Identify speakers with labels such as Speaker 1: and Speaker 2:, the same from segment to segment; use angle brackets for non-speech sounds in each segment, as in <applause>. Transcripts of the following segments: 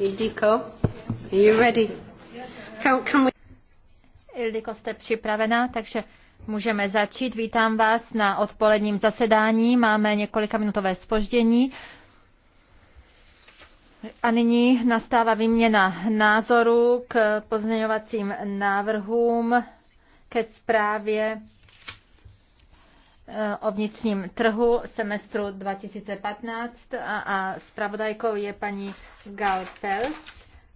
Speaker 1: Ildiko, are you ready? Can, can we...
Speaker 2: Ildiko, jste připravená, takže můžeme začít. Vítám vás na odpoledním zasedání. Máme několika minutové spoždění. A nyní nastává výměna názoru k pozměňovacím návrhům ke zprávě Eh, o vnitřním trhu semestru 2015 a, a spravodajkou je paní Gal Pels.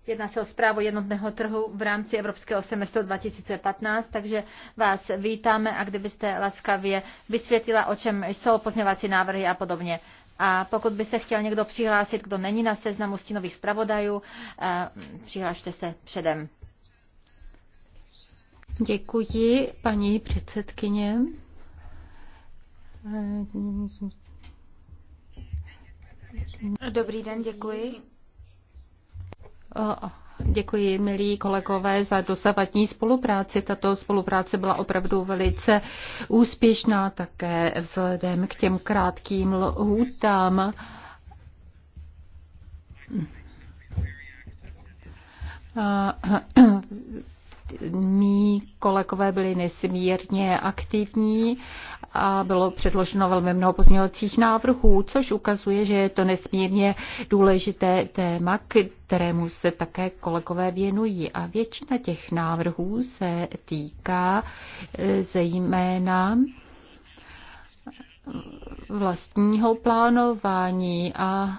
Speaker 2: Jedná se o zprávu jednotného trhu v rámci Evropského semestru 2015, takže vás vítáme a kdybyste laskavě vysvětlila, o čem jsou pozměvací návrhy a podobně. A pokud by se chtěl někdo přihlásit, kdo není na seznamu stínových zpravodajů, eh, přihlašte se předem. Děkuji, paní předsedkyně.
Speaker 3: Dobrý den, děkuji.
Speaker 2: Děkuji, milí kolegové, za dosavadní spolupráci. Tato spolupráce byla opravdu velice úspěšná také vzhledem k těm krátkým lhůtám. <clears throat> Mí kolegové byli nesmírně aktivní a bylo předloženo velmi mnoho pozměňovacích návrhů, což ukazuje, že je to nesmírně důležité téma, kterému se také kolegové věnují. A většina těch návrhů se týká e, zejména e, vlastního plánování a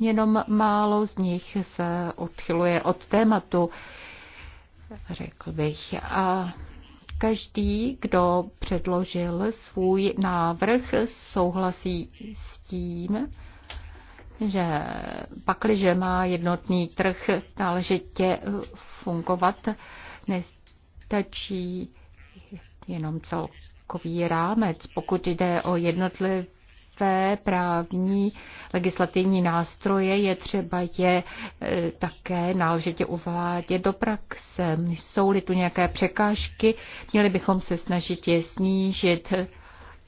Speaker 2: jenom málo z nich se odchyluje od tématu, řekl bych. A Každý, kdo předložil svůj návrh, souhlasí s tím, že pakliže má jednotný trh náležitě fungovat, nestačí jenom celkový rámec. Pokud jde o jednotlivé své právní legislativní nástroje, je třeba je e, také náležitě uvádět do praxe. Jsou-li tu nějaké překážky, měli bychom se snažit je snížit.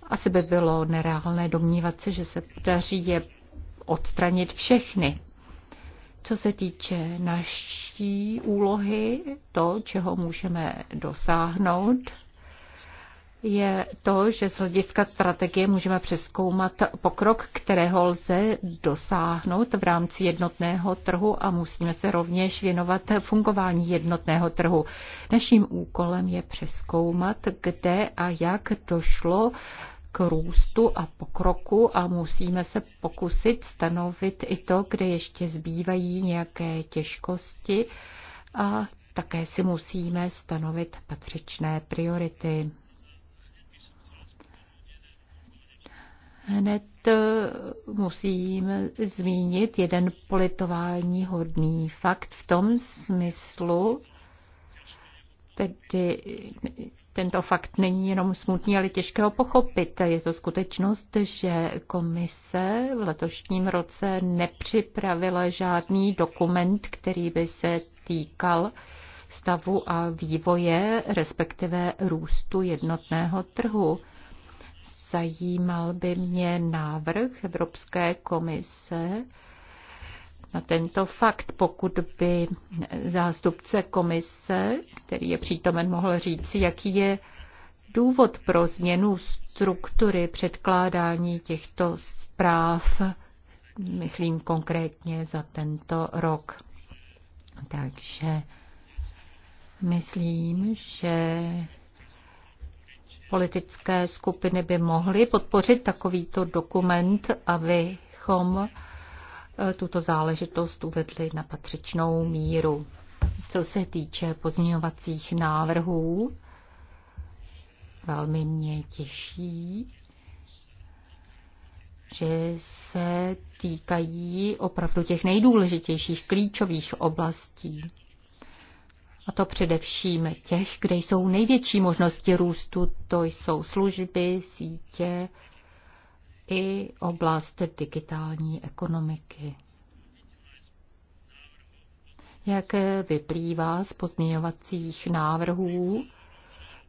Speaker 2: Asi by bylo nereálné domnívat se, že se podaří je odstranit všechny. Co se týče naší úlohy, to, čeho můžeme dosáhnout, je to, že z hlediska strategie můžeme přeskoumat pokrok, kterého lze dosáhnout v rámci jednotného trhu a musíme se rovněž věnovat fungování jednotného trhu. Naším úkolem je přeskoumat, kde a jak došlo k růstu a pokroku a musíme se pokusit stanovit i to, kde ještě zbývají nějaké těžkosti a také si musíme stanovit patřičné priority. Hned eh, musím zmínit jeden politování hodný fakt v tom smyslu, tedy tento fakt není jenom smutný, ale těžké ho pochopit. Je to skutečnost, že komise v letošním roce nepřipravila žádný dokument, který by se týkal stavu a vývoje, respektive růstu jednotného trhu zajímal by mě návrh Evropské komise na tento fakt, pokud by zástupce komise, který je přítomen, mohl říci, jaký je důvod pro změnu struktury předkládání těchto zpráv, myslím konkrétně za tento rok. Takže myslím, že politické skupiny by mohly podpořit takovýto dokument, abychom eh, tuto záležitost uvedli na patřičnou míru. Co se týče pozměňovacích návrhů, velmi mě těší, že se týkají opravdu těch nejdůležitějších klíčových oblastí a to především těch, kde jsou největší možnosti růstu, to jsou služby, sítě i oblast digitální ekonomiky. Jak vyplývá z pozměňovacích návrhů,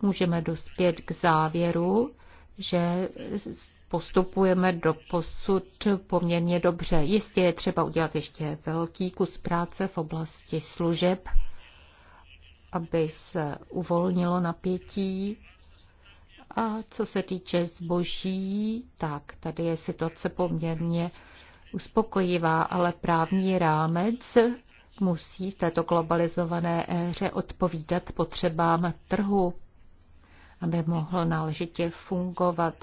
Speaker 2: můžeme dospět k závěru, že postupujeme do posud poměrně dobře. Jistě je třeba udělat ještě velký kus práce v oblasti služeb, aby se uvolnilo napětí. A co se týče zboží, tak tady je situace poměrně uspokojivá, ale právní rámec musí v této globalizované éře odpovídat potřebám trhu, aby mohl náležitě fungovat.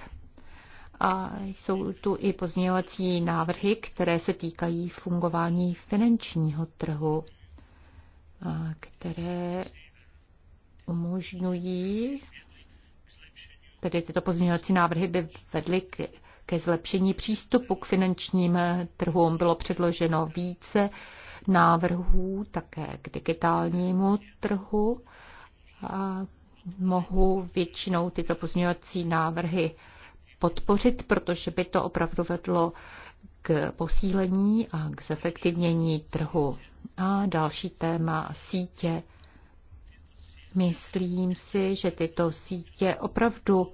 Speaker 2: A jsou tu i pozměňovací návrhy, které se týkají fungování finančního trhu které umožňují, tedy tyto pozměňovací návrhy by vedly k ke zlepšení přístupu k finančním trhům bylo předloženo více návrhů také k digitálnímu trhu. A mohu většinou tyto pozměňovací návrhy podpořit, protože by to opravdu vedlo k posílení a k zefektivnění trhu. A další téma sítě. Myslím si, že tyto sítě opravdu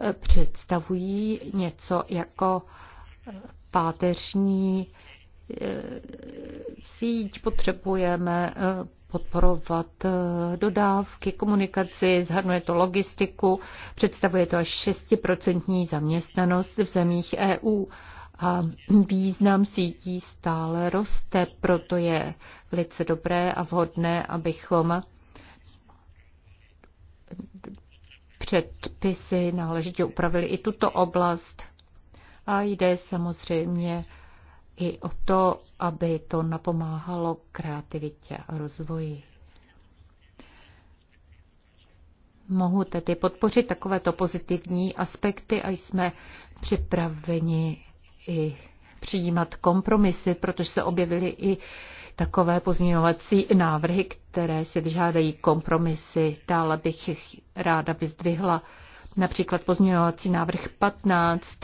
Speaker 2: eh, představují něco jako eh, páteřní eh, síť. Potřebujeme podporovat dodávky, komunikaci, zhrnuje to logistiku, představuje to až 6% zaměstnanost v zemích EU a význam sítí stále roste, proto je velice dobré a vhodné, abychom předpisy náležitě upravili i tuto oblast. A jde samozřejmě i o to, aby to napomáhalo kreativitě a rozvoji. Mohu tedy podpořit takovéto pozitivní aspekty a jsme připraveni i přijímat kompromisy, protože se objevily i takové pozměňovací návrhy, které si vyžádají kompromisy. Dále bych ráda vyzdvihla například pozměňovací návrh 15,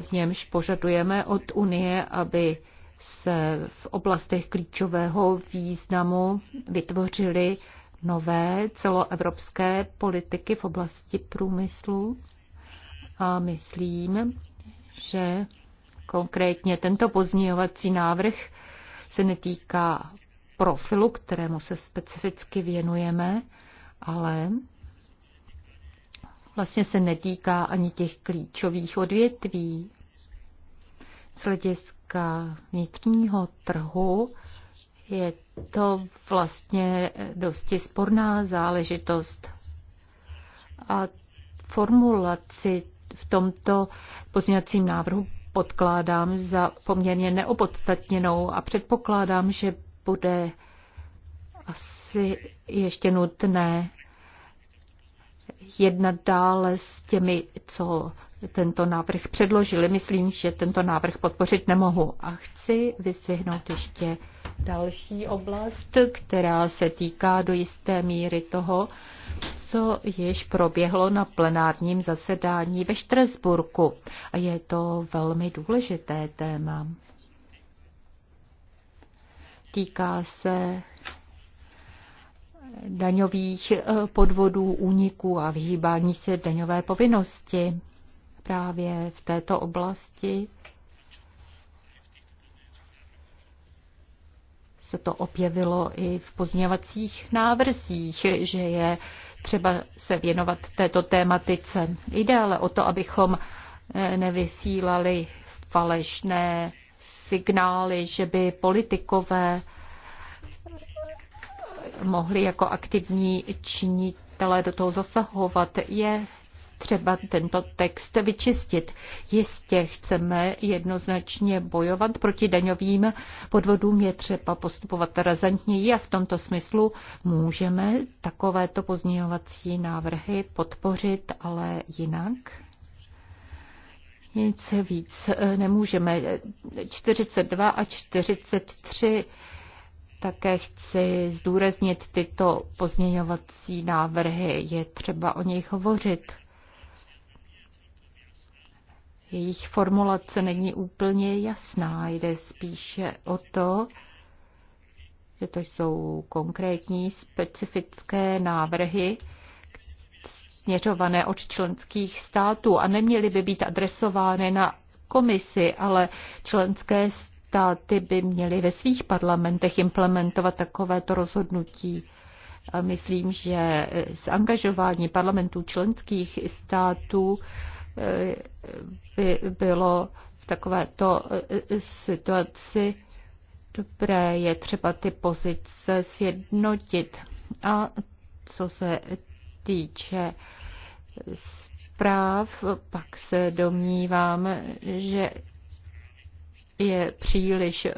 Speaker 2: v němž požadujeme od Unie, aby se v oblastech klíčového významu vytvořily nové celoevropské politiky v oblasti průmyslu. A myslím, že konkrétně tento pozměňovací návrh se netýká profilu, kterému se specificky věnujeme, ale vlastně se netýká ani těch klíčových odvětví. Z hlediska vnitřního trhu je to vlastně dosti sporná záležitost. A formulaci v tomto pozměňovacím návrhu podkládám za poměrně neopodstatněnou a předpokládám, že bude asi ještě nutné jednat dále s těmi, co tento návrh předložili. Myslím, že tento návrh podpořit nemohu a chci vyzvihnout ještě další oblast, která se týká do jisté míry toho, co již proběhlo na plenárním zasedání ve Štresburku. A je to velmi důležité téma. Týká se daňových eh, podvodů, úniků a vyhýbání se daňové povinnosti. Právě v této oblasti se to objevilo i v pozměvacích návrzích, že je třeba se věnovat této tématice. Jde ale o to, abychom eh, nevysílali falešné signály, že by politikové mohli jako aktivní činitelé do toho zasahovat. Je třeba tento text vyčistit. Jistě chceme jednoznačně bojovat proti daňovým podvodům, je třeba postupovat razantněji a v tomto smyslu můžeme takovéto pozměňovací návrhy podpořit, ale jinak. Nic víc nemůžeme. 42 a 43 také chci zdůraznit tyto pozměňovací návrhy. Je třeba o nich hovořit. Jejich formulace není úplně jasná, jde spíše o to, že to jsou konkrétní specifické návrhy směřované od členských států a neměly by být adresovány na komisi, ale členské státy by měly ve svých parlamentech implementovat takovéto rozhodnutí. A myslím, že s angažování parlamentů členských států by bylo v takovéto eh, situaci dobré. Je třeba ty pozice sjednotit. A co se týče zpráv, pak se domnívám, že je příliš eh,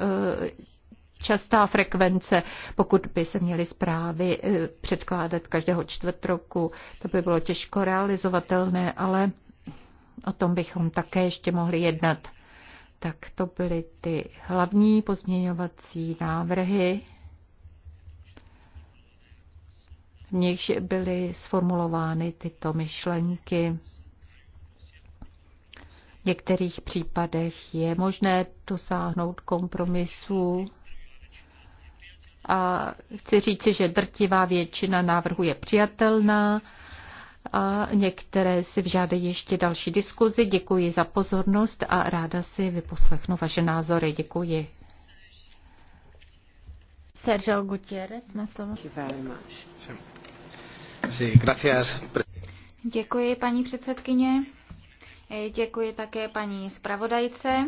Speaker 2: častá frekvence. Pokud by se měly zprávy eh, předkládat každého čtvrt roku, to by bylo těžko realizovatelné, ale O tom bychom také ještě mohli jednat. Tak to byly ty hlavní pozměňovací návrhy. V nichž byly sformulovány tyto myšlenky. V některých případech je možné dosáhnout kompromisu. A chci říci, že drtivá většina návrhu je přijatelná a některé si vžádají ještě další diskuzi. Děkuji za pozornost a ráda si vyposlechnu vaše názory. Děkuji.
Speaker 3: Sergio Gutierrez, má slovo. Děkuji, paní předsedkyně. Děkuji také paní zpravodajce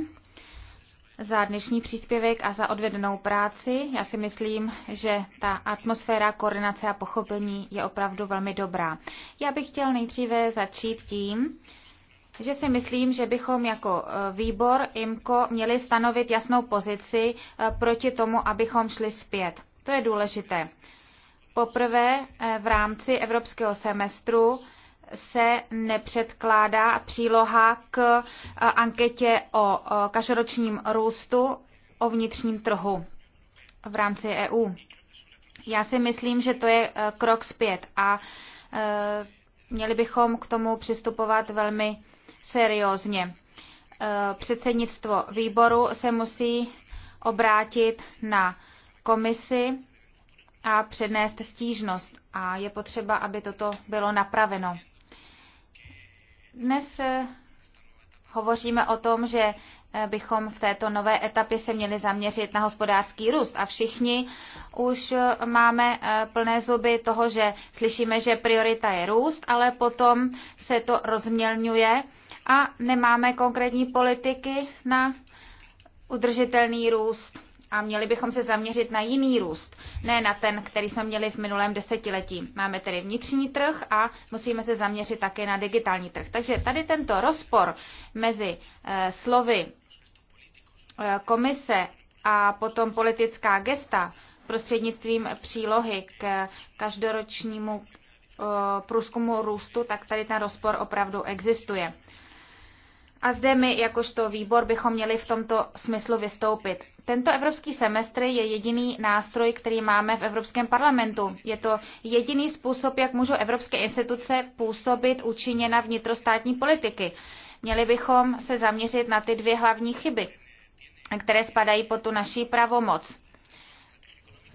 Speaker 3: za dnešní příspěvek a za odvedenou práci. Já si myslím, že ta atmosféra koordinace a pochopení je opravdu velmi dobrá. Já bych chtěl nejdříve začít tím, že si myslím, že bychom jako e, výbor IMKO měli stanovit jasnou pozici e, proti tomu, abychom šli zpět. To je důležité. Poprvé e, v rámci evropského semestru se nepředkládá příloha k eh, anketě o eh, každoročním růstu o vnitřním trhu v rámci EU. Já si myslím, že to je eh, krok zpět a měli bychom k tomu přistupovat velmi seriózně. Předsednictvo výboru se musí obrátit na komisi a přednést stížnost a je potřeba, aby toto bylo napraveno. Dnes eh, hovoříme o tom, že eh, bychom v této nové etapě se měli zaměřit na hospodářský růst. A všichni už eh, máme plné zuby toho, že slyšíme, že priorita je růst, ale potom se to rozmělňuje a nemáme konkrétní politiky na udržitelný růst a měli bychom se zaměřit na jiný růst, ne na ten, který jsme měli v minulém desetiletí. Máme tedy vnitřní trh a musíme se zaměřit také na digitální trh. Takže tady tento rozpor mezi eh, slovy eh, komise a potom politická gesta prostřednictvím přílohy k každoročnímu eh, průzkumu růstu, tak tady ten rozpor opravdu existuje. A zde my, jakožto výbor, bychom měli v tomto smyslu vystoupit. Tento evropský semestr je jediný nástroj, který máme v Evropském parlamentu. Je to jediný způsob, jak můžou evropské instituce působit účinně na vnitrostátní politiky. Měli bychom se zaměřit na ty dvě hlavní chyby, které spadají pod tu naší pravomoc.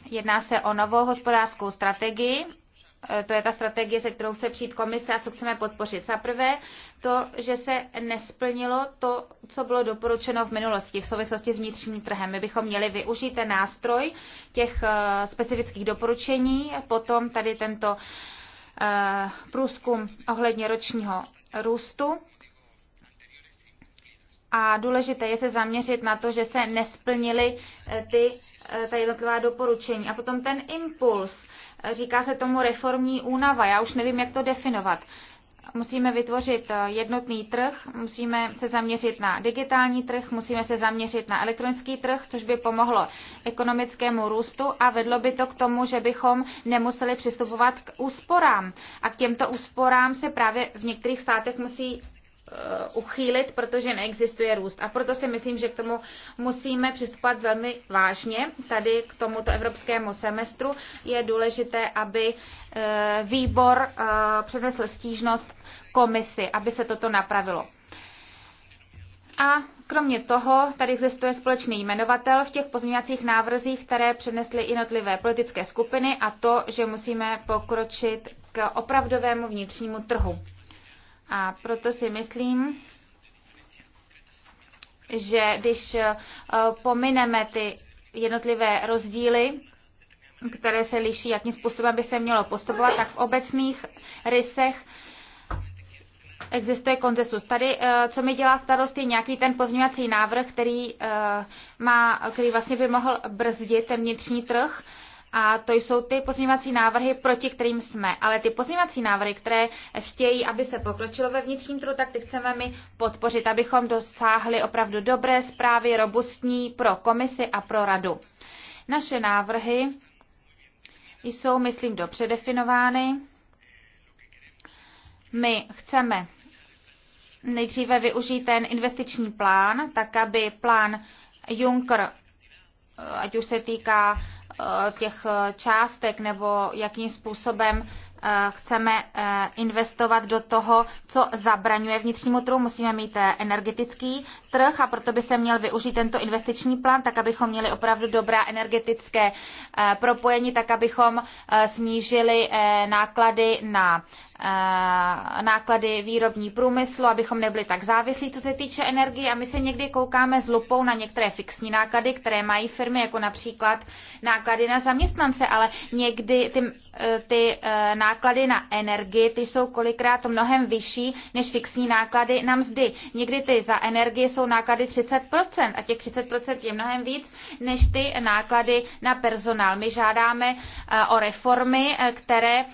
Speaker 3: Jedná se o novou hospodářskou strategii Eh, to je ta strategie, se kterou chce přijít komise a co chceme podpořit. Za prvé to, že se nesplnilo to, co bylo doporučeno v minulosti v souvislosti s vnitřním trhem. My bychom měli využít ten nástroj těch eh, specifických doporučení, potom tady tento eh, průzkum ohledně ročního růstu a důležité je se zaměřit na to, že se nesplnily ty, ta jednotlivá doporučení. A potom ten impuls, Říká se tomu reformní únava, já už nevím, jak to definovat. Musíme vytvořit eh, jednotný trh, musíme se zaměřit na digitální trh, musíme se zaměřit na elektronický trh, což by pomohlo ekonomickému růstu a vedlo by to k tomu, že bychom nemuseli přistupovat k úsporám. A k těmto úsporám se právě v některých státech musí Eh, uchýlit, protože neexistuje růst. A proto si myslím, že k tomu musíme přistupovat velmi vážně. Tady k tomuto evropskému semestru je důležité, aby eh, výbor eh, přednesl stížnost komisi, aby se toto napravilo. A kromě toho tady existuje společný jmenovatel v těch pozměňovacích návrzích, které přinesly jednotlivé politické skupiny a to, že musíme pokročit k opravdovému vnitřnímu trhu. A proto si myslím, že když eh, pomineme ty jednotlivé rozdíly, které se liší, jakým způsobem by se mělo postupovat, tak v obecných rysech existuje koncesus. Tady, eh, co mi dělá starost, je nějaký ten pozměňovací návrh, který, eh, má, který vlastně by mohl brzdit ten vnitřní trh a to jsou ty pozměňovací návrhy, proti kterým jsme. Ale ty pozměňovací návrhy, které chtějí, aby se pokročilo ve vnitřním trhu, tak ty chceme my podpořit, abychom dosáhli opravdu dobré zprávy, robustní pro komisi a pro radu. Naše návrhy jsou, myslím, dobře definovány. My chceme nejdříve využít ten investiční plán, tak aby plán Juncker, ať už se týká Eh, těch eh, částek nebo jakým způsobem eh, chceme investovat do toho, co zabraňuje vnitřnímu trhu. Musíme mít energetický trh a proto by se měl využít tento investiční plán, tak abychom měli opravdu dobrá energetické propojení, tak abychom snížili náklady na Eh, náklady výrobní průmyslu, abychom nebyli tak závislí, co se týče energie. A my se někdy koukáme s lupou na některé fixní náklady, které mají firmy, jako například náklady na zaměstnance, ale někdy ty, eh, ty eh, náklady na energii, ty jsou kolikrát mnohem vyšší než fixní náklady na mzdy. Někdy ty za energii jsou náklady 30% a těch 30% je mnohem víc než ty náklady na personál. My žádáme o reformy, které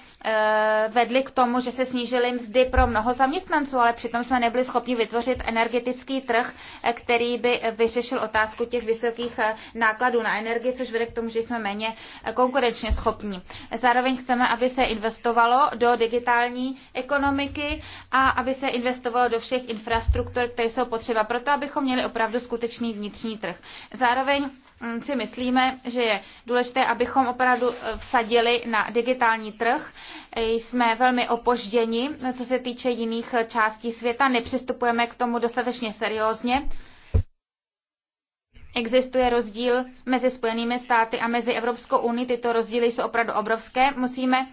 Speaker 3: vedly k tomu, tomu, že se snížily mzdy pro mnoho zaměstnanců, ale přitom jsme nebyli schopni vytvořit energetický trh, eh, který by eh, vyřešil otázku těch vysokých eh, nákladů na energii, což vede k tomu, že jsme méně konkurenčně schopní. Zároveň chceme, aby se investovalo do digitální ekonomiky a aby se investovalo do všech infrastruktur, které jsou potřeba proto, abychom měli opravdu skutečný vnitřní trh. Zároveň Mm, si myslíme, že je důležité, abychom opravdu eh, vsadili na digitální trh. Eh, jsme velmi opožděni, co se týče jiných eh, částí světa, nepřistupujeme k tomu dostatečně seriózně. Existuje rozdíl mezi Spojenými státy a mezi Evropskou unii. Tyto rozdíly jsou opravdu obrovské. Musíme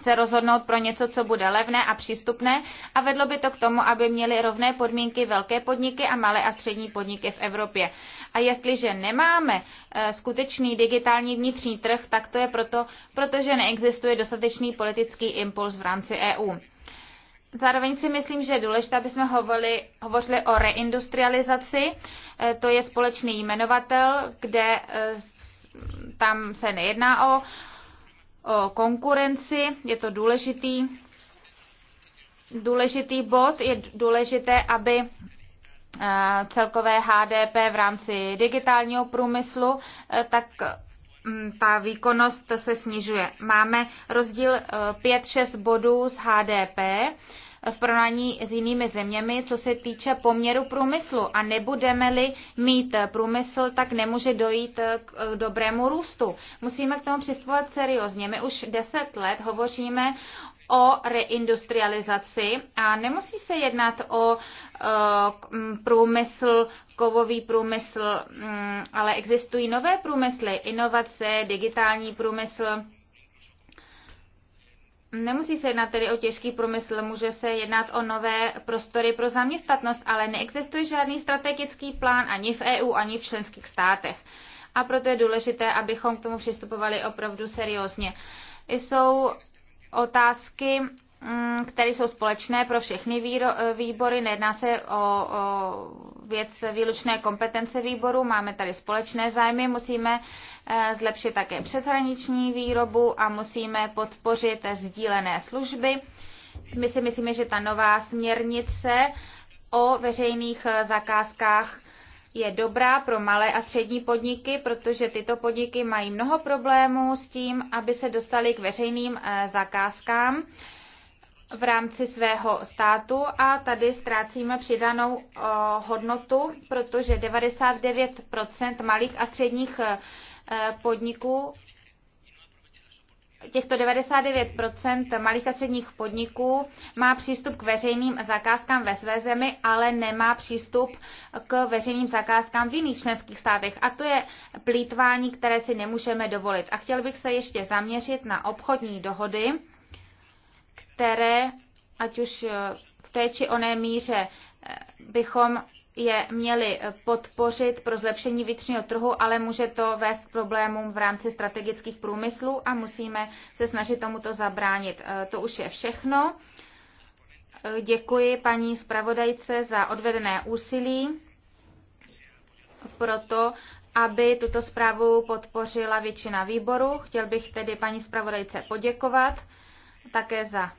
Speaker 3: se rozhodnout pro něco, co bude levné a přístupné a vedlo by to k tomu, aby měly rovné podmínky velké podniky a malé a střední podniky v Evropě. A jestliže nemáme eh, skutečný digitální vnitřní trh, tak to je proto, protože neexistuje dostatečný politický impuls v rámci EU. Zároveň si myslím, že je důležité, aby jsme hovorili, hovořili o reindustrializaci. Eh, to je společný jmenovatel, kde eh, tam se nejedná o, o konkurenci, je to důležitý, důležitý bod. Je důležité, aby celkové HDP v rámci digitálního průmyslu, e, tak mm, ta výkonnost se snižuje. Máme rozdíl 5-6 e, bodů z HDP v porovnání s jinými zeměmi, co se týče poměru průmyslu. A nebudeme-li mít průmysl, tak nemůže dojít e, k dobrému růstu. Musíme k tomu přistupovat seriózně. My už deset let hovoříme o reindustrializaci a nemusí se jednat o průmysl, kovový průmysl, mm, ale existují nové průmysly, inovace, digitální průmysl. Nemusí se jednat tedy o těžký průmysl, může se jednat o nové prostory pro zaměstnatnost, ale neexistuje žádný strategický plán ani v EU, ani v členských státech. A proto je důležité, abychom k tomu přistupovali opravdu seriózně. Jsou otázky, mm, které jsou společné pro všechny eh, výbory. Nejedná se o, o věc výlučné kompetence výboru, máme tady společné zájmy, musíme eh, zlepšit také přeshraniční výrobu a musíme podpořit sdílené služby. My si myslíme, že ta nová směrnice o veřejných eh, zakázkách je dobrá pro malé a střední podniky, protože tyto podniky mají mnoho problémů s tím, aby se dostali k veřejným eh, zakázkám v rámci svého státu a tady ztrácíme přidanou eh, hodnotu, protože 99 malých a středních eh, podniků těchto 99% malých a středních podniků má přístup k veřejným zakázkám ve své zemi, ale nemá přístup k veřejným zakázkám v jiných členských státech. A to je plítvání, které si nemůžeme dovolit. A chtěl bych se ještě zaměřit na obchodní dohody, které ať už v té či oné míře eh, bychom je měli eh, podpořit pro zlepšení vnitřního trhu, ale může to vést k problémům v rámci strategických průmyslů a musíme se snažit tomuto zabránit. Eh, to už je všechno. Eh, děkuji paní zpravodajce za odvedené úsilí proto, aby tuto zprávu podpořila většina výboru. Chtěl bych tedy paní zpravodajce poděkovat také za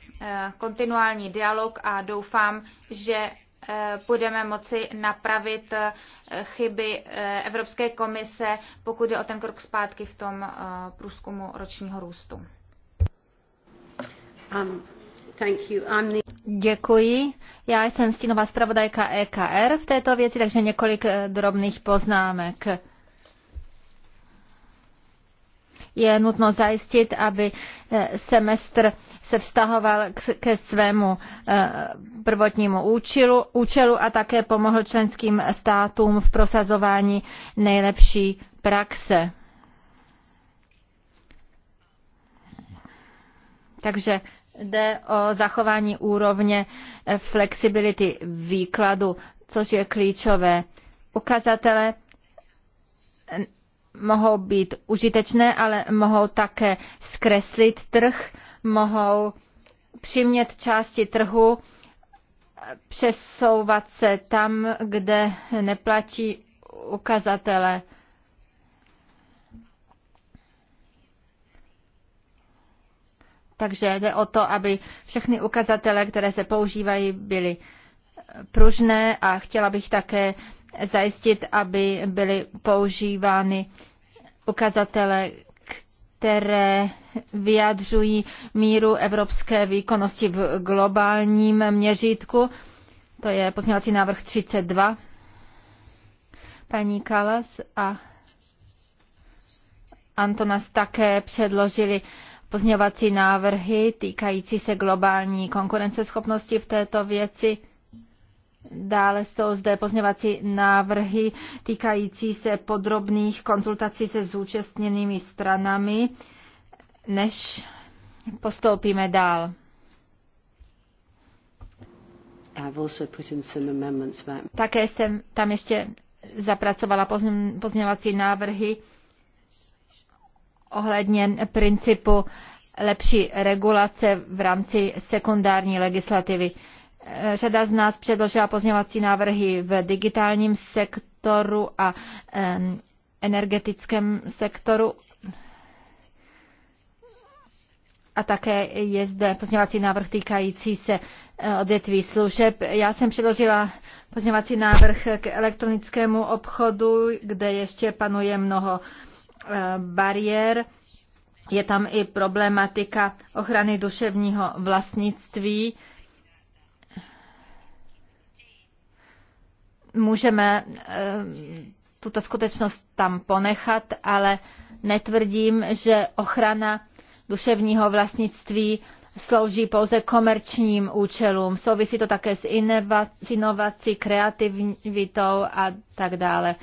Speaker 3: kontinuální dialog a doufám, že budeme moci napravit eh, chyby eh, Evropské komise, pokud je o ten krok zpátky v tom eh, průzkumu ročního růstu.
Speaker 2: Um, thank you. I'm the... Děkuji. Já jsem stínová zpravodajka EKR v této věci, takže několik drobných poznámek je nutno zajistit, aby eh, semestr se vztahoval ke svému eh, prvotnímu účelu, účelu a také pomohl členským státům v prosazování nejlepší praxe. Takže jde o zachování úrovně eh, flexibility výkladu, což je klíčové. Ukazatele mohou být užitečné, ale mohou také zkreslit trh, mohou přimět části trhu přesouvat se tam, kde neplatí ukazatele. Takže jde o to, aby všechny ukazatele, které se používají, byly pružné a chtěla bych také zajistit, aby byly používány ukazatele, které vyjadřují míru evropské výkonnosti v globálním měřítku. To je pozměňovací návrh 32. Paní Kalas a Antonas také předložili pozměňovací návrhy týkající se globální konkurenceschopnosti v této věci. Dále jsou zde pozměvací návrhy týkající se podrobných konzultací se zúčastněnými stranami, než postoupíme dál. Také jsem tam ještě zapracovala pozměňovací návrhy ohledně principu lepší regulace v rámci sekundární legislativy. Eh, řada z nás předložila pozměňovací návrhy v digitálním sektoru a energetickém sektoru. A také je zde pozměňovací návrh týkající se eh, odvětví služeb. Já jsem předložila pozměňovací návrh k elektronickému obchodu, kde ještě panuje mnoho eh, bariér. Je tam i problematika ochrany duševního vlastnictví můžeme eh, tuto skutečnost tam ponechat, ale netvrdím, že ochrana duševního vlastnictví slouží pouze komerčním účelům. Souvisí to také s inovací, kreativitou a tak dále.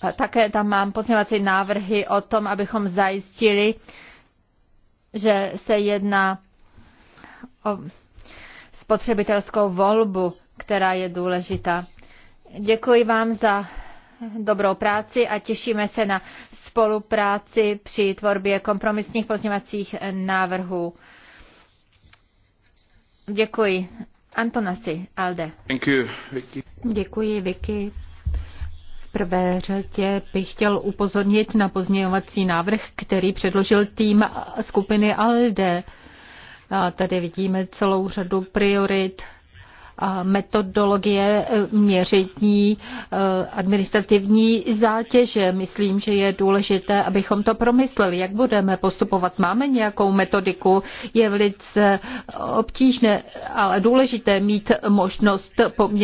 Speaker 2: A také tam mám pozměvací návrhy o tom, abychom zajistili, že se jedná o spotřebitelskou volbu, která je důležitá. Děkuji vám za dobrou práci a těšíme se na spolupráci při tvorbě kompromisních pozněvacích návrhů. Děkuji. Antonasi, Alde. Thank you, Vicky. Děkuji, Vicky. V prvé řadě bych chtěl upozornit na pozměňovací návrh, který předložil tým skupiny ALDE. A tady vidíme celou řadu priorit, a metodologie eh, měření eh, administrativní zátěže. Myslím, že je důležité, abychom to promysleli, jak budeme postupovat. Máme nějakou metodiku, je velice obtížné, ale důležité mít možnost poměřování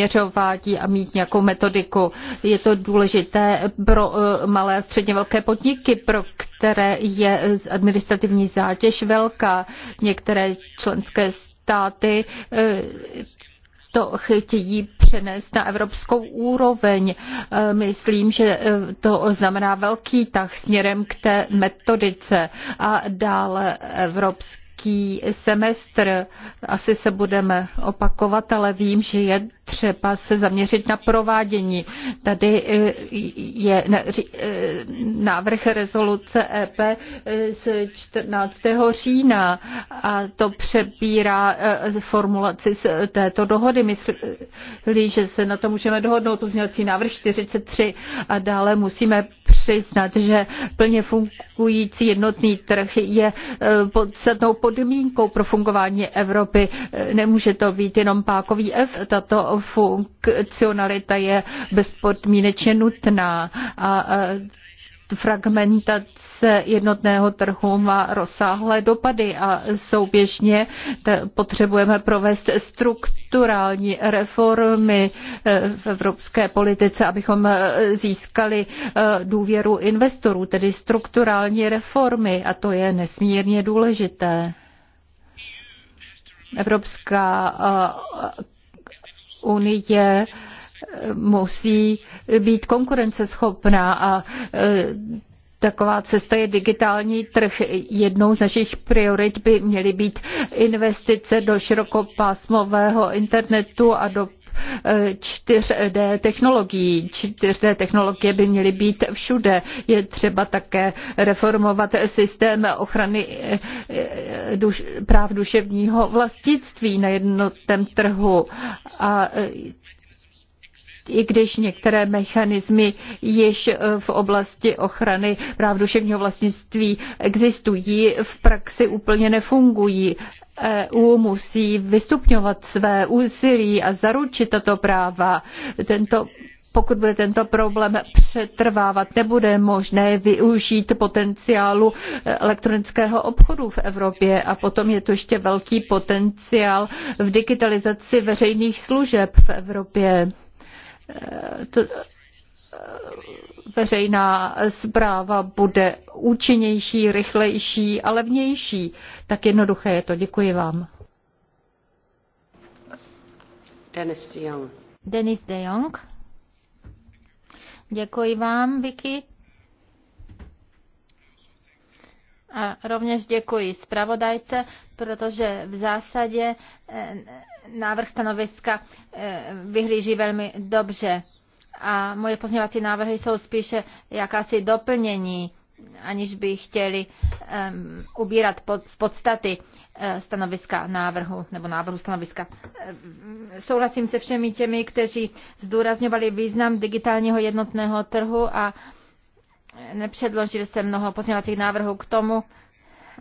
Speaker 2: a mít nějakou metodiku. Je to důležité pro eh, malé a středně velké podniky, pro které je administrativní zátěž velká. Některé členské státy to chtějí přenést na evropskou úroveň. E, myslím, že e, to znamená velký tah směrem k té metodice a dále evropský semestr. Asi se budeme opakovat, ale vím, že je třeba se zaměřit na provádění. Tady eh, je eh, návrh rezoluce EP eh, z 14. října a to přebírá formulaci z této dohody. Myslí, že se na to můžeme dohodnout, To znělcí návrh 43 a dále musíme přiznat, že plně fungující jednotný trh je podstatnou podmínkou pro fungování Evropy. Nemůže to být jenom pákový F, tato funkcionalita je bezpodmínečně nutná a fragmentace jednotného trhu má rozsáhlé dopady a souběžně potřebujeme provést strukturální reformy eh, v evropské politice, abychom eh, získali eh, důvěru investorů, tedy strukturální reformy a to je nesmírně důležité. Evropská unie eh, musí být konkurenceschopná a eh, taková cesta je digitální trh. Jednou z našich priorit by měly být investice do širokopásmového internetu a do 4D technologií. 4D technologie by měly být všude. Je třeba také reformovat systém ochrany eh, eh, duš, práv duševního vlastnictví na jednotném trhu. A eh, i když některé mechanismy již v oblasti ochrany práv duševního vlastnictví existují, v praxi úplně nefungují EU musí vystupňovat své úsilí a zaručit tato práva. Tento pokud bude tento problém přetrvávat, nebude možné využít potenciálu elektronického obchodu v Evropě a potom je to ještě velký potenciál v digitalizaci veřejných služeb v Evropě. E, to veřejná zpráva bude účinnější, rychlejší a levnější. Tak jednoduché je to. Děkuji vám.
Speaker 3: Denis de Jong.
Speaker 2: Denis de Jong. Děkuji vám, Vicky. A rovněž děkuji zpravodajce, protože v zásadě eh, návrh stanoviska eh, vyhlíží velmi dobře a moje pozměňovací návrhy jsou spíše jakási doplnění, aniž by chtěli um, ubírat pod, z podstaty uh, stanoviska návrhu nebo návrhu stanoviska. Eh, souhlasím se všemi těmi, kteří zdůrazňovali význam digitálního jednotného trhu a nepředložil jsem mnoho pozměňovacích návrhů k tomu,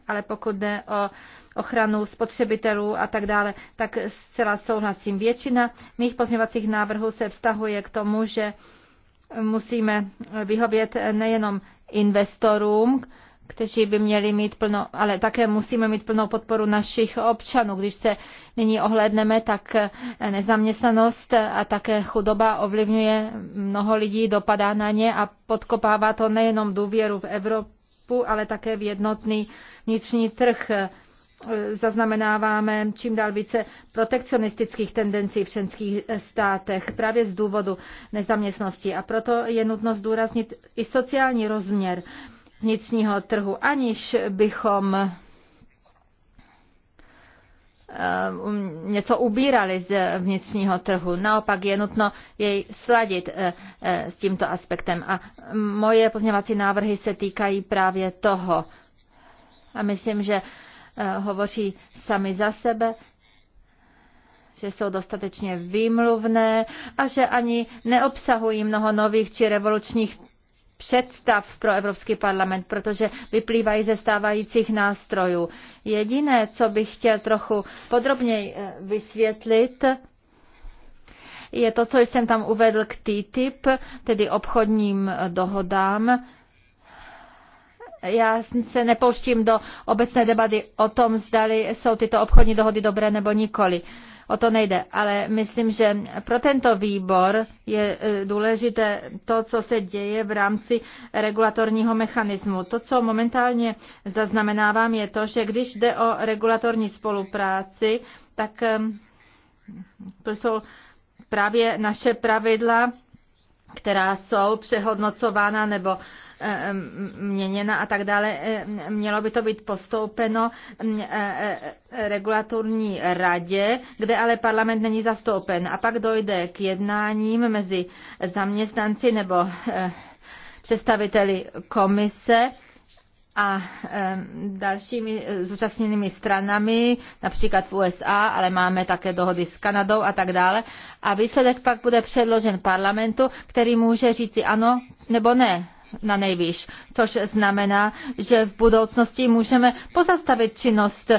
Speaker 2: ale pokud jde o ochranu spotřebitelů a tak dále, tak zcela souhlasím. Většina mých pozměňovacích návrhů se vztahuje k tomu, že musíme vyhovět nejenom investorům, kteří by měli mít plno, ale také musíme mít plnou podporu našich občanů. Když se nyní ohlédneme, tak nezaměstnanost a také chudoba ovlivňuje mnoho lidí, dopadá na ně a podkopává to nejenom důvěru v Evropu, Evropu, ale také v jednotný vnitřní trh. Zaznamenáváme čím dál více protekcionistických tendencí v členských státech právě z důvodu nezaměstnosti. A proto je nutno zdůraznit i sociální rozměr vnitřního trhu, aniž bychom Eh, um, něco ubírali z vnitřního trhu. Naopak je nutno jej sladit eh, eh, s tímto aspektem. A moje pozměvací návrhy se týkají právě toho. A myslím, že hovoří sami za sebe, že jsou dostatečně výmluvné a že ani neobsahují mnoho nových či revolučních představ pro Evropský parlament, protože vyplývají ze stávajících nástrojů. Jediné, co bych chtěl trochu podrobněji eh, vysvětlit, je to, co jsem tam uvedl k TTIP, tedy obchodním eh, dohodám. Já se nepouštím do obecné debaty o tom, zdali jsou tyto obchodní dohody dobré nebo nikoli. Uh, o to nejde. Ale myslím, že pro tento výbor je e, důležité to, co se děje v rámci regulatorního mechanismu. To, co momentálně zaznamenávám, je to, že když jde o regulatorní spolupráci, tak e, to jsou právě naše pravidla, která jsou přehodnocována nebo Eh, měněna a tak dále. Eh, mělo by to být postoupeno mm, eh, regulatorní radě, kde ale parlament není zastoupen. A pak dojde k jednáním mezi zaměstnanci nebo představiteli komise a dalšími zúčastněnými stranami, například v USA, ale máme také dohody s Kanadou a tak dále. A výsledek pak bude předložen parlamentu, který může říci ano nebo ne na nejvýš, což znamená, že v budoucnosti můžeme pozastavit činnost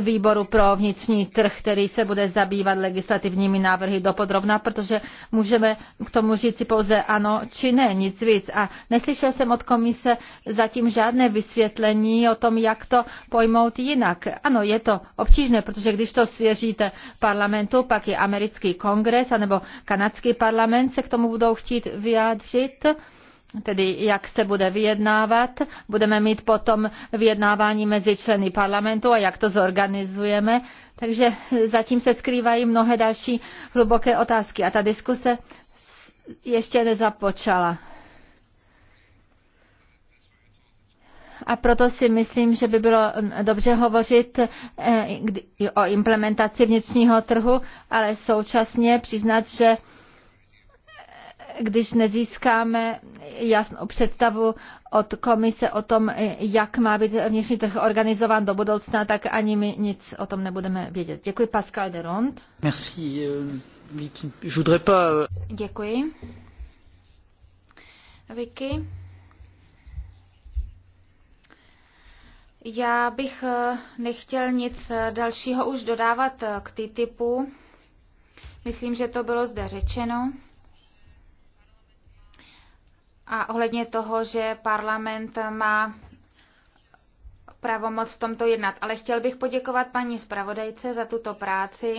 Speaker 2: výboru pro vnitřní trh, který se bude zabývat legislativními návrhy dopodrobna, protože můžeme k tomu říci pouze ano či ne, nic víc. A neslyšel jsem od komise zatím žádné vysvětlení o tom, jak to pojmout jinak. Ano, je to obtížné, protože když to svěříte parlamentu, pak je americký kongres anebo kanadský parlament se k tomu budou chtít vyjádřit tedy jak se bude vyjednávat. Budeme mít potom vyjednávání mezi členy parlamentu a jak to zorganizujeme. Takže zatím se skrývají mnohé další hluboké otázky a ta diskuse ještě nezapočala. a proto si myslím, že by bylo dobře hovořit eh, o implementaci vnitřního trhu, ale současně přiznat, že když nezískáme jasnou představu od komise o tom, jak má být vnitřní trh organizován do budoucna, tak ani my nic o tom nebudeme vědět.
Speaker 3: Děkuji Pascal de Rond.
Speaker 4: Merci, euh, Vicky. Je voudrais pas... Euh,
Speaker 3: Děkuji. Vicky. Já bych eh, nechtěl nic eh, dalšího už dodávat eh, k TTIPu. Myslím, že to bylo zde řečeno a ohledně toho, že parlament má pravomoc v tomto jednat. Ale chtěl bych poděkovat paní zpravodajce za tuto práci.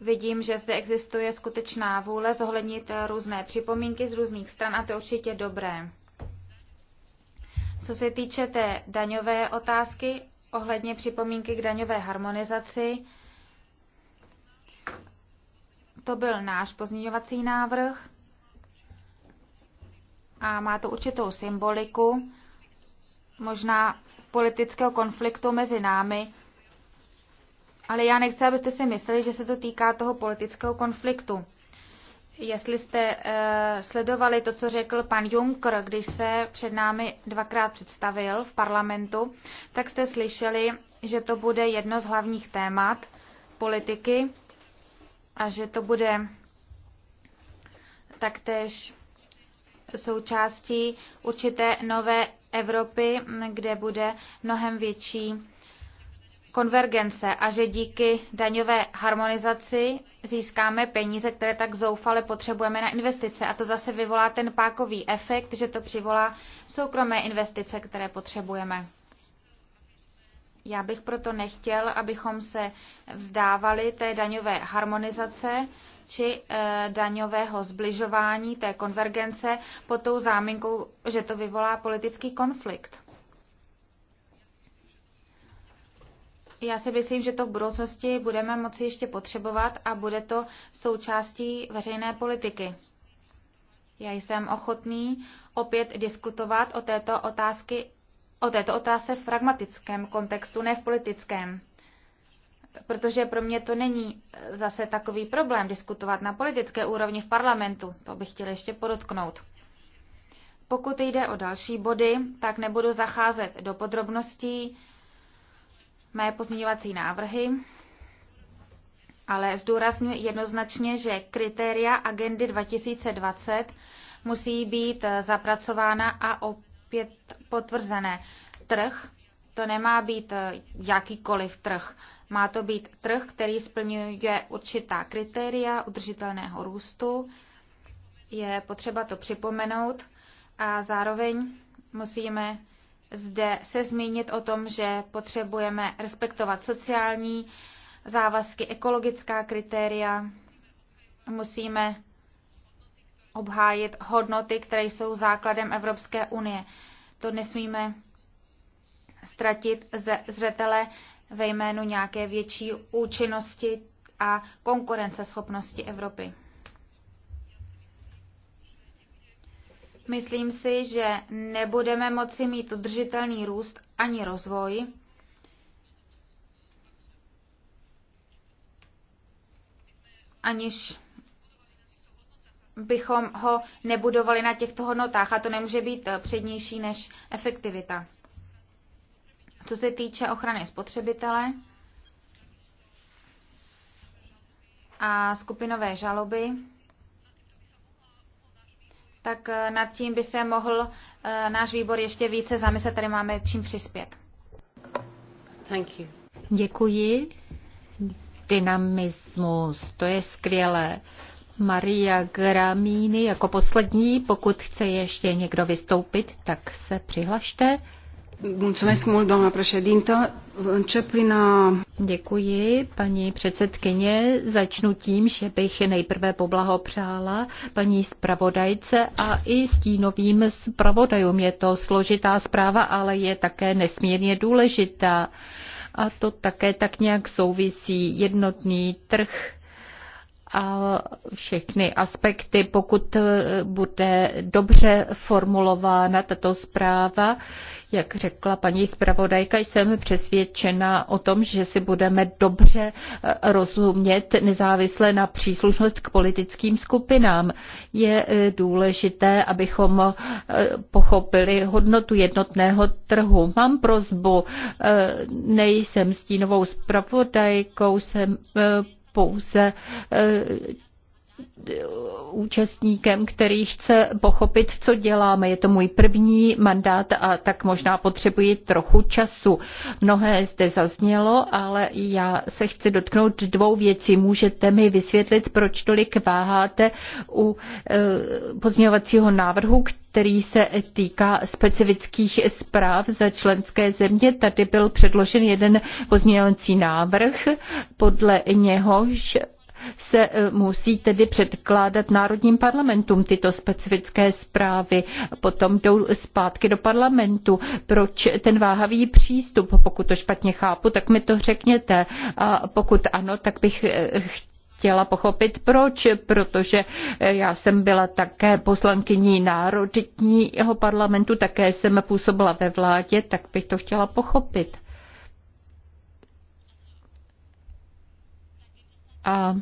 Speaker 3: Vidím, že zde existuje skutečná vůle zohlednit různé připomínky z různých stran a to je určitě dobré. Co se týče té daňové otázky, ohledně připomínky k daňové harmonizaci, to byl náš pozměňovací návrh a má to určitou symboliku, možná politického konfliktu mezi námi, ale já nechci, abyste si mysleli, že se to týká toho politického konfliktu. Jestli jste uh, sledovali to, co řekl pan Juncker, když se před námi dvakrát představil v parlamentu, tak jste slyšeli, že to bude jedno z hlavních témat politiky a že to bude taktéž součástí určité nové Evropy, kde bude mnohem větší konvergence a že díky daňové harmonizaci získáme peníze, které tak zoufale potřebujeme na investice. A to zase vyvolá ten pákový efekt, že to přivolá soukromé investice, které potřebujeme. Já bych proto nechtěl, abychom se vzdávali té daňové harmonizace, či eh, daňového zbližování té konvergence pod tou záminkou, že to vyvolá politický konflikt. Já si myslím, že to v budoucnosti budeme moci ještě potřebovat a bude to součástí veřejné politiky. Já jsem ochotný opět diskutovat o této otázky, o této otázce v pragmatickém kontextu, ne v politickém protože pro mě to není eh, zase takový problém diskutovat na politické úrovni v parlamentu. To bych chtěla ještě podotknout. Pokud jde o další body, tak nebudu zacházet do podrobností mé pozměňovací návrhy, ale zdůraznuju jednoznačně, že kritéria agendy 2020 musí být eh, zapracována a opět potvrzené. Trh to nemá být eh, jakýkoliv trh. Má to být trh, který splňuje určitá kritéria udržitelného růstu. Je potřeba to připomenout a zároveň musíme zde se zmínit o tom, že potřebujeme respektovat sociální závazky, ekologická kritéria. Musíme obhájit hodnoty, které jsou základem Evropské unie. To nesmíme ztratit ze zřetele ve jménu nějaké větší účinnosti a konkurenceschopnosti Evropy. Myslím si, že nebudeme moci mít udržitelný růst ani rozvoj, aniž bychom ho nebudovali na těchto hodnotách a to nemůže být eh, přednější než efektivita. Co se týče ochrany spotřebitele a skupinové žaloby, tak eh, nad tím by se mohl eh, náš výbor ještě více zamyslet. Tady máme čím přispět. Thank you.
Speaker 2: Děkuji. Dynamismus, to je skvělé. Maria Gramíny jako poslední, pokud chce ještě někdo vystoupit, tak se přihlašte. Mulțumesc mult, doamna președintă. Încep prin a... Děkuji, paní předsedkyně. Začnu tím, že bych nejprve poblahopřála paní zpravodajce a i stínovým zpravodajům. Je to složitá zpráva, ale je také nesmírně důležitá. A to také tak nějak souvisí jednotný trh a všechny aspekty, pokud bude dobře formulována tato zpráva, jak řekla paní zpravodajka, jsem přesvědčena o tom, že si budeme dobře eh, rozumět nezávisle na příslušnost k politickým skupinám. Je eh, důležité, abychom eh, pochopili hodnotu jednotného trhu. Mám prozbu, nejsem stínovou zpravodajkou, jsem pouze účastníkem, který chce pochopit, co děláme. Je to můj první mandát a tak možná potřebuji trochu času. Mnohé zde zaznělo, ale já se chci dotknout dvou věcí. Můžete mi vysvětlit, proč tolik váháte u e, pozměňovacího návrhu, který se týká specifických zpráv za členské země. Tady byl předložen jeden pozměňovací návrh, podle něhož se eh, musí tedy předkládat národním parlamentům tyto specifické zprávy. Potom jdou zpátky do parlamentu. Proč ten váhavý přístup? Pokud to špatně chápu, tak mi to řekněte. A pokud ano, tak bych eh, chtěla pochopit proč, protože eh, já jsem byla také poslankyní Národního parlamentu, také jsem působila ve vládě, tak bych to chtěla pochopit. a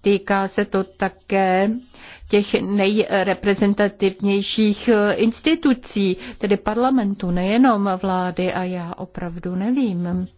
Speaker 2: Týká se to také těch nejreprezentativnějších eh, institucí, tedy parlamentu, nejenom vlády a já opravdu nevím.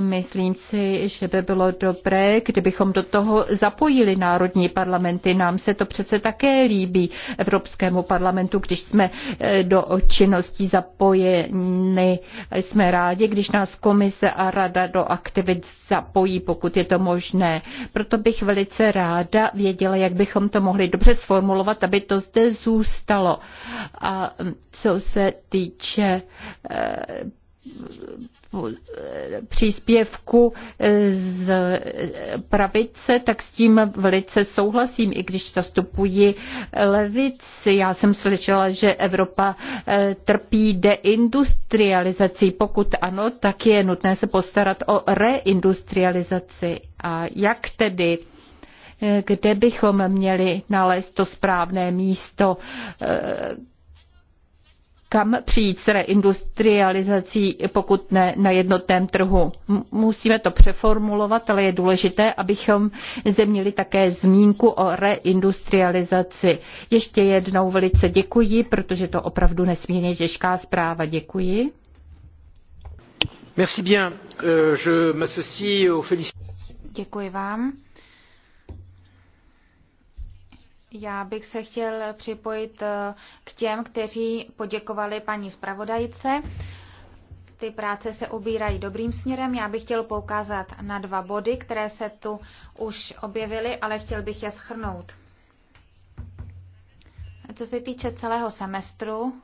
Speaker 2: Myslím si, že by bylo dobré, kdybychom do toho zapojili národní parlamenty. Nám se to přece také líbí Evropskému parlamentu, když jsme eh, do činností zapojeni. Jsme rádi, když nás komise a rada do aktivit zapojí, pokud je to možné. Proto bych velice ráda věděla, jak bychom to mohli dobře sformulovat, aby to zde zůstalo. A co se týče eh, příspěvku z pravice, tak s tím velice souhlasím, i když zastupuji levici. Já jsem slyšela, že Evropa eh, trpí deindustrializací. Pokud ano, tak je nutné se postarat o reindustrializaci. A jak tedy eh, kde bychom měli nalézt to správné místo, eh, kam přijít s reindustrializací, pokud ne na jednotném trhu. Musíme to přeformulovat, ale je důležité, abychom zde měli také zmínku o reindustrializaci. Ještě jednou velice děkuji, protože to opravdu nesmírně
Speaker 3: těžká zpráva. Děkuji.
Speaker 1: Merci bien. Euh, je
Speaker 4: m'associe aux félicitations.
Speaker 3: Děkuji vám. Já bych se chtěl připojit eh, k těm, kteří poděkovali paní zpravodajce. Ty práce se ubírají dobrým směrem. Já bych chtěl poukázat na dva body, které se tu už objevily, ale chtěl bych je schrnout. Co se týče celého semestru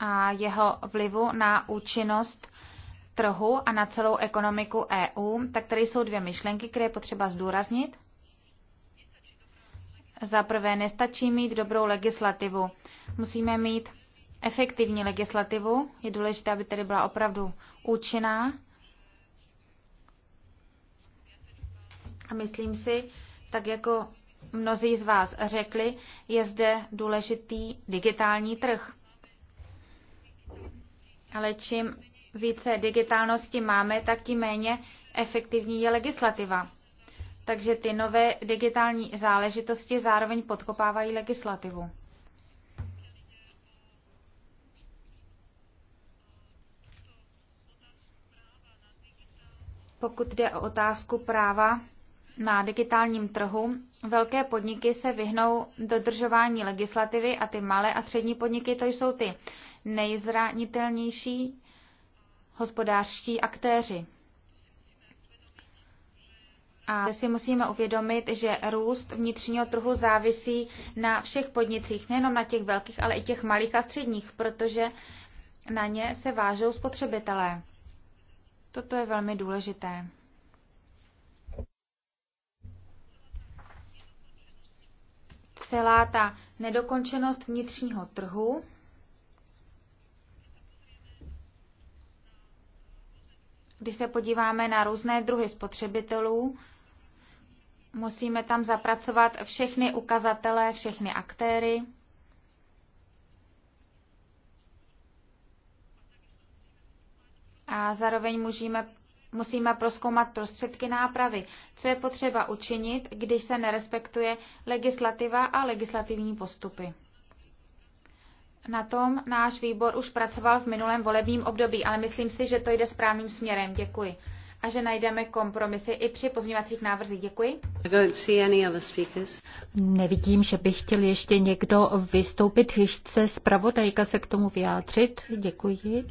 Speaker 3: a jeho vlivu na účinnost trhu a na celou ekonomiku EU, tak tady jsou dvě myšlenky, které je potřeba zdůraznit. Za prvé, nestačí mít dobrou legislativu. Musíme mít efektivní legislativu. Je důležité, aby tedy byla opravdu účinná. A myslím si, tak jako mnozí z vás řekli, je zde důležitý digitální trh. Ale čím více digitálnosti máme, tak tím méně efektivní je legislativa. Takže ty nové digitální záležitosti zároveň podkopávají legislativu. Pokud jde o otázku práva na digitálním trhu, velké podniky se vyhnou dodržování legislativy a ty malé a střední podniky to jsou ty nejzranitelnější hospodářští aktéři. A si musíme uvědomit, že růst vnitřního trhu závisí na všech podnicích, nejenom na těch velkých, ale i těch malých a středních, protože na ně se vážou spotřebitelé. Toto je velmi důležité. Celá ta nedokončenost vnitřního trhu Když se podíváme na různé druhy spotřebitelů, Musíme tam zapracovat všechny ukazatele, všechny aktéry. A zároveň můžeme, musíme proskoumat prostředky nápravy. Co je potřeba učinit, když se nerespektuje legislativa a legislativní postupy? Na tom náš výbor už pracoval v minulém volebním období, ale myslím si, že to jde správným směrem. Děkuji a že najdeme kompromisy i při pozměňovacích návrzích. Děkuji.
Speaker 2: Nevidím, že by chtěl ještě někdo vystoupit. Chce zpravodajka se k tomu vyjádřit? Děkuji.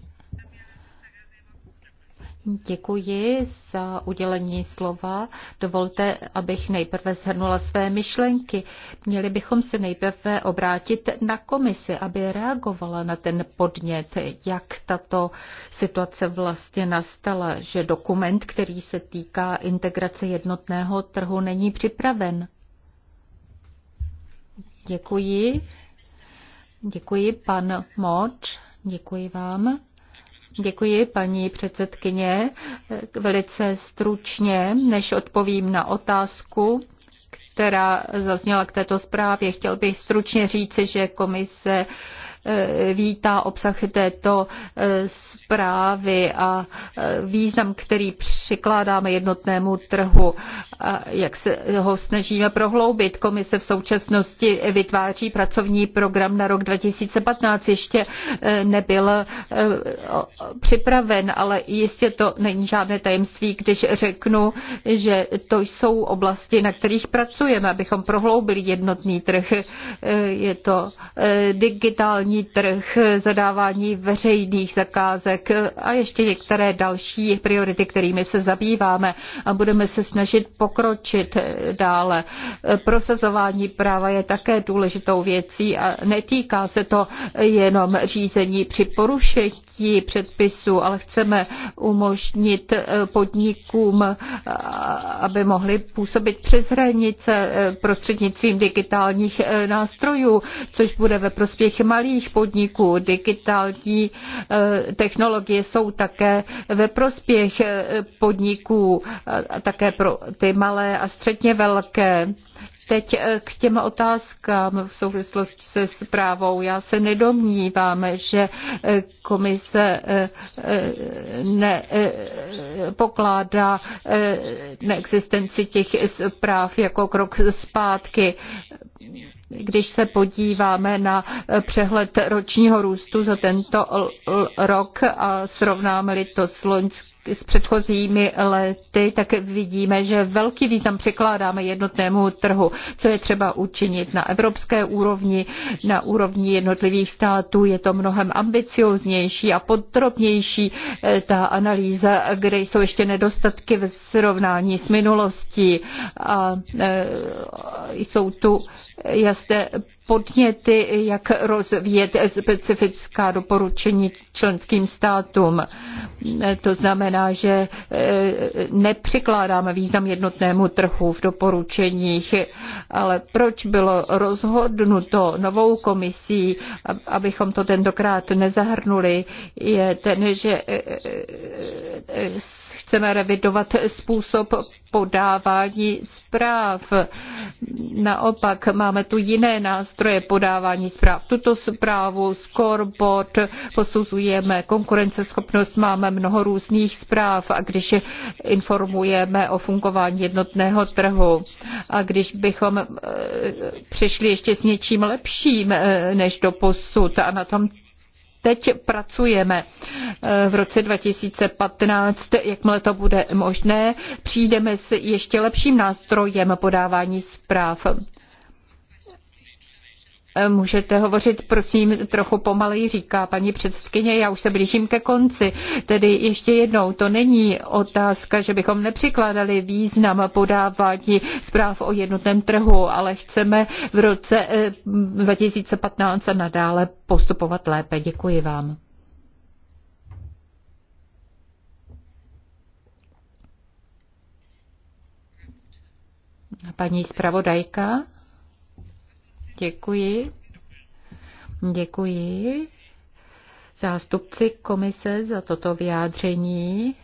Speaker 2: Děkuji za udělení slova. Dovolte, abych nejprve zhrnula své myšlenky. Měli bychom se nejprve obrátit na komisi, aby reagovala na ten podnět, jak tato situace vlastně nastala, že dokument, který se týká integrace jednotného trhu, není připraven. Děkuji. Děkuji, pan Moč. Děkuji vám. Děkuji, paní předsedkyně. Velice stručně, než odpovím na otázku, která zazněla k této zprávě, chtěl bych stručně říci, že komise Eh, vítá obsah této eh, zprávy a eh, význam, který přikládáme jednotnému trhu, jak se ho snažíme prohloubit. Komise v současnosti vytváří pracovní program na rok 2015, ještě nebyl připraven, ale jistě to není žádné tajemství, když řeknu, že to jsou oblasti, na kterých pracujeme, abychom prohloubili jednotný trh. Je to digitální digitální trh, zadávání veřejných zakázek a ještě některé další priority, kterými se zabýváme a budeme se snažit pokročit dále. Prosazování práva je také důležitou věcí a netýká se to jenom řízení při porušení platí předpisu, ale chceme umožnit eh, podnikům, eh, aby mohli působit přes hranice eh, prostřednictvím digitálních nástrojů, což bude ve prospěch malých podniků. Digitální technologie jsou také ve prospěch podniků, také pro ty malé a středně velké. Teď eh, k těm otázkám v souvislosti se zprávou. Já se nedomnívám, že eh, komise eh, nepokládá neexistenci těch zpráv jako krok zpátky. Když se podíváme na přehled ročního růstu za tento rok a srovnáme-li to s loňským, s předchozími lety, tak vidíme, že velký význam překládáme jednotnému trhu. Co je třeba učinit na evropské úrovni, na úrovni jednotlivých států, je to mnohem ambicioznější a podrobnější eh, ta analýza, kde jsou ještě nedostatky v srovnání s minulostí a eh, jsou tu jasné podněty, jak rozvíjet specifická doporučení členským státům. To znamená, že eh, nepřikládáme význam jednotnému trhu v doporučeních, ale proč bylo rozhodnuto novou komisí, abychom to tentokrát nezahrnuli, je ten, že eh, eh, chceme revidovat způsob podávání zpráv. Naopak máme tu jiné nástroje podávání zpráv. Tuto zprávu, scoreboard, posuzujeme konkurenceschopnost, máme mnoho různých zpráv a když informujeme o fungování jednotného trhu a když bychom eh, přišli ještě s něčím lepším eh, než do posud a na tom teď pracujeme. Eh, v roce 2015, jakmile to bude možné, přijdeme s ještě lepším nástrojem podávání zpráv. Můžete hovořit, prosím, trochu pomaleji, říká paní předsedkyně, já už se blížím ke konci. Tedy ještě jednou, to není otázka, že bychom nepřikládali význam podávání zpráv o jednotném trhu, ale chceme v roce 2015 eh, a nadále postupovat lépe. Děkuji vám. Paní zpravodajka? Děkuji. Děkuji zástupci komise za toto vyjádření.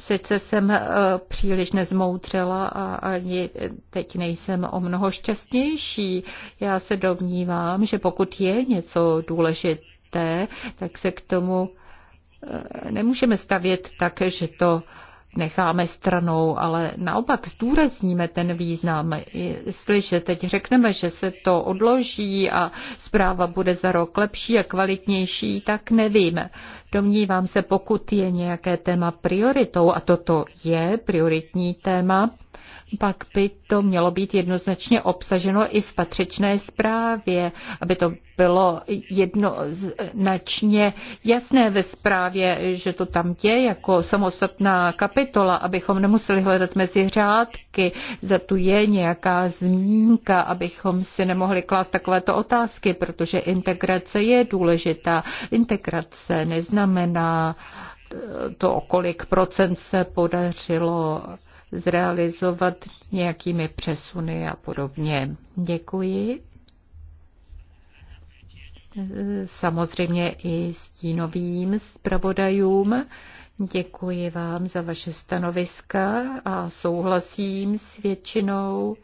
Speaker 2: Sice jsem eh, příliš nezmoutřela a ani teď nejsem o mnoho šťastnější. Já se domnívám, že pokud je něco důležité, tak se k tomu eh, nemůžeme stavět tak, že to necháme stranou, ale naopak zdůrazníme ten význam. Jestliže teď řekneme, že se to odloží a zpráva bude za rok lepší a kvalitnější, tak nevím. Domnívám se, pokud je nějaké téma prioritou, a toto je prioritní téma, pak by to mělo být jednoznačně obsaženo i v patřičné zprávě, aby to bylo jednoznačně jasné ve zprávě, že to tam je jako samostatná kapitola, abychom nemuseli hledat mezi řádky, za tu je nějaká zmínka, abychom si nemohli klást takovéto otázky, protože integrace je důležitá. Integrace neznamená to, kolik procent se podařilo zrealizovat nějakými přesuny a podobně. Děkuji. Samozřejmě i stínovým zpravodajům. Děkuji vám za vaše stanoviska a souhlasím s většinou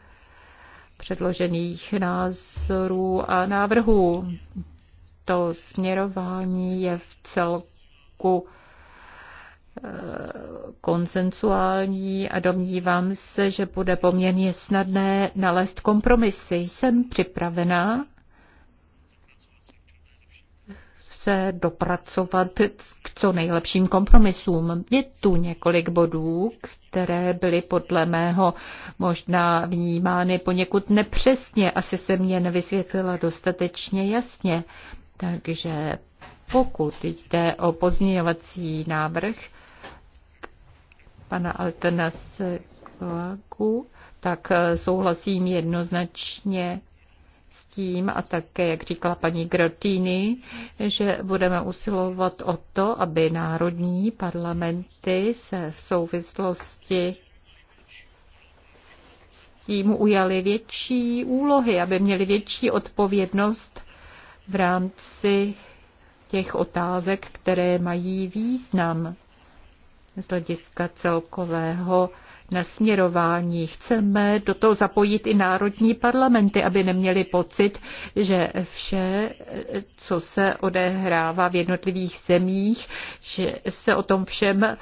Speaker 2: předložených názorů a návrhů. To směrování je v celku konsensuální a domnívám se, že bude poměrně snadné nalézt kompromisy. Jsem připravená se dopracovat k co nejlepším kompromisům. Je tu několik bodů, které byly podle mého možná vnímány poněkud nepřesně. Asi se mě nevysvětlila dostatečně jasně. Takže pokud jde o pozměňovací návrh, pana Altena Sedláku, tak eh, souhlasím jednoznačně s tím a také, jak říkala paní Grotini, že budeme usilovat o to, aby národní parlamenty se v souvislosti s tím ujaly větší úlohy, aby měli větší odpovědnost v rámci těch otázek, které mají význam z hlediska celkového nasměrování. Chceme do toho zapojit i národní parlamenty, aby neměli pocit, že vše, co se odehrává v jednotlivých zemích, že se o tom všem eh,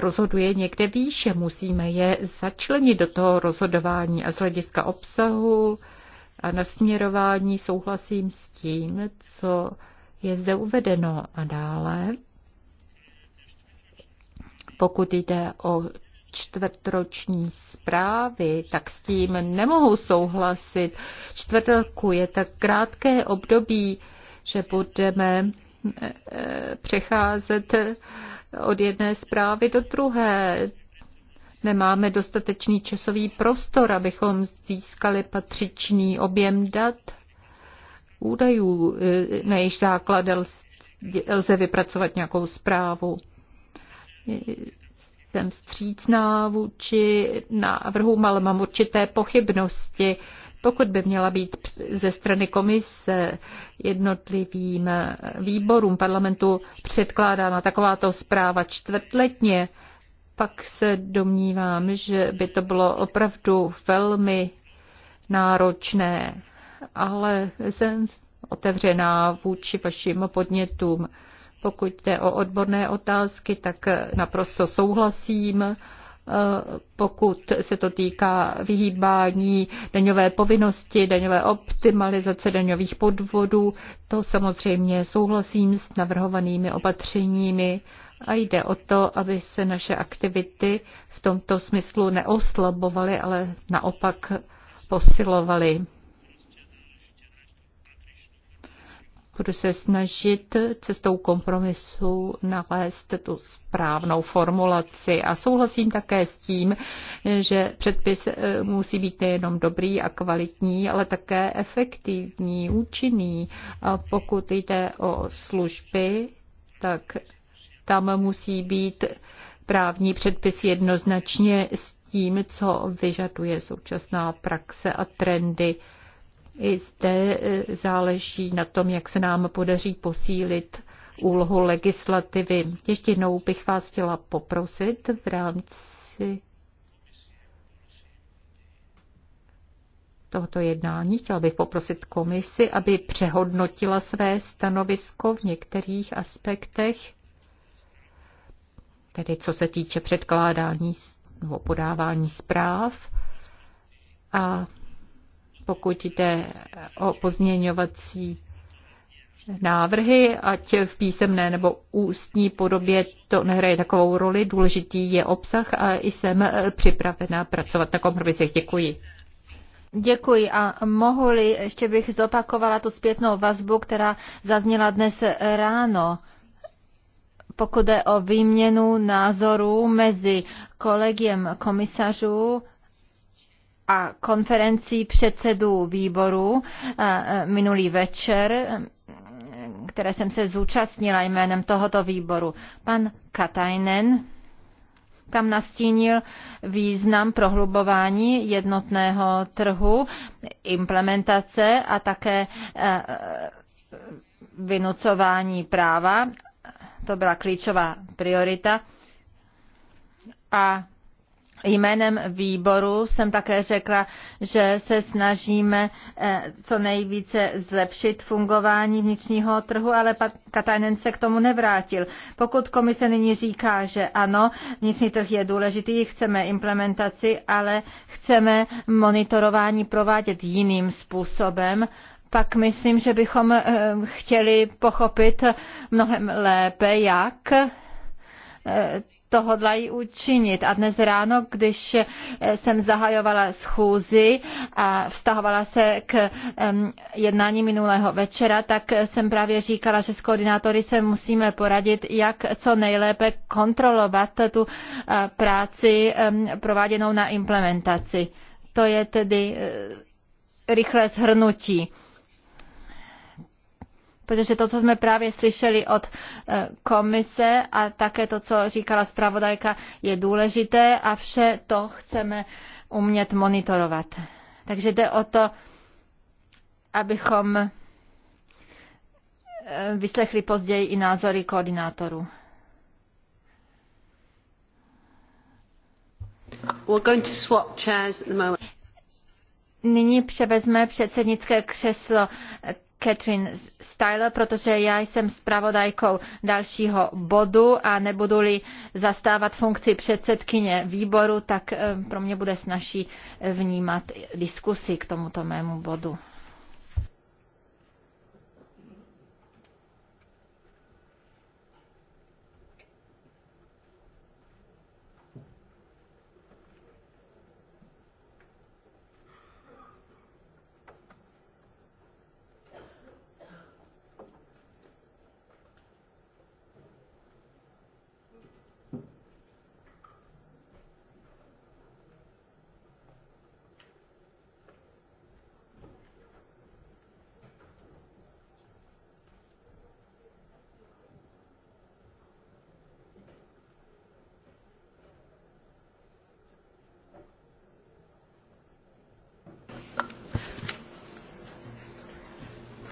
Speaker 2: rozhoduje někde výše. Musíme je začlenit do toho rozhodování a z hlediska obsahu a nasměrování souhlasím s tím, co je zde uvedeno a dále. Pokud jde o čtvrtroční zprávy, tak s tím nemohu souhlasit. Čtvrt roku je tak krátké období, že budeme eh, přecházet eh, od jedné zprávy do druhé. Nemáme dostatečný časový prostor, abychom získali patřičný objem dat údajů, na jejich základ lze vypracovat nějakou zprávu jsem střícná vůči návrhům, ale mám určité pochybnosti. Pokud by měla být ze strany komise jednotlivým výborům parlamentu předkládána takováto zpráva čtvrtletně, pak se domnívám, že by to bylo opravdu velmi náročné, ale jsem otevřená vůči vašim podnětům. Pokud jde o odborné otázky, tak naprosto souhlasím. E, pokud se to týká vyhýbání daňové povinnosti, daňové optimalizace daňových podvodů, to samozřejmě souhlasím s navrhovanými opatřeními a jde o to, aby se naše aktivity v tomto smyslu neoslabovaly, ale naopak posilovaly. Budu se snažit cestou kompromisu nalézt tu správnou formulaci a souhlasím také s tím, že předpis eh, musí být nejenom dobrý a kvalitní, ale také efektivní, účinný. A pokud jde o služby, tak tam musí být právní předpis jednoznačně s tím, co vyžaduje současná praxe a trendy. I zde e, záleží na tom, jak se nám podaří posílit úlohu legislativy. Ještě jednou bych vás chtěla poprosit v rámci tohoto jednání. Chtěla bych poprosit komisi, aby přehodnotila své stanovisko v některých aspektech, tedy co se týče předkládání nebo podávání zpráv a pokud jde o pozměňovací návrhy, ať v písemné nebo ústní podobě to nehraje takovou roli, důležitý je obsah a jsem připravena pracovat na kompromisech. Děkuji. Děkuji a mohu-li, ještě bych zopakovala tu zpětnou vazbu, která zazněla dnes ráno pokud je o výměnu názorů mezi kolegiem komisařů a konferencí předsedů výboru eh, eh, minulý večer, eh, které jsem se zúčastnila jménem tohoto výboru. Pan Katajnen tam nastínil význam prohlubování jednotného trhu, implementace a také vynucování práva. To byla klíčová priorita. A Jménem výboru jsem také řekla, že se snažíme eh, co nejvíce zlepšit fungování vnitřního trhu, ale Katajnen se k tomu nevrátil. Pokud komise nyní říká, že ano, vnitřní trh je důležitý, chceme implementaci, ale chceme monitorování provádět jiným způsobem, pak myslím, že bychom eh, chtěli pochopit mnohem lépe, jak eh, to hodlají učinit. A dnes ráno, když eh, jsem zahajovala schůzi a vztahovala se k jednání minulého večera, tak jsem právě říkala, že s koordinátory se musíme poradit, jak co nejlépe kontrolovat tu eh, práci prováděnou na implementaci. To je tedy eh, rychlé shrnutí protože to, co jsme právě slyšeli od eh, komise a také to, co říkala zpravodajka, je důležité a vše to chceme umět monitorovat. Takže jde o to, abychom eh, vyslechli později i názory koordinátorů.
Speaker 1: We're going to swap chairs at the moment.
Speaker 2: Nyní převezme předsednické křeslo Catherine Styler, protože já jsem zpravodajkou dalšího bodu a nebudu-li zastávat funkci předsedkyně výboru, tak eh, pro mě bude snaží vnímat diskusi k tomuto mému bodu.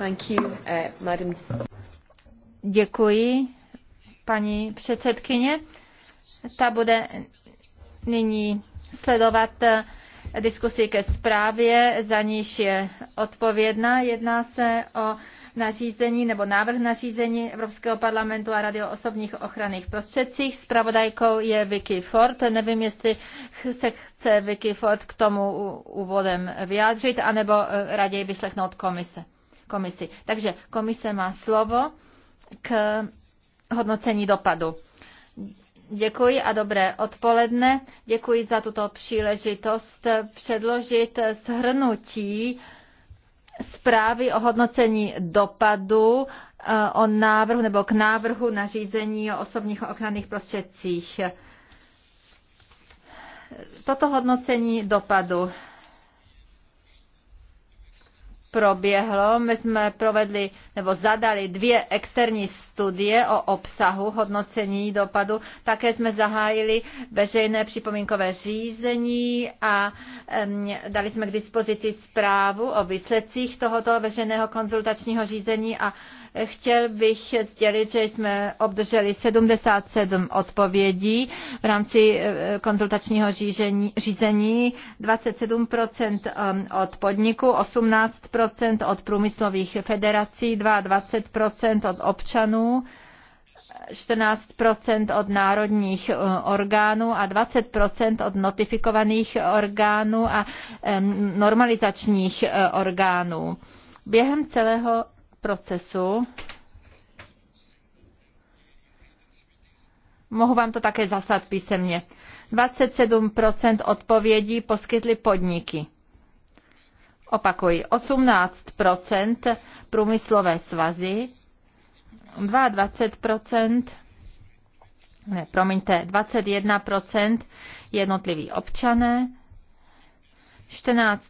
Speaker 1: Uh,
Speaker 2: Děkuji, paní předsedkyně. Ta bude nyní sledovat eh, diskusi ke zprávě, za níž je odpovědná. Jedná se o nařízení nebo návrh nařízení Evropského parlamentu a Rady o osobních ochranných prostředcích. Spravodajkou je Vicky Ford. Nevím, jestli se chce Vicky Ford k tomu úvodem vyjádřit, anebo eh, raději vyslechnout komise komisi. Takže komise má slovo k hodnocení dopadu. Děkuji a dobré odpoledne. Děkuji za tuto příležitost předložit shrnutí zprávy o hodnocení dopadu eh, o návrhu nebo k návrhu nařízení o osobních ochranných prostředcích. Toto hodnocení dopadu proběhlo. My jsme provedli nebo zadali dvě externí studie o obsahu hodnocení dopadu. Také jsme zahájili veřejné připomínkové řízení a um, dali jsme k dispozici zprávu o výsledcích tohoto veřejného konzultačního řízení a Chtěl bych sdělit, že jsme obdrželi 77 odpovědí v rámci eh, konzultačního řízení, 27% eh, od podniku, 18% od průmyslových federací, 22% od občanů, 14 od národních eh, orgánů a 20 od notifikovaných orgánů a normalizačních orgánů. Během celého procesu. Mohu vám to také zasad písemně. 27 odpovědí poskytly podniky. Opakuji, 18 průmyslové svazy, 22 ne, promiňte, 21 jednotliví občané, 14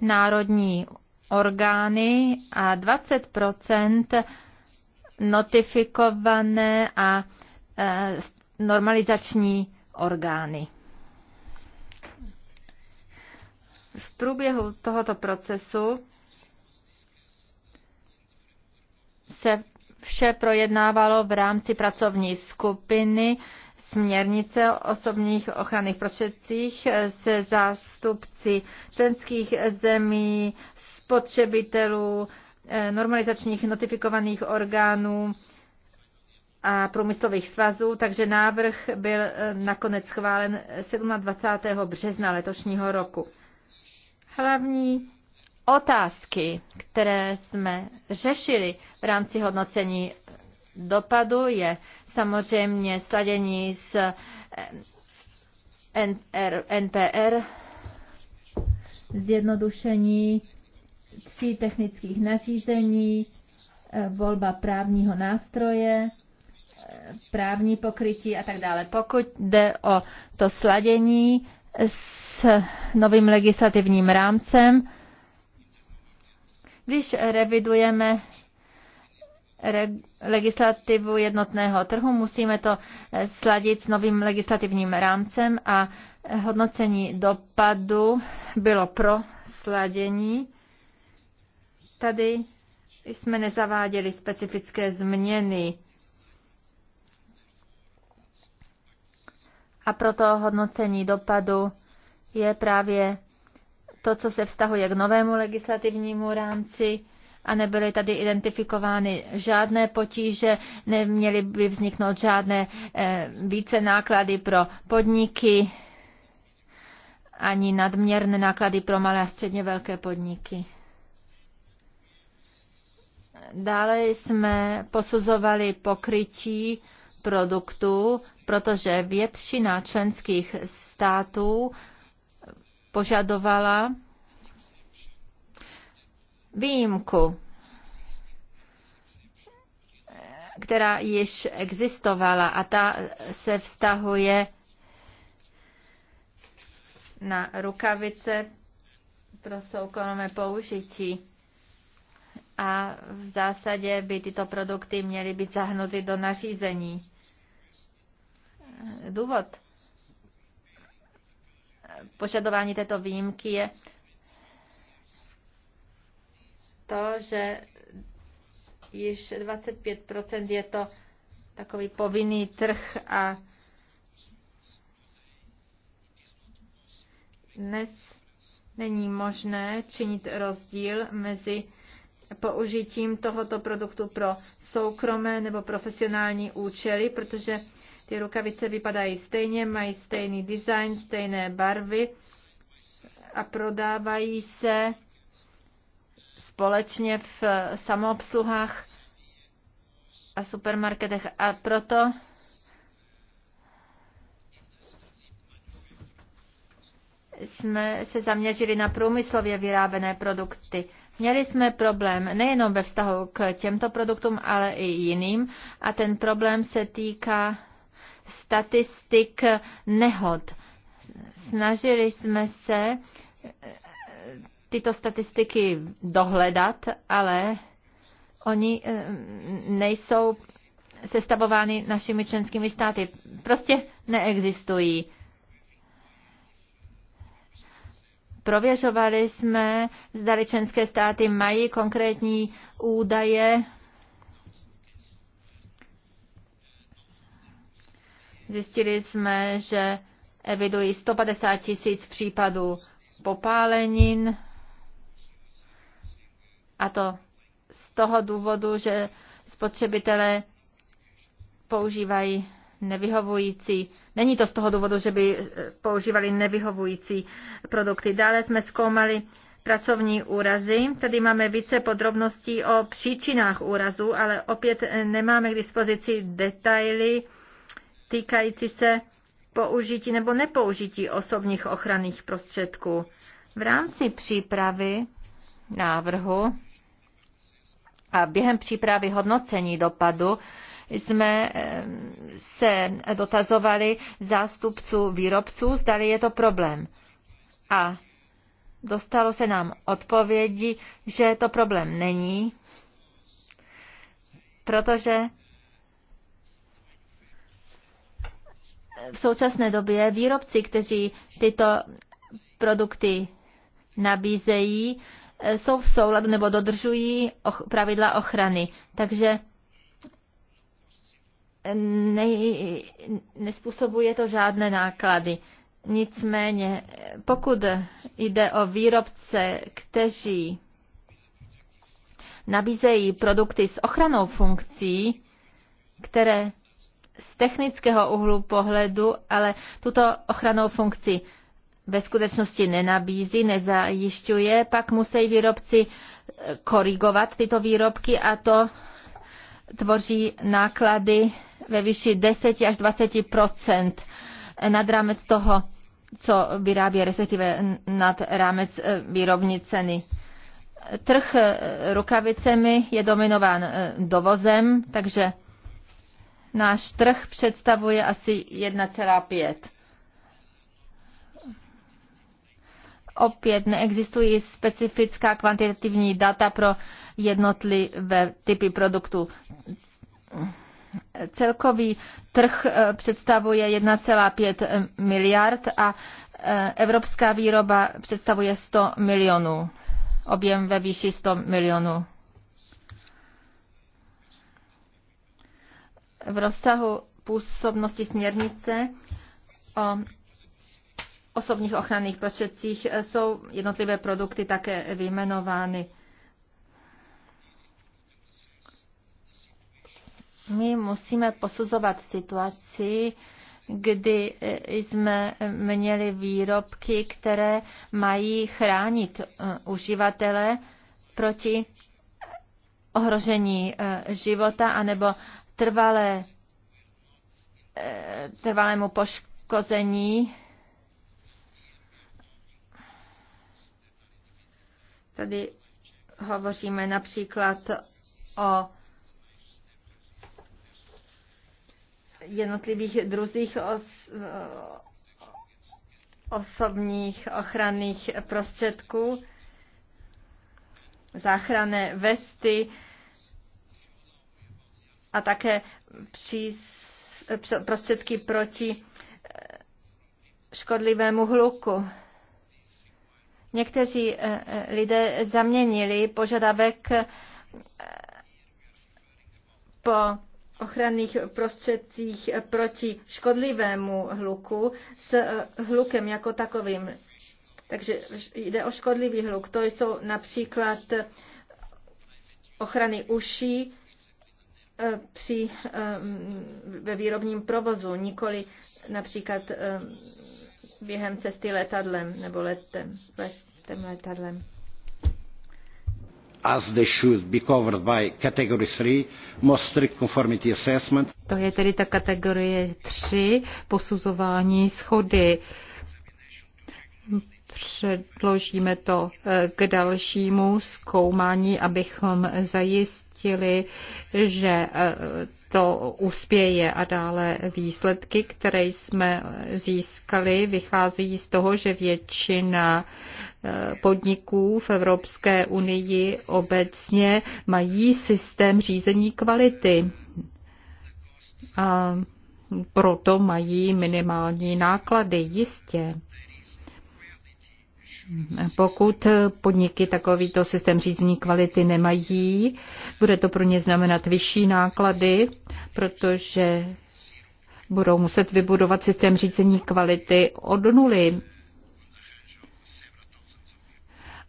Speaker 2: národní orgány a 20 notifikované a e, normalizační orgány. V průběhu tohoto procesu se vše projednávalo v rámci pracovní skupiny směrnice o osobních ochranných prostředcích se zástupci členských zemí, spotřebitelů, eh, normalizačních notifikovaných orgánů a průmyslových svazů, takže návrh byl eh, nakonec schválen 27. března letošního roku. Hlavní otázky, které jsme řešili v rámci hodnocení dopadu, je samozřejmě sladění s eh, NPR, zjednodušení tří technických nařízení, eh, volba právního nástroje, eh, právní pokrytí a tak dále. Pokud jde o to sladění s novým legislativním rámcem, když revidujeme legislativu jednotného trhu, musíme to eh, sladit s novým legislativním rámcem a eh, hodnocení dopadu bylo pro sladění. Tady jsme nezaváděli specifické změny a proto hodnocení dopadu je právě to, co se vztahuje k novému legislativnímu rámci a nebyly tady identifikovány žádné potíže, neměly by vzniknout žádné eh, více náklady pro podniky ani nadměrné náklady pro malé a středně velké podniky. Dále jsme posuzovali pokrytí produktů, protože většina členských států požadovala výjimku, která již existovala a ta se vztahuje na rukavice pro soukromé použití. A v zásadě by tyto produkty měly být zahnuty do nařízení. Důvod požadování této výjimky je to, že již 25% je to takový povinný trh a dnes není možné činit rozdíl mezi použitím tohoto produktu pro soukromé nebo profesionální účely, protože ty rukavice vypadají stejně, mají stejný design, stejné barvy a prodávají se společně v samoobsluhách a supermarketech. A proto jsme se zaměřili na průmyslově vyrábené produkty. Měli jsme problém nejenom ve vztahu k těmto produktům, ale i jiným a ten problém se týká statistik nehod. Snažili jsme se tyto statistiky dohledat, ale oni eh, nejsou sestavovány našimi členskými státy. Prostě neexistují. Prověřovali jsme, zda členské státy mají konkrétní údaje. Zjistili jsme, že evidují 150 tisíc případů popálenin, a to z toho důvodu, že spotřebitelé používají nevyhovující. Není to z toho důvodu, že by eh, používali nevyhovující produkty. Dále jsme zkoumali pracovní úrazy. Tady máme více podrobností o příčinách úrazu, ale opět eh, nemáme k dispozici detaily týkající se použití nebo nepoužití osobních ochranných prostředků. V rámci přípravy návrhu a během přípravy hodnocení dopadu jsme eh, se dotazovali zástupců výrobců, zdali je to problém. A dostalo se nám odpovědi, že to problém není, protože v současné době výrobci, kteří tyto produkty nabízejí, jsou v souladu nebo dodržují pravidla ochrany. Takže ne, nespůsobuje to žádné náklady. Nicméně, pokud jde o výrobce, kteří nabízejí produkty s ochranou funkcí, které z technického úhlu pohledu, ale tuto ochranou funkci ve skutečnosti nenabízí, nezajišťuje, pak musí výrobci eh, korigovat tyto výrobky a to tvoří náklady ve výši 10 až 20 nad rámec toho, co vyrábí, respektive nad rámec eh, výrobní ceny. Trh eh, rukavicemi je dominován dovozem, takže náš trh představuje asi 1,5 Opět neexistují specifická kvantitativní data pro jednotlivé typy produktů. Celkový trh eh, představuje 1,5 eh, miliard a eh, evropská výroba představuje 100 milionů. Objem ve výši 100 milionů. V rozsahu působnosti směrnice o osobních ochranných prostředcích e, jsou jednotlivé produkty také vyjmenovány. My musíme posuzovat situaci, kdy e, jsme měli výrobky, které mají chránit e, uživatele proti ohrožení života anebo trvalé, trvalému poškození Tady hovoříme například o jednotlivých druzích os, osobních ochranných prostředků, záchranné vesty a také přís, prostředky proti škodlivému hluku. Někteří eh, eh, lidé zaměnili požadavek eh, po ochranných prostředcích proti škodlivému hluku s hlukem jako takovým. Takže jde o škodlivý hluk. To jsou například ochrany uší, při, eh, ve výrobním provozu, nikoli například eh, během cesty letadlem nebo letem, letem letadlem.
Speaker 1: As they should be covered by category three, most strict conformity assessment.
Speaker 2: To je tedy ta kategorie 3, posuzování schody. Předložíme to eh, k dalšímu zkoumání, abychom zajistili, zjistili, že eh, to uspěje a dále výsledky, které jsme získali, vycházejí z toho, že většina eh, podniků v Evropské unii obecně mají systém řízení kvality. A proto mají minimální náklady, jistě. Pokud podniky takovýto systém řízení kvality nemají, bude to pro ně znamenat vyšší náklady, protože budou muset vybudovat systém řízení kvality od nuly.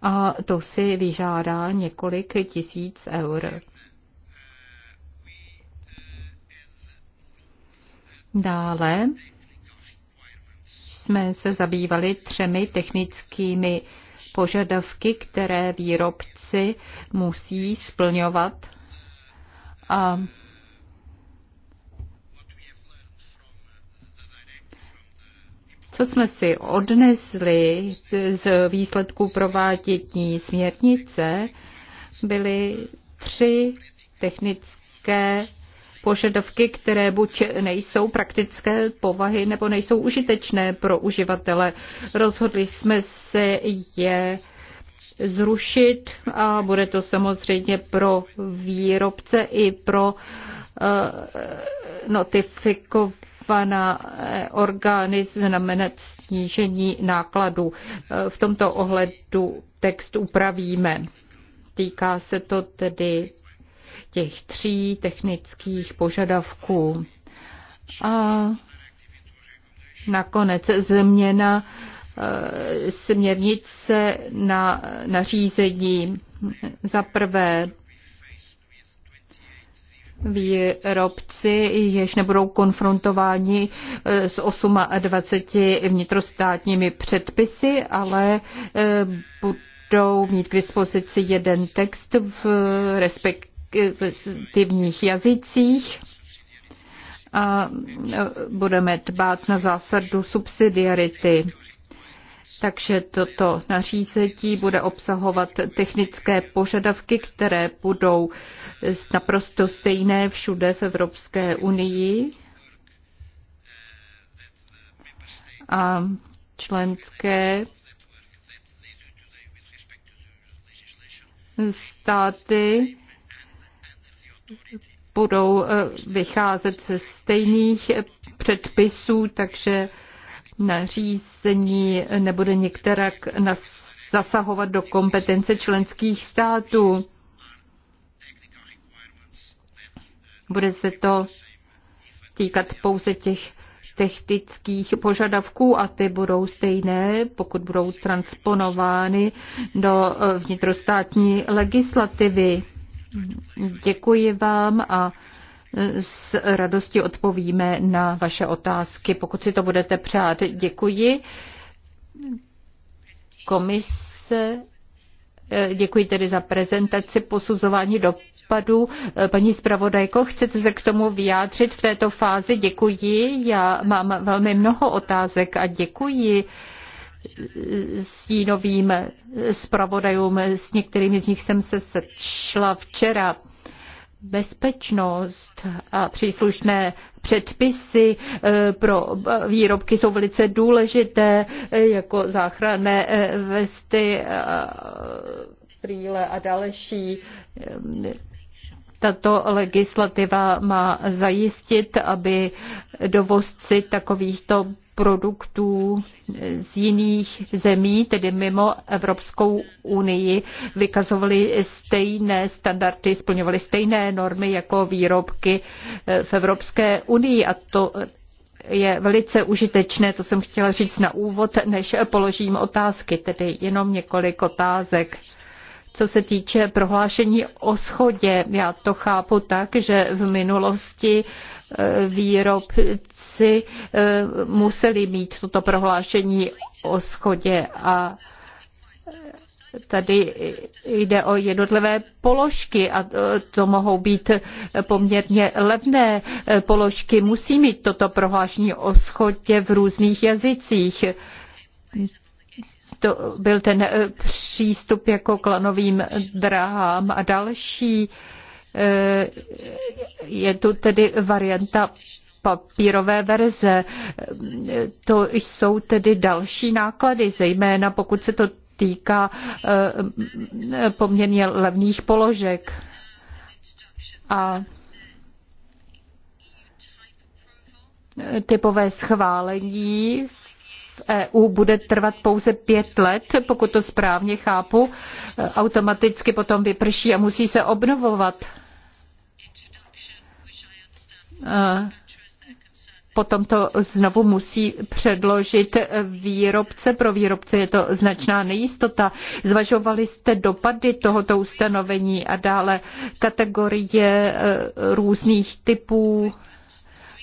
Speaker 2: A to si vyžádá několik tisíc eur. Dále jsme se zabývali třemi technickými požadavky, které výrobci musí splňovat. A co jsme si odnesli z výsledků provádění směrnice, byly tři technické požadavky, které buď nejsou praktické povahy nebo nejsou užitečné pro uživatele. Rozhodli jsme se je zrušit a bude to samozřejmě pro výrobce i pro uh, notifikovaná eh, orgány znamenat snížení nákladů. Eh, v tomto ohledu text upravíme. Týká se to tedy těch tří technických požadavků. A nakonec změna eh, směrnice na nařízení. Za prvé výrobci, jež nebudou konfrontováni eh, s 28 vnitrostátními předpisy, ale eh, budou mít k dispozici jeden text v respekt aktivních jazycích a budeme dbát na zásadu subsidiarity. Takže toto nařízení bude obsahovat technické požadavky, které budou naprosto stejné všude v Evropské unii. A členské státy budou eh, vycházet ze stejných předpisů, takže nařízení nebude některak zasahovat do kompetence členských států. Bude se to týkat pouze těch technických požadavků a ty budou stejné, pokud budou transponovány do eh, vnitrostátní legislativy. Děkuji vám a s radostí odpovíme na vaše otázky, pokud si to budete přát. Děkuji. Komise, děkuji tedy za prezentaci posuzování dopadů. Paní zpravodajko, chcete se k tomu vyjádřit v této fázi? Děkuji. Já mám velmi mnoho otázek a děkuji stínovým zpravodajům, s některými z nich jsem se sešla včera. Bezpečnost a příslušné předpisy eh, pro výrobky jsou velice důležité, eh, jako záchranné eh, vesty, brýle a další. Tato legislativa má zajistit, aby dovozci takovýchto produktů z jiných zemí, tedy mimo Evropskou unii, vykazovaly stejné standardy, splňovaly stejné normy jako výrobky v Evropské unii a to je velice užitečné, to jsem chtěla říct na úvod, než položím otázky, tedy jenom několik otázek. Co se týče prohlášení o schodě, já to chápu tak, že v minulosti e, výrobci e, museli mít toto prohlášení o schodě a Tady jde o jednotlivé položky a to mohou být poměrně levné položky. Musí mít toto prohlášení o schodě v různých jazycích. To byl ten eh, přístup jako klanovým drahám a další. Eh, je tu tedy varianta papírové verze. Eh, to jsou tedy další náklady, zejména pokud se to týká poměrně levných položek. A typové schválení EU bude trvat pouze pět let, pokud to správně chápu, automaticky potom vyprší a musí se obnovovat. potom to znovu musí předložit výrobce. Pro výrobce je to značná nejistota. Zvažovali jste dopady tohoto ustanovení a dále kategorie e, různých typů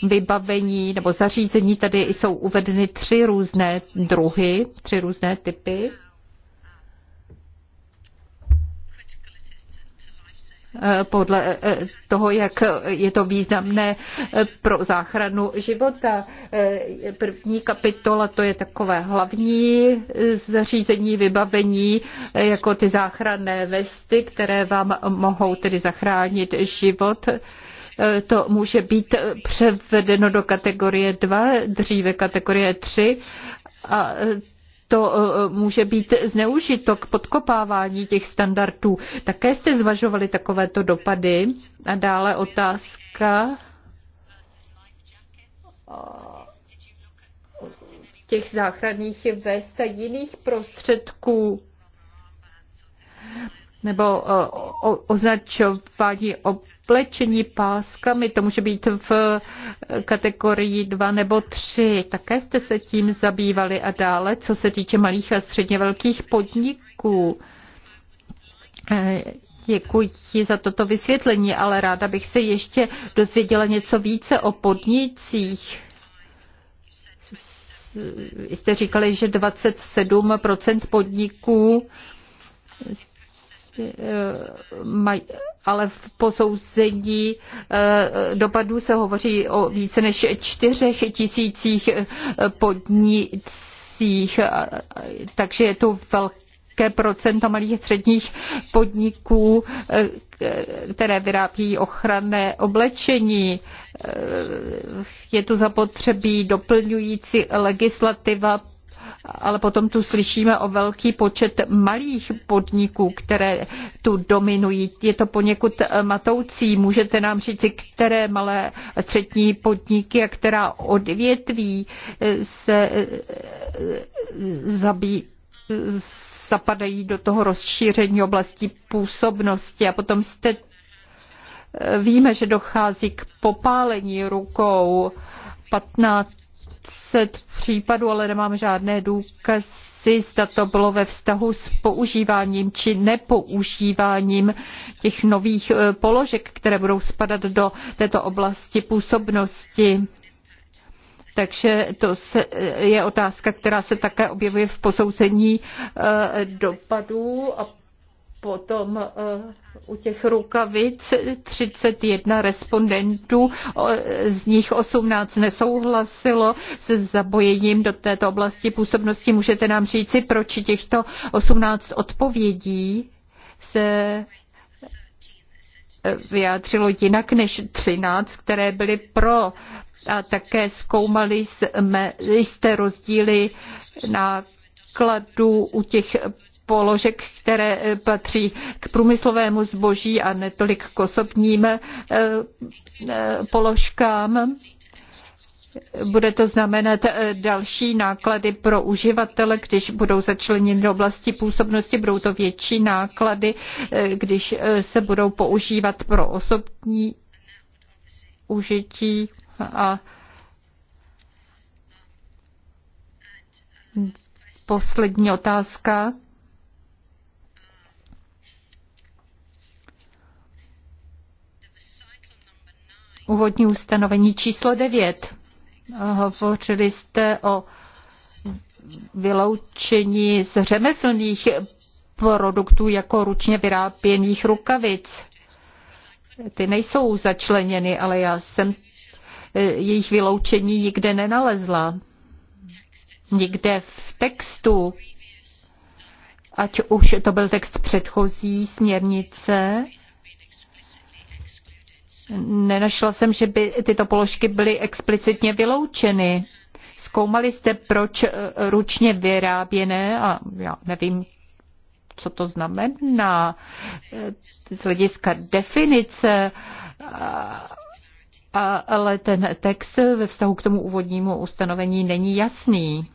Speaker 2: vybavení nebo zařízení. Tady jsou uvedeny tři různé druhy, tři různé typy. Eh, podle eh, toho, jak je to významné eh, pro záchranu života. První kapitola to je takové hlavní zařízení, vybavení, jako ty záchranné vesty, které vám mohou tedy zachránit život. Eh, to může být převedeno do kategorie 2, dříve kategorie 3 a eh, to eh, může být zneužito k podkopávání těch standardů. Také jste zvažovali takovéto dopady. A dále otázka těch záchranných vest a jiných prostředků nebo eh, označování oblečení páskami, to může být v eh, kategorii 2 nebo 3. Také jste se tím zabývali a dále, co se týče malých a středně velkých podniků. Eh, děkuji za toto vysvětlení, ale ráda bych se ještě dozvěděla něco více o podnicích. Jste říkali, že 27% podniků Eh, ale v posouzení eh, dopadů se hovoří o více než čtyřech tisících eh, podnicích, takže je to velké procento malých a středních podniků, které vyrábí ochranné oblečení. Je tu zapotřebí doplňující legislativa ale potom tu slyšíme o velký počet malých podniků, které tu dominují. Je to poněkud eh, matoucí. Můžete nám říct, které malé střední podniky a která odvětví eh, se eh, zabí, zapadají do toho rozšíření oblasti působnosti a potom jste Víme, že dochází k popálení rukou 15 20 případů, ale nemám žádné důkazy, zda to bylo ve vztahu s používáním či nepoužíváním těch nových eh, položek, které budou spadat do této oblasti působnosti. Takže to se, eh, je otázka, která se také objevuje v posouzení eh, dopadů a Potom eh, u těch rukavic 31 respondentů, eh, z nich 18 nesouhlasilo se zabojením do této oblasti působnosti. Můžete nám říci, proč těchto 18 odpovědí se eh, vyjádřilo jinak než 13, které byly pro. A také zkoumali jsme, jste rozdíly na nákladů u těch položek, které eh, patří k průmyslovému zboží a netolik k osobním eh, eh, položkám. Bude to znamenat další náklady pro uživatele, když budou začleněny do oblasti působnosti, budou to větší náklady, když se budou používat pro osobní užití a poslední otázka. úvodní ustanovení číslo 9. Hovořili jste o vyloučení z řemeslných produktů jako ručně vyráběných rukavic. Ty nejsou začleněny, ale já jsem eh, jejich vyloučení nikde nenalezla. Nikde v textu, ať už to byl text předchozí směrnice, Nenašla jsem, že by tyto položky byly explicitně vyloučeny. Zkoumali jste, proč eh, ručně vyráběné, a já nevím, co to znamená eh, z hlediska definice, ale ten text ve vztahu k tomu úvodnímu ustanovení není jasný.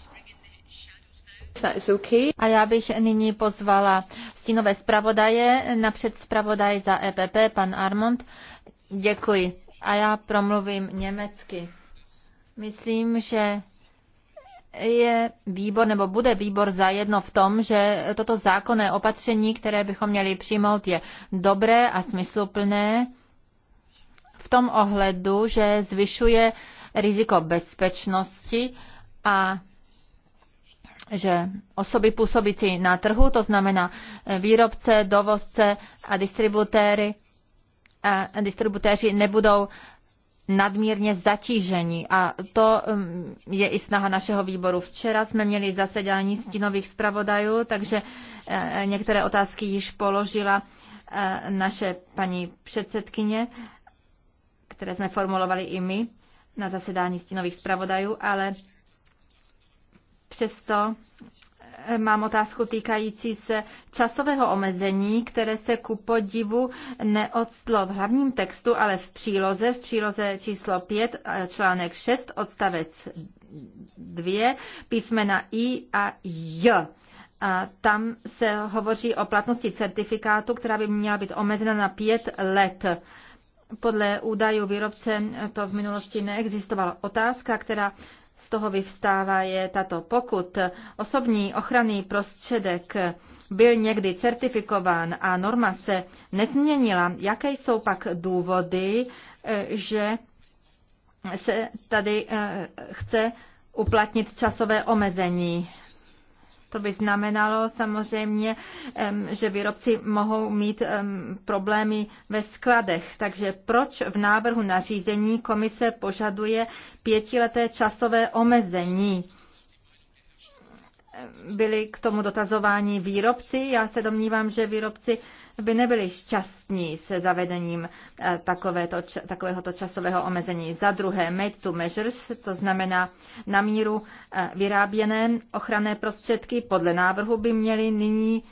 Speaker 2: A já bych nyní pozvala stínové zpravodaje, napřed zpravodaj za EPP, pan Armond, Děkuji. A já promluvím německy. Myslím, že je výbor nebo bude výbor zajedno v tom, že toto zákonné opatření, které bychom měli přijmout, je dobré a smysluplné v tom ohledu, že zvyšuje riziko bezpečnosti a že osoby působící na trhu, to znamená výrobce, dovozce a distributéry, distributéři nebudou nadmírně zatížení. A to um, je i snaha našeho výboru. Včera jsme měli zasedání stínových zpravodajů, takže eh, některé otázky již položila eh, naše paní předsedkyně, které jsme formulovali i my na zasedání stínových zpravodajů, ale přesto mám otázku týkající se časového omezení, které se ku podivu neodstlo v hlavním textu, ale v příloze, v příloze číslo 5, článek 6, odstavec 2, písmena I a J. A tam se hovoří o platnosti certifikátu, která by měla být omezena na pět let. Podle údajů výrobce to v minulosti neexistovalo. Otázka, která z toho vyvstává, je tato. Pokud osobní ochranný prostředek byl někdy certifikován a norma se nezměnila, jaké jsou pak důvody, eh, že se tady eh, chce uplatnit časové omezení to by znamenalo samozřejmě, že výrobci mohou mít problémy ve skladech. Takže proč v návrhu nařízení komise požaduje pětileté časové omezení? Byli k tomu dotazováni výrobci. Já se domnívám, že výrobci by nebyli šťastní se zavedením eh, takovéto, takovéhoto časového omezení. Za druhé, made to measures, to znamená na míru eh, vyráběné ochranné prostředky podle návrhu by měly nyní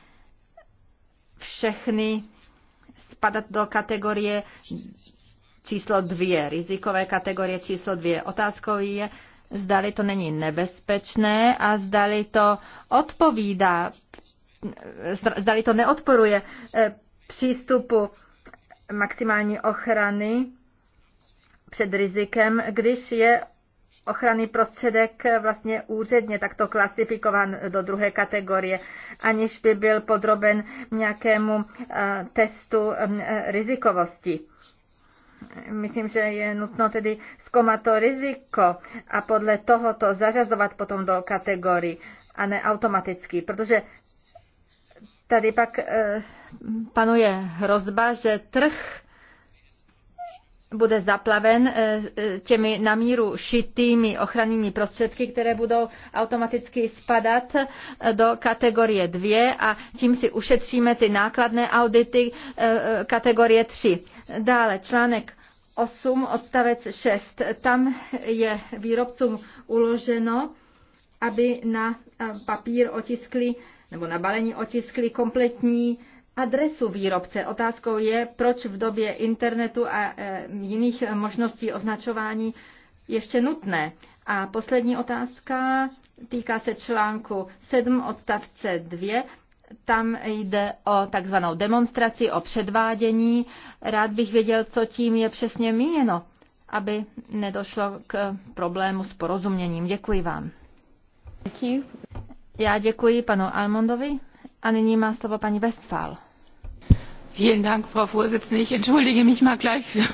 Speaker 2: všechny spadat do kategorie číslo dvě, rizikové kategorie číslo dvě. Otázkou je, zdali to není nebezpečné a zdali to odpovídá zdali to neodporuje eh, přístupu maximální ochrany před rizikem, když je ochranný prostředek vlastně úředně takto klasifikován do druhé kategorie, aniž by byl podroben nějakému eh, testu eh, rizikovosti. Myslím, že je nutno tedy zkoumat to riziko a podle toho to zařazovat potom do kategorii a ne automaticky, protože Tady pak eh, panuje hrozba, že trh bude zaplaven eh, eh, těmi na míru šitými ochrannými prostředky, které budou automaticky spadat do kategorie 2 a tím si ušetříme ty nákladné audity kategorie 3. Dále článek 8 odstavec 6. Tam je výrobcům uloženo, aby na papír otiskli nebo na balení otiskli kompletní adresu výrobce. Otázkou je, proč v době internetu a e, jiných možností označování ještě nutné. A poslední otázka týká se článku 7 odstavce 2. Tam jde o takzvanou demonstraci, o předvádění. Rád bych věděl, co tím je přesně míněno, aby nedošlo k problému s porozuměním. Děkuji vám. Já děkuji panu Almondovi a nyní má slovo paní Westphal. Vielen Dank,
Speaker 3: Frau Vorsitzende. Ich entschuldige mich
Speaker 2: mal gleich eh,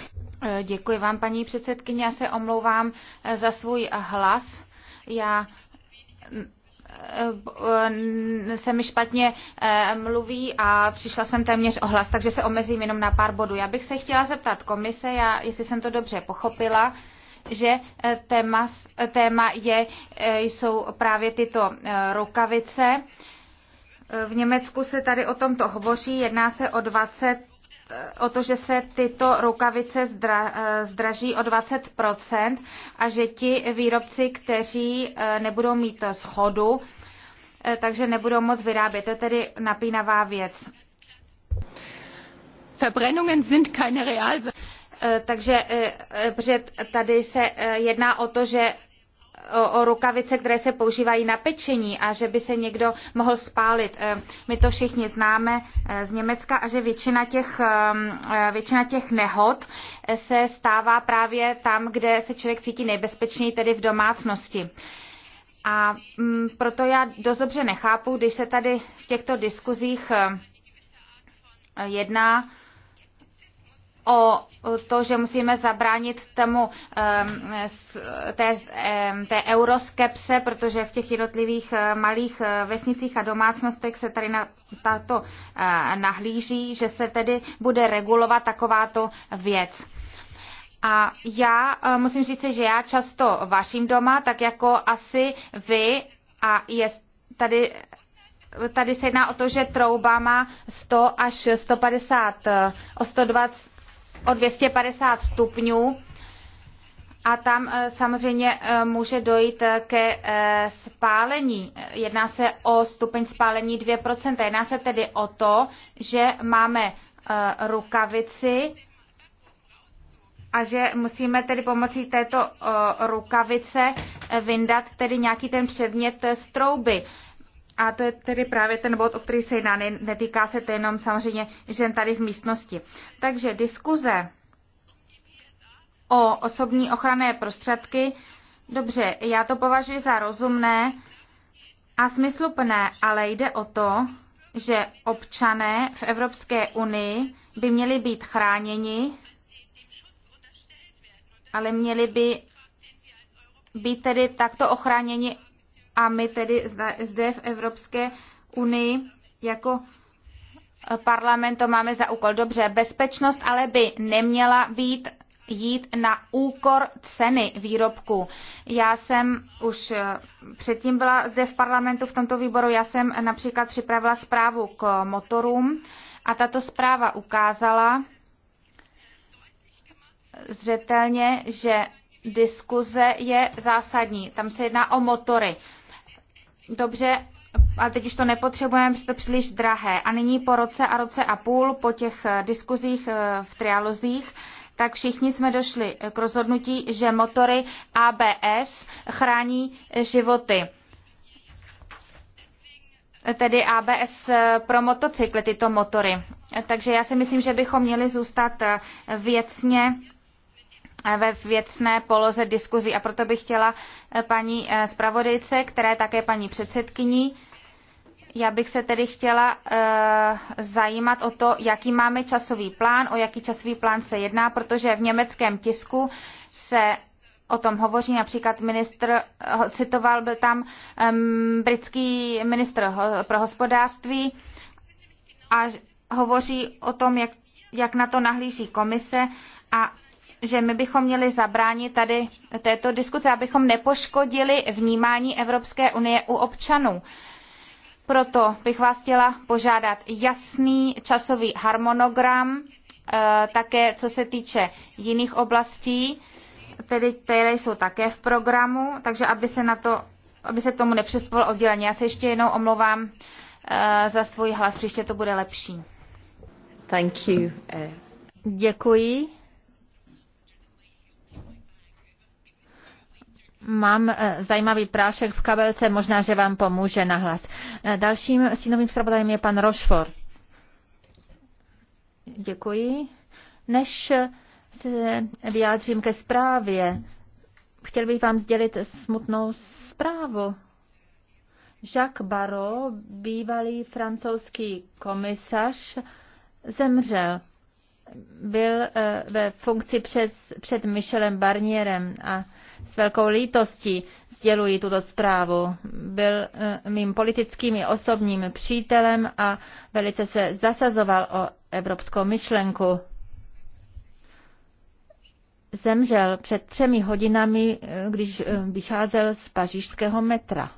Speaker 3: Děkuji vám, paní předsedkyně. Já se omlouvám eh, za svůj eh, hlas. Já mm, se mi špatně mluví a přišla jsem téměř o hlas, takže se omezím jenom na pár bodů. Já bych se chtěla zeptat komise, já, jestli jsem to dobře pochopila, že eh, téma, eh, téma je, eh, jsou právě tyto rukavice. V Německu se tady o tomto hovoří, jedná se o 20 o to, že se tyto rukavice zdra, zdraží o 20% a že ti výrobci, kteří nebudou mít schodu, takže nebudou moc vyrábět. To je tedy napínavá věc. Verbrennungen sind keine real. Eh, takže eh, eh, protože tady se jedná o to, že O, o rukavice, které se používají na pečení a že by se někdo mohl spálit. My to všichni známe z Německa a že většina těch, ehm, většina těch nehod se stává právě tam, kde se člověk cítí nejbezpečněji, tedy v domácnosti. A mm, proto já dost dobře nechápu, když se tady v těchto diskuzích jedná o to, že musíme zabránit tomu, té, té euroskepse, protože v těch jednotlivých eh, malých eh, vesnicích a domácnostech se tady na tato eh, nahlíží, že se tedy bude regulovat takováto věc. A já musím říct, že já často vaším doma, tak jako asi vy a je tady tady se jedná o to, že trouba má 100 až 150, o 120, o 250 stupňů a tam eh, samozřejmě eh, může dojít eh, ke spálení. Jedná se o stupeň spálení 2%. Jedná se tedy o to, že máme rukavici a že musíme tedy pomocí této rukavice vyndat tedy nějaký ten předmět z trouby. A to je tedy právě ten bod, o který se jedná. Netýká se to jenom samozřejmě žen tady v místnosti. Takže diskuze o osobní ochranné prostředky, dobře, já to považuji za rozumné a smysluplné, ale jde o to, že občané v Evropské unii by měli být chráněni, ale měli by být tedy takto ochráněni a my tedy zde v Evropské unii jako parlament to máme za úkol. Dobře, bezpečnost ale by neměla být jít na úkor ceny výrobku. Já jsem už eh, předtím byla zde v parlamentu v tomto výboru, já jsem například připravila zprávu k motorům a tato zpráva ukázala zřetelně, že diskuze je zásadní. Tam se jedná o motory. Dobře, a teď už to nepotřebujeme, protože to příliš drahé. A nyní po roce a roce a půl, po těch eh, diskuzích eh, v trialozích, tak všichni jsme došli eh, k rozhodnutí, že motory ABS chrání životy. Tedy ABS pro motocykly, tyto motory. Takže já si myslím, že bychom měli zůstat věcně ve věcné poloze diskuzí. A proto bych chtěla eh, paní eh, zpravodajce, která je také paní předsedkyní, já bych se tedy chtěla eh, zajímat o to, jaký máme časový plán, o jaký časový plán se jedná, protože v německém tisku se o tom hovoří například ministr, citoval byl tam um, britský ministr ho, pro hospodářství a hovoří o tom, jak, jak na to nahlíží komise a že my bychom měli zabránit tady této diskuce, abychom nepoškodili vnímání Evropské unie u občanů. Proto bych vás chtěla požádat jasný časový harmonogram, eh, také co se týče jiných oblastí, tedy které jsou také v programu, takže aby se, na to, aby se k tomu nepřistupovalo odděleně. Já se ještě jednou omlouvám eh, za svůj hlas, příště to bude lepší.
Speaker 2: Thank you. Eh. Děkuji. Mám eh, zajímavý prášek v kabelce, možná, že vám pomůže na hlas. Eh, dalším synovým zpravodajem je pan Rošfor. Děkuji. Než se vyjádřím ke zprávě, chtěl bych vám sdělit smutnou zprávu. Jacques Barrot, bývalý francouzský komisař, zemřel. Byl eh, ve funkci přes, před Michelem Barnierem a s velkou lítostí sděluji tuto zprávu. Byl eh, mým politickým i osobním přítelem a velice se zasazoval o evropskou myšlenku. Zemřel před třemi hodinami, eh, když eh, vycházel z pařížského metra.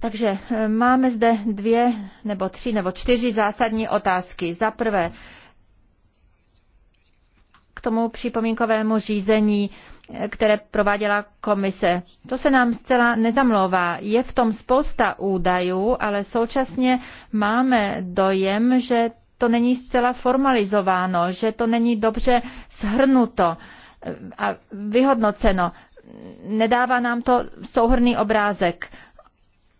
Speaker 2: Takže máme zde dvě nebo tři nebo čtyři zásadní otázky. Za prvé, tomu připomínkovému řízení, které prováděla komise. To se nám zcela nezamlouvá. Je v tom spousta údajů, ale současně máme dojem, že to není zcela formalizováno, že to není dobře shrnuto a vyhodnoceno. Nedává nám to souhrný obrázek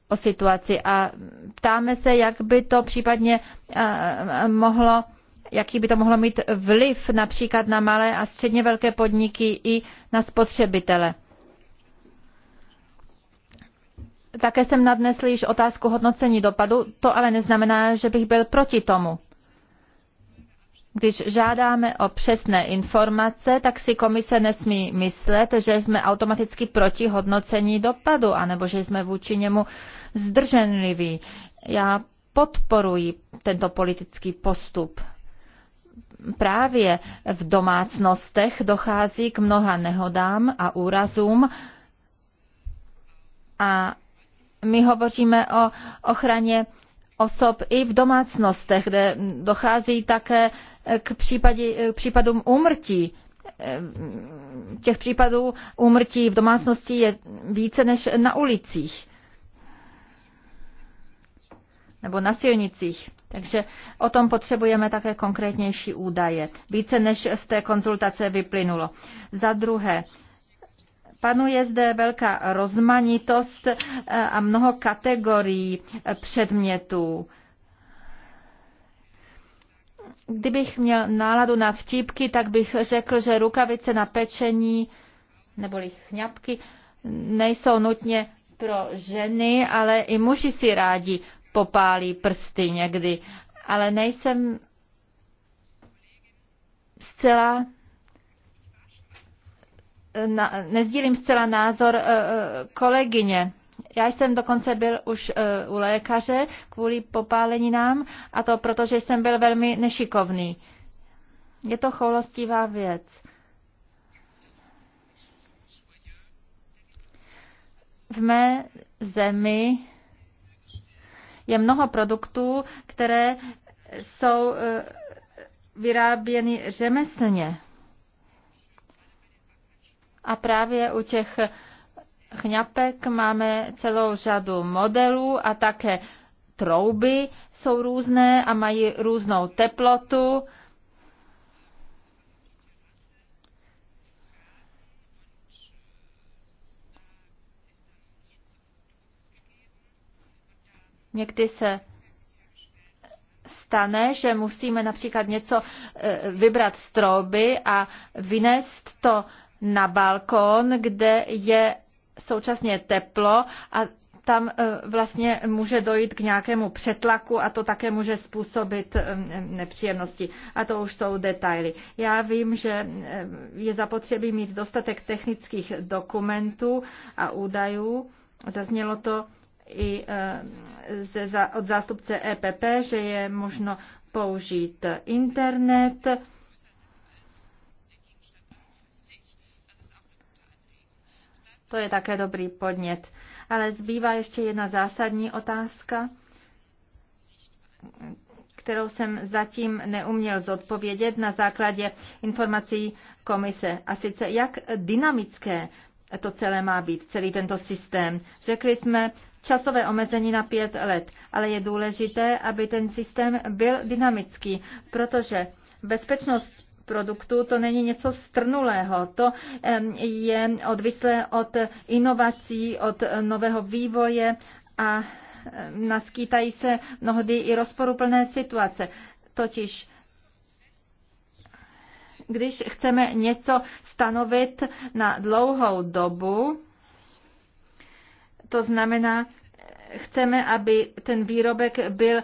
Speaker 2: o situaci a ptáme se, jak by to případně eh, eh, mohlo jaký by to mohlo mít vliv například na malé a středně velké podniky i na spotřebitele. Také jsem nadnesl již otázku hodnocení dopadu, to ale neznamená, že bych byl proti tomu. Když žádáme o přesné informace, tak si komise nesmí myslet, že jsme automaticky proti hodnocení dopadu, anebo že jsme vůči němu zdrženliví. Já podporuji tento politický postup právě v domácnostech dochází k mnoha nehodám a úrazům a my hovoříme o ochraně osob i v domácnostech, kde dochází také k, případě, k případům úmrtí. Těch případů úmrtí v domácnosti je více než na ulicích nebo na silnicích. Takže o tom potřebujeme také konkrétnější údaje. Více než z té konzultace vyplynulo. Za druhé, panuje zde velká rozmanitost eh, a mnoho kategorií eh, předmětů. Kdybych měl náladu na vtípky, tak bych řekl, že rukavice na pečení neboli chňapky nejsou nutně pro ženy, ale i muži si rádi popálí prsty někdy, ale nejsem zcela na, nezdílím zcela názor eh, eh, kolegyně. Já jsem dokonce byl už eh, u lékaře kvůli popáleninám a to proto, že jsem byl velmi nešikovný. Je to choulostivá věc. V mé zemi je mnoho produktů, které jsou eh, vyráběny řemeslně. A právě u těch chňapek máme celou řadu modelů a také trouby jsou různé a mají různou teplotu Někdy se stane, že musíme například něco eh, vybrat z troby a vynést to na balkon, kde je současně teplo a tam eh, vlastně může dojít k nějakému přetlaku a to také může způsobit eh, nepříjemnosti. A to už jsou detaily. Já vím, že je zapotřebí mít dostatek technických dokumentů a údajů. Zaznělo to i e, ze, od zástupce EPP, že je možno použít internet. To je také dobrý podnět. Ale zbývá ještě jedna zásadní otázka, kterou jsem zatím neuměl zodpovědět na základě informací komise. A sice, jak dynamické to celé má být, celý tento systém. Řekli jsme, časové omezení na pět let, ale je důležité, aby ten systém byl dynamický, protože bezpečnost produktu, to není něco strnulého, to je odvislé od inovací, od nového vývoje a naskýtají se mnohdy i rozporuplné situace. Totiž když chceme něco stanovit na dlouhou dobu, to znamená, chceme, aby ten výrobek byl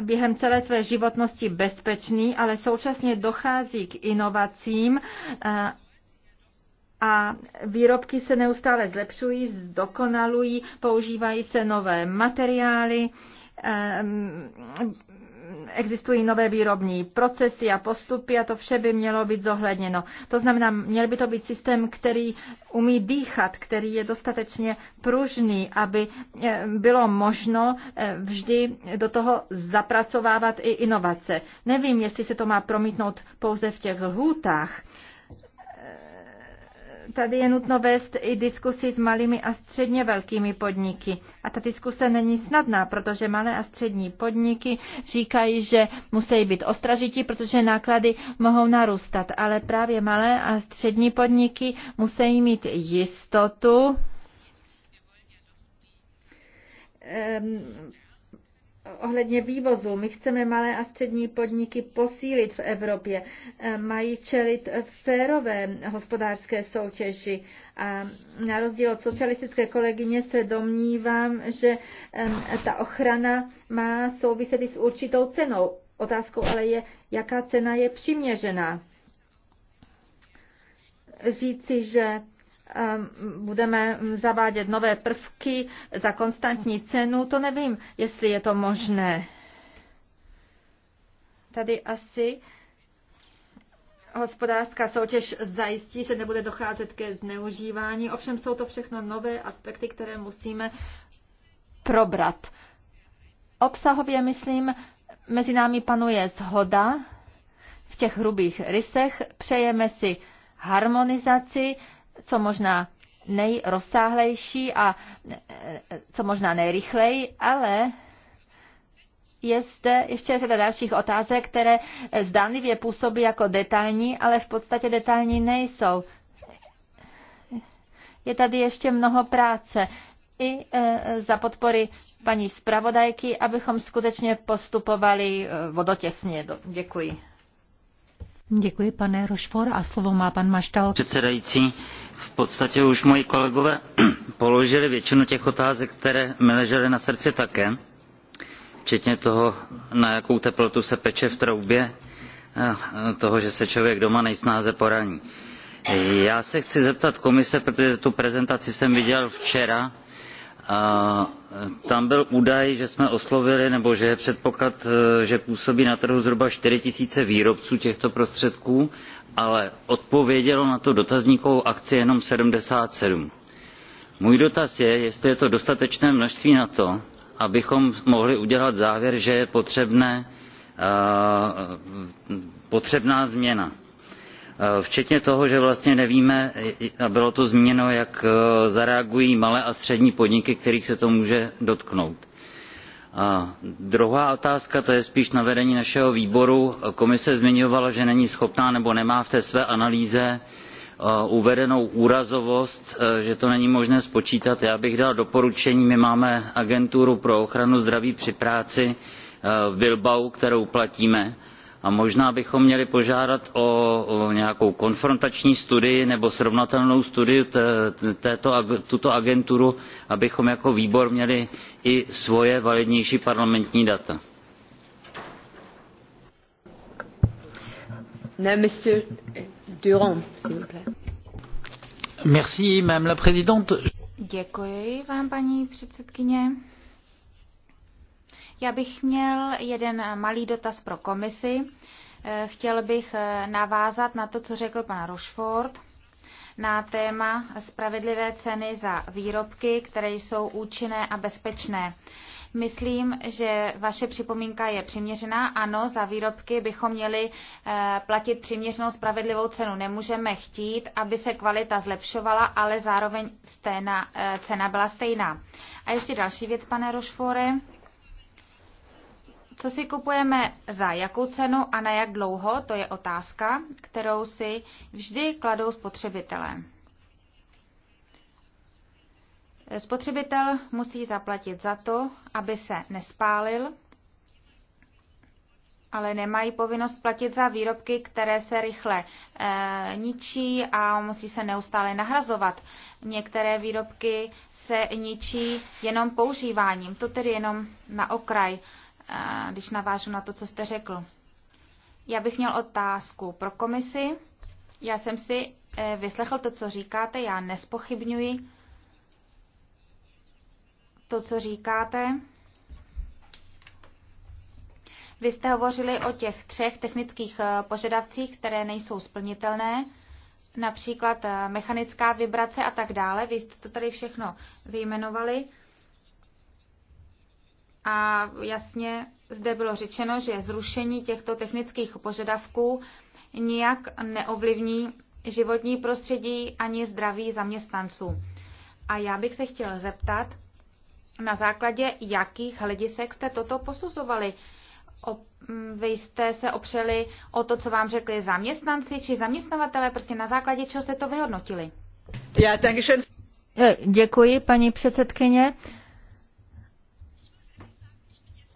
Speaker 2: během celé své životnosti bezpečný, ale současně dochází k inovacím eh, a výrobky se neustále zlepšují, zdokonalují, používají se nové materiály, eh, existují nové výrobní procesy a postupy a to vše by mělo být zohledněno. To znamená, měl by to být systém, který umí dýchat, který je dostatečně pružný, aby eh, bylo možno eh, vždy do toho zapracovávat i inovace. Nevím, jestli se to má promítnout pouze v těch lhůtách, tady je nutno vést i diskusy s malými a středně velkými podniky. A ta diskuse není snadná, protože malé a střední podniky říkají, že musí být ostražití, protože náklady mohou narůstat. Ale právě malé a střední podniky musí mít jistotu, ohledně vývozu. My chceme malé a střední podniky posílit v Evropě. E, mají čelit férové hospodářské soutěži. A na rozdíl od socialistické kolegyně se domnívám, že ta ochrana má souviset i s určitou cenou. Otázkou ale je, jaká cena je přiměřená. Říci, že Ehm, budeme zavádět nové prvky za konstantní cenu, to nevím, jestli je to
Speaker 4: možné.
Speaker 2: Tady asi hospodářská soutěž zajistí, že nebude docházet ke zneužívání. Ovšem jsou to všechno nové aspekty, které musíme probrat. Obsahově, myslím, mezi námi panuje zhoda v těch hrubých rysech. Přejeme si harmonizaci, co možná nejrozsáhlejší a e, co možná nejrychleji, ale je zde ještě řada dalších otázek, které zdánlivě působí jako detailní, ale v podstatě detailní nejsou. Je tady ještě mnoho práce i e, za podpory paní zpravodajky, abychom skutečně postupovali e, vodotěsně. Děkuji. Děkuji, pane Rošfor, a slovo má pan Maštal.
Speaker 4: Předsedající, v podstatě už moji kolegové <clears throat> položili většinu těch otázek, které mi ležely na srdci také, včetně toho, na jakou teplotu se peče v troubě, eh, toho, že se člověk doma nejsnáze poraní. Já se chci zeptat komise, protože tu prezentaci jsem viděl včera, a e, tam byl údaj že jsme oslovili nebo že je předpoklad e, že působí na trhu zhruba four zero výrobců těchto prostředků ale odpovědělo na tu dotazníkovou akci jenom seventy seven můj dotaz je jestli je to dostatečné množství na to abychom mohli udělat závěr že je e, potřebná změna Eh, včetně toho že vlastně nevíme a bylo to zmíněno jak eh, zareagují malé a střední podniky kterých se to může dotknout. druhá otázka to je spíš na vedení našeho výboru komise zmiňovala že není schopná nebo nemá v té své analýze eh, uvedenou úrazovost že to není možné spočítat. já bych dal doporučení my máme agenturu pro ochranu zdraví při práci v bilbau kterou platíme a možná bychom měli požádat o, nějakou konfrontační studii nebo srovnatelnou studii této, tuto agenturu abychom jako výbor měli i svoje validnější parlamentní data.
Speaker 3: Ne, Durand,
Speaker 4: Merci,
Speaker 3: Děkuji vám, paní předsedkyně. Já bych měl jeden malý dotaz pro komisi. Eh, chtěl bych eh, navázat na to, co řekl pan Rochford na téma spravedlivé ceny za výrobky, které jsou účinné a bezpečné. Myslím, že vaše připomínka je přiměřená. Ano, za výrobky bychom měli eh, platit přiměřenou spravedlivou cenu. Nemůžeme chtít, aby se kvalita zlepšovala, ale zároveň stejna, cena byla stejná. A ještě další věc, pane Rošfore. Co si kupujeme za jakou cenu a na jak dlouho, to je otázka, kterou si vždy kladou spotřebitelé. Spotřebitel musí zaplatit za to, aby se nespálil, ale nemají povinnost platit za výrobky, které se rychle e, ničí a musí se neustále nahrazovat. Některé výrobky se ničí jenom používáním, to tedy jenom na okraj. E, když navážu na to, co jste řekl. Já bych měl otázku pro komisi. Já jsem si eh, vyslechl to, co říkáte, já nespochybňuji to, co říkáte. Vy jste hovořili o těch třech technických eh, požadavcích, které nejsou splnitelné, například eh, mechanická vibrace a tak dále. Vy jste to tady všechno vyjmenovali a jasně zde bylo řečeno, že zrušení těchto technických požadavků nijak neovlivní životní prostředí ani zdraví zaměstnanců. A já bych se chtěl zeptat, na základě jakých hledisek jste toto posuzovali? O, vy jste se opřeli o to, co vám řekli zaměstnanci či zaměstnavatele, prostě na základě čeho jste to vyhodnotili?
Speaker 2: Já, takže... Eh, děkuji, paní předsedkyně.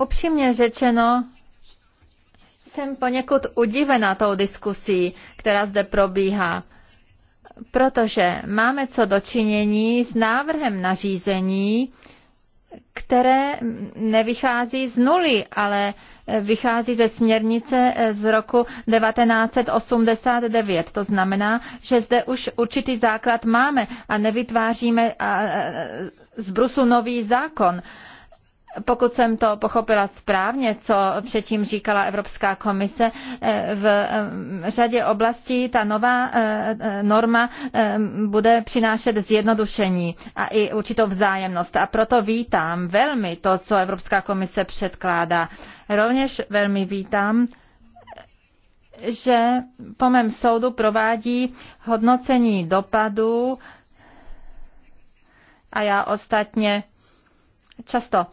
Speaker 2: Upřímně řečeno, jsem poněkud udivena tou diskusí, která zde probíhá, protože máme co dočinění s návrhem nařízení, které nevychází z nuly, ale vychází ze směrnice z roku 1989. To znamená, že zde už určitý základ máme a nevytváříme z brusu nový zákon pokud jsem to pochopila správně, co předtím říkala Evropská komise, eh, v eh, řadě oblastí ta nová eh, norma bude přinášet zjednodušení a i určitou vzájemnost. A proto vítám velmi to, co Evropská komise předkládá. Rovněž velmi vítám že po mém soudu provádí hodnocení dopadů a já ostatně často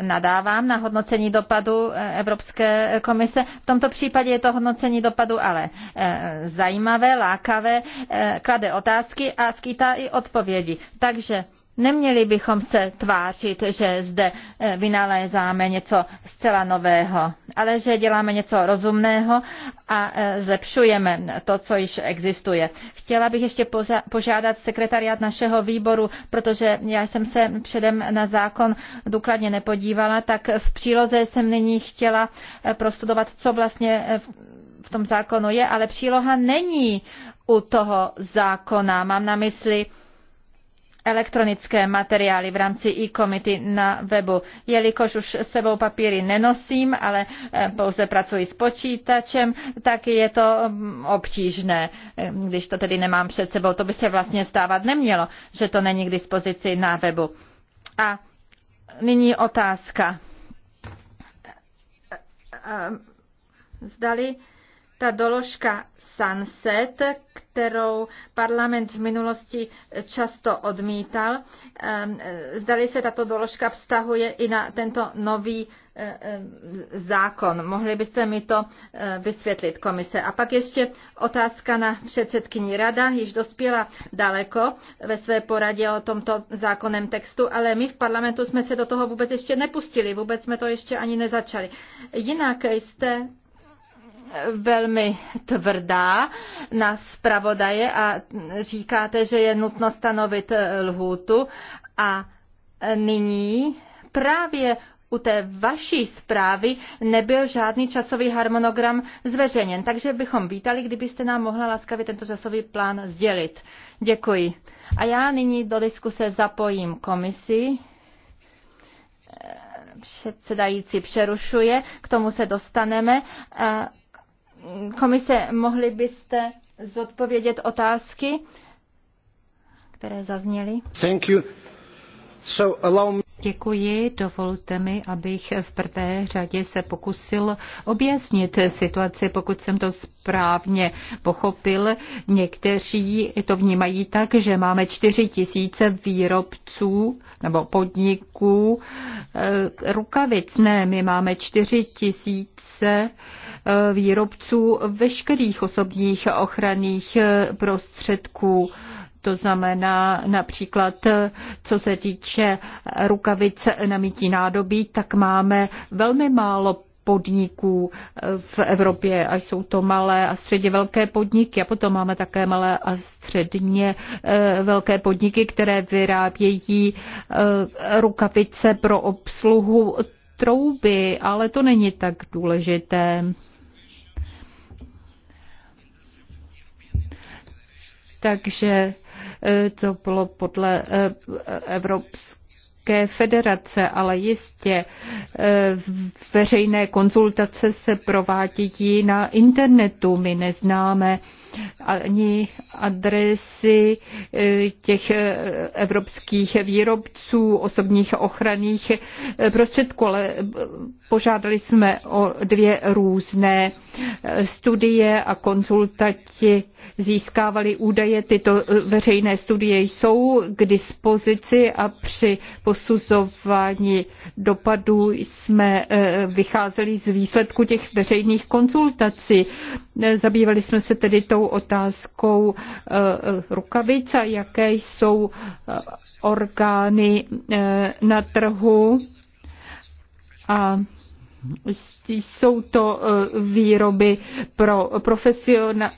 Speaker 2: nadávám na hodnocení dopadu eh, Evropské komise. V tomto případě je to hodnocení dopadu ale eh, zajímavé, lákavé, eh, klade otázky a skýtá i odpovědi. Takže Neměli bychom se tvářit, že zde eh, vynalézáme něco zcela nového, ale že děláme něco rozumného a eh, zlepšujeme to, co již existuje. Chtěla bych ještě požádat sekretariát našeho výboru, protože já jsem se předem na zákon důkladně nepodívala, tak v příloze jsem nyní chtěla eh, prostudovat, co vlastně v tom zákonu je, ale příloha není u toho zákona. Mám na mysli elektronické materiály v rámci e-komity na webu. Jelikož už sebou papíry nenosím, ale eh, pouze pracuji s počítačem, tak je to mm, obtížné, eh, když to tedy nemám před sebou. To by se vlastně stávat nemělo, že to není k dispozici na webu. A nyní otázka. Eh, zdali ta doložka sunset, kterou parlament v minulosti často odmítal. Ehm, zdali se tato doložka vztahuje i na tento nový eh, eh, zákon. Mohli byste mi to eh, vysvětlit, komise. A pak ještě otázka na předsedkyni rada. Již dospěla daleko ve své poradě o tomto zákonném textu, ale my v parlamentu jsme se do toho vůbec ještě nepustili, vůbec jsme to ještě ani nezačali. Jinak jste velmi tvrdá na zpravodaje a říkáte, že je nutno stanovit eh, lhůtu a eh, nyní právě u té vaší zprávy nebyl žádný časový harmonogram zveřejněn, takže bychom vítali, kdybyste nám mohla laskavě tento časový plán sdělit. Děkuji. A já nyní do diskuse zapojím komisi. Eh, předsedající přerušuje, k tomu se dostaneme komise, mohli byste zodpovědět otázky, které zazněly?
Speaker 4: Thank
Speaker 1: you.
Speaker 2: So allow me... Děkuji. Dovolte mi, abych v prvé řadě se pokusil objasnit situaci, pokud jsem to správně pochopil. Někteří to vnímají tak, že máme 4 tisíce výrobců nebo podniků eh, rukavic. Ne, my máme 4 tisíce 000 Eh, výrobců veškerých osobních ochranných eh, prostředků. To znamená například, eh, co se týče rukavic na mytí nádobí, tak máme velmi málo podniků v Evropě a jsou to malé a středně velké podniky a potom máme také malé a středně velké podniky, které vyrábějí rukavice pro obsluhu trouby, ale to není tak důležité. Takže eh, to bylo podle eh, Evropské federace, ale jistě eh, veřejné konzultace se provádějí na internetu. My neznáme ani adresy e, těch e, evropských výrobců osobních ochranných e, prostředků, ale požádali jsme o dvě různé studie a konzultanti získávali údaje. Tyto veřejné studie jsou k dispozici a při posuzování dopadů jsme vycházeli z výsledku těch veřejných konzultací. Zabývali jsme se tedy to tou otázkou eh, eh, rukavic a jaké jsou eh, orgány na trhu. A jsou to výroby pro profesiona-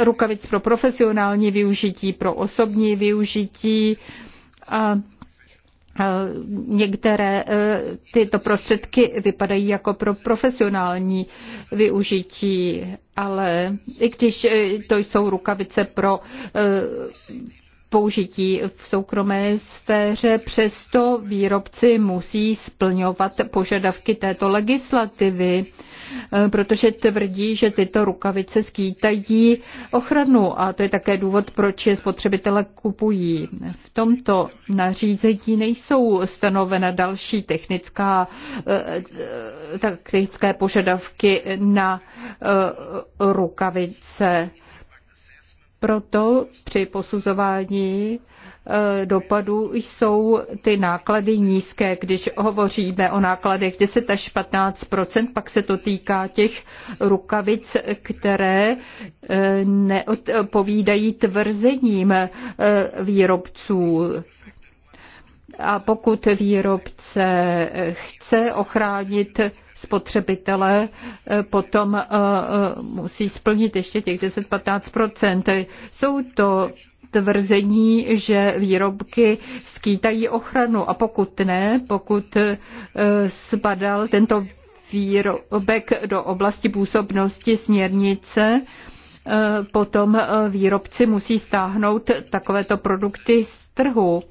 Speaker 2: rukavic pro profesionální využití, pro osobní využití. A Některé e, tyto prostředky vypadají jako pro profesionální využití, ale i když e, to jsou rukavice pro e, použití v soukromé sféře, přesto výrobci musí splňovat požadavky této legislativy, eh, protože tvrdí, že tyto rukavice skýtají ochranu a to je také důvod, proč je spotřebitele kupují. V tomto nařízení nejsou stanovena další technická, eh, eh, technické požadavky na rukavice proto při posuzování eh, dopadů jsou ty náklady nízké. Když hovoříme o nákladech 10 až 15 pak se to týká těch rukavic, které eh, neodpovídají tvrzením eh, výrobců. A pokud výrobce chce ochránit spotřebitelé eh, potom eh, eh, musí splnit ještě těch 10-15 Jsou to tvrzení, že výrobky skýtají ochranu a pokud ne, pokud spadal tento výrobek do oblasti působnosti směrnice, potom výrobci musí stáhnout takovéto produkty z trhu.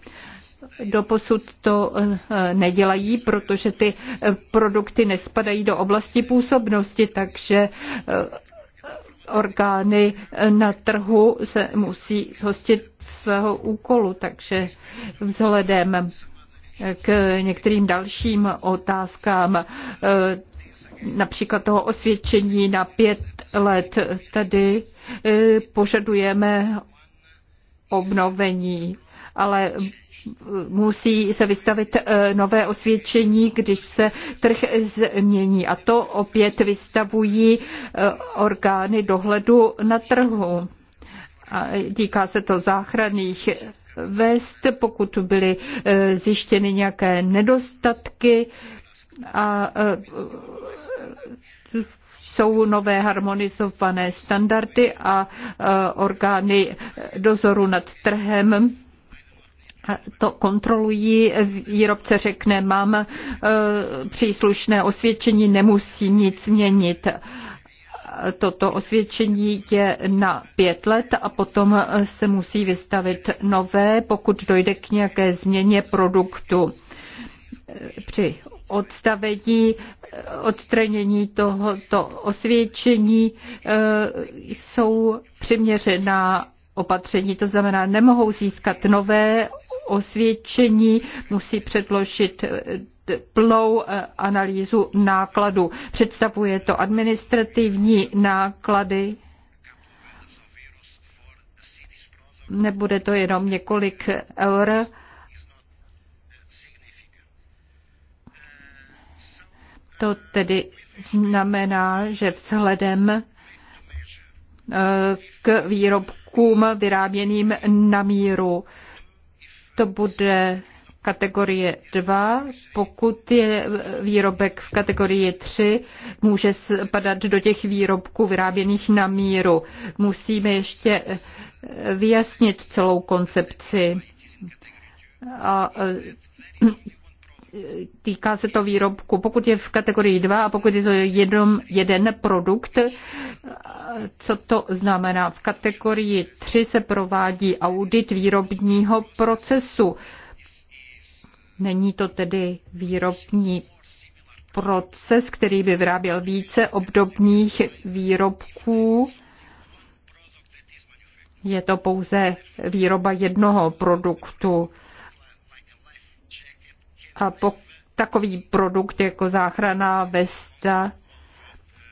Speaker 2: Doposud to eh, nedělají, protože ty eh, produkty nespadají do oblasti působnosti, takže eh, orgány na trhu se musí hostit svého úkolu, takže vzhledem k některým dalším otázkám, například toho osvědčení na pět let, tady požadujeme obnovení, ale musí se vystavit eh, nové osvědčení, když se trh změní. A to opět vystavují eh, orgány dohledu na trhu. A týká se to záchranných vest, pokud byly eh, zjištěny nějaké nedostatky a jsou nové harmonizované standardy a orgány dozoru nad trhem to kontrolují, výrobce řekne, mám e, příslušné osvědčení, nemusím nic měnit toto osvědčení je na pět let a potom se musí vystavit nové, pokud dojde k nějaké změně produktu. Při odstavení, odstranění tohoto osvědčení e, jsou přiměřená opatření, to znamená, nemohou získat nové osvědčení, musí předložit eh, plnou eh, analýzu nákladu. Představuje to administrativní náklady. Nebude to jenom několik eur. To tedy znamená, že vzhledem eh, k výrobku výrobkům vyráběným na míru. To bude kategorie 2. Pokud je výrobek v kategorii 3, může spadat do těch výrobků vyráběných na míru. Musíme ještě vyjasnit celou koncepci. A týká se to výrobku. Pokud je v kategorii 2 a pokud je to jenom jeden produkt, co to znamená? V kategorii 3 se provádí audit výrobního procesu. Není to tedy výrobní proces, který by vyráběl více obdobných výrobků. Je to pouze výroba jednoho produktu. A po, takový produkt jako záchrana vesta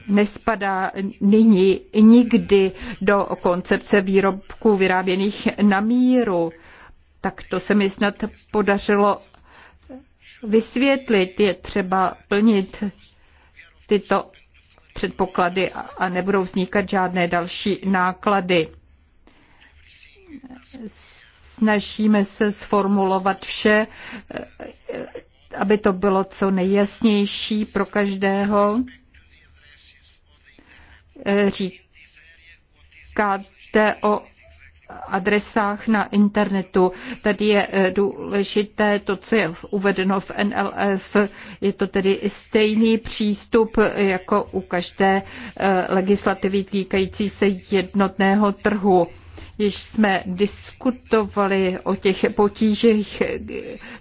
Speaker 2: nespadá nyní nikdy do koncepce výrobků vyráběných na míru. Tak to se mi snad podařilo vysvětlit. Je třeba plnit tyto předpoklady a nebudou vznikat žádné další náklady snažíme se sformulovat vše, aby to bylo co nejjasnější pro každého. Říkáte o adresách na internetu. Tady je eh, důležité to, co je uvedeno v NLF. Je to tedy stejný přístup jako u každé eh, legislativy týkající se jednotného trhu. Již jsme diskutovali o těch potížích,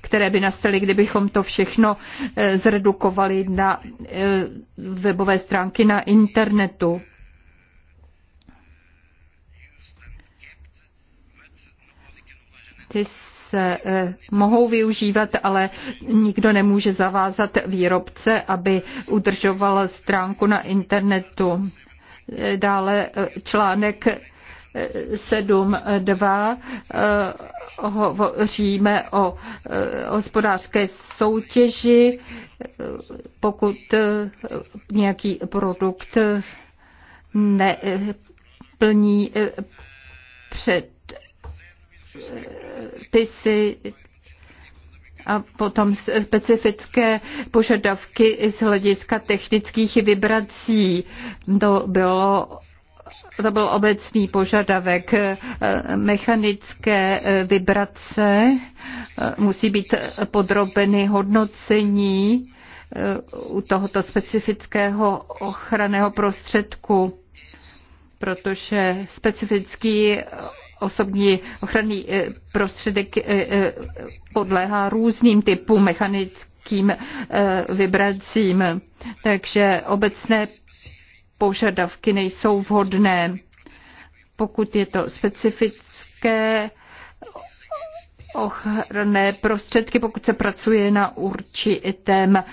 Speaker 2: které by nastaly, kdybychom to všechno eh, zredukovali na eh, webové stránky na internetu. Ty se eh, mohou využívat, ale nikdo nemůže zavázat výrobce, aby udržoval stránku na internetu. Dále článek 7.2 eh, hovoříme o eh, hospodářské soutěži, pokud eh, nějaký produkt neplní před pisy a potom specifické požadavky z hlediska technických vibrací. To bylo to byl obecný požadavek. Eh, mechanické eh, vibrace eh, musí být podrobeny hodnocení u tohoto specifického ochranného prostředku, protože specifický osobní ochranný prostředek podléhá různým typům mechanickým vibracím. Takže obecné požadavky nejsou vhodné. Pokud je to specifické ochranné prostředky, pokud se pracuje na určitém e,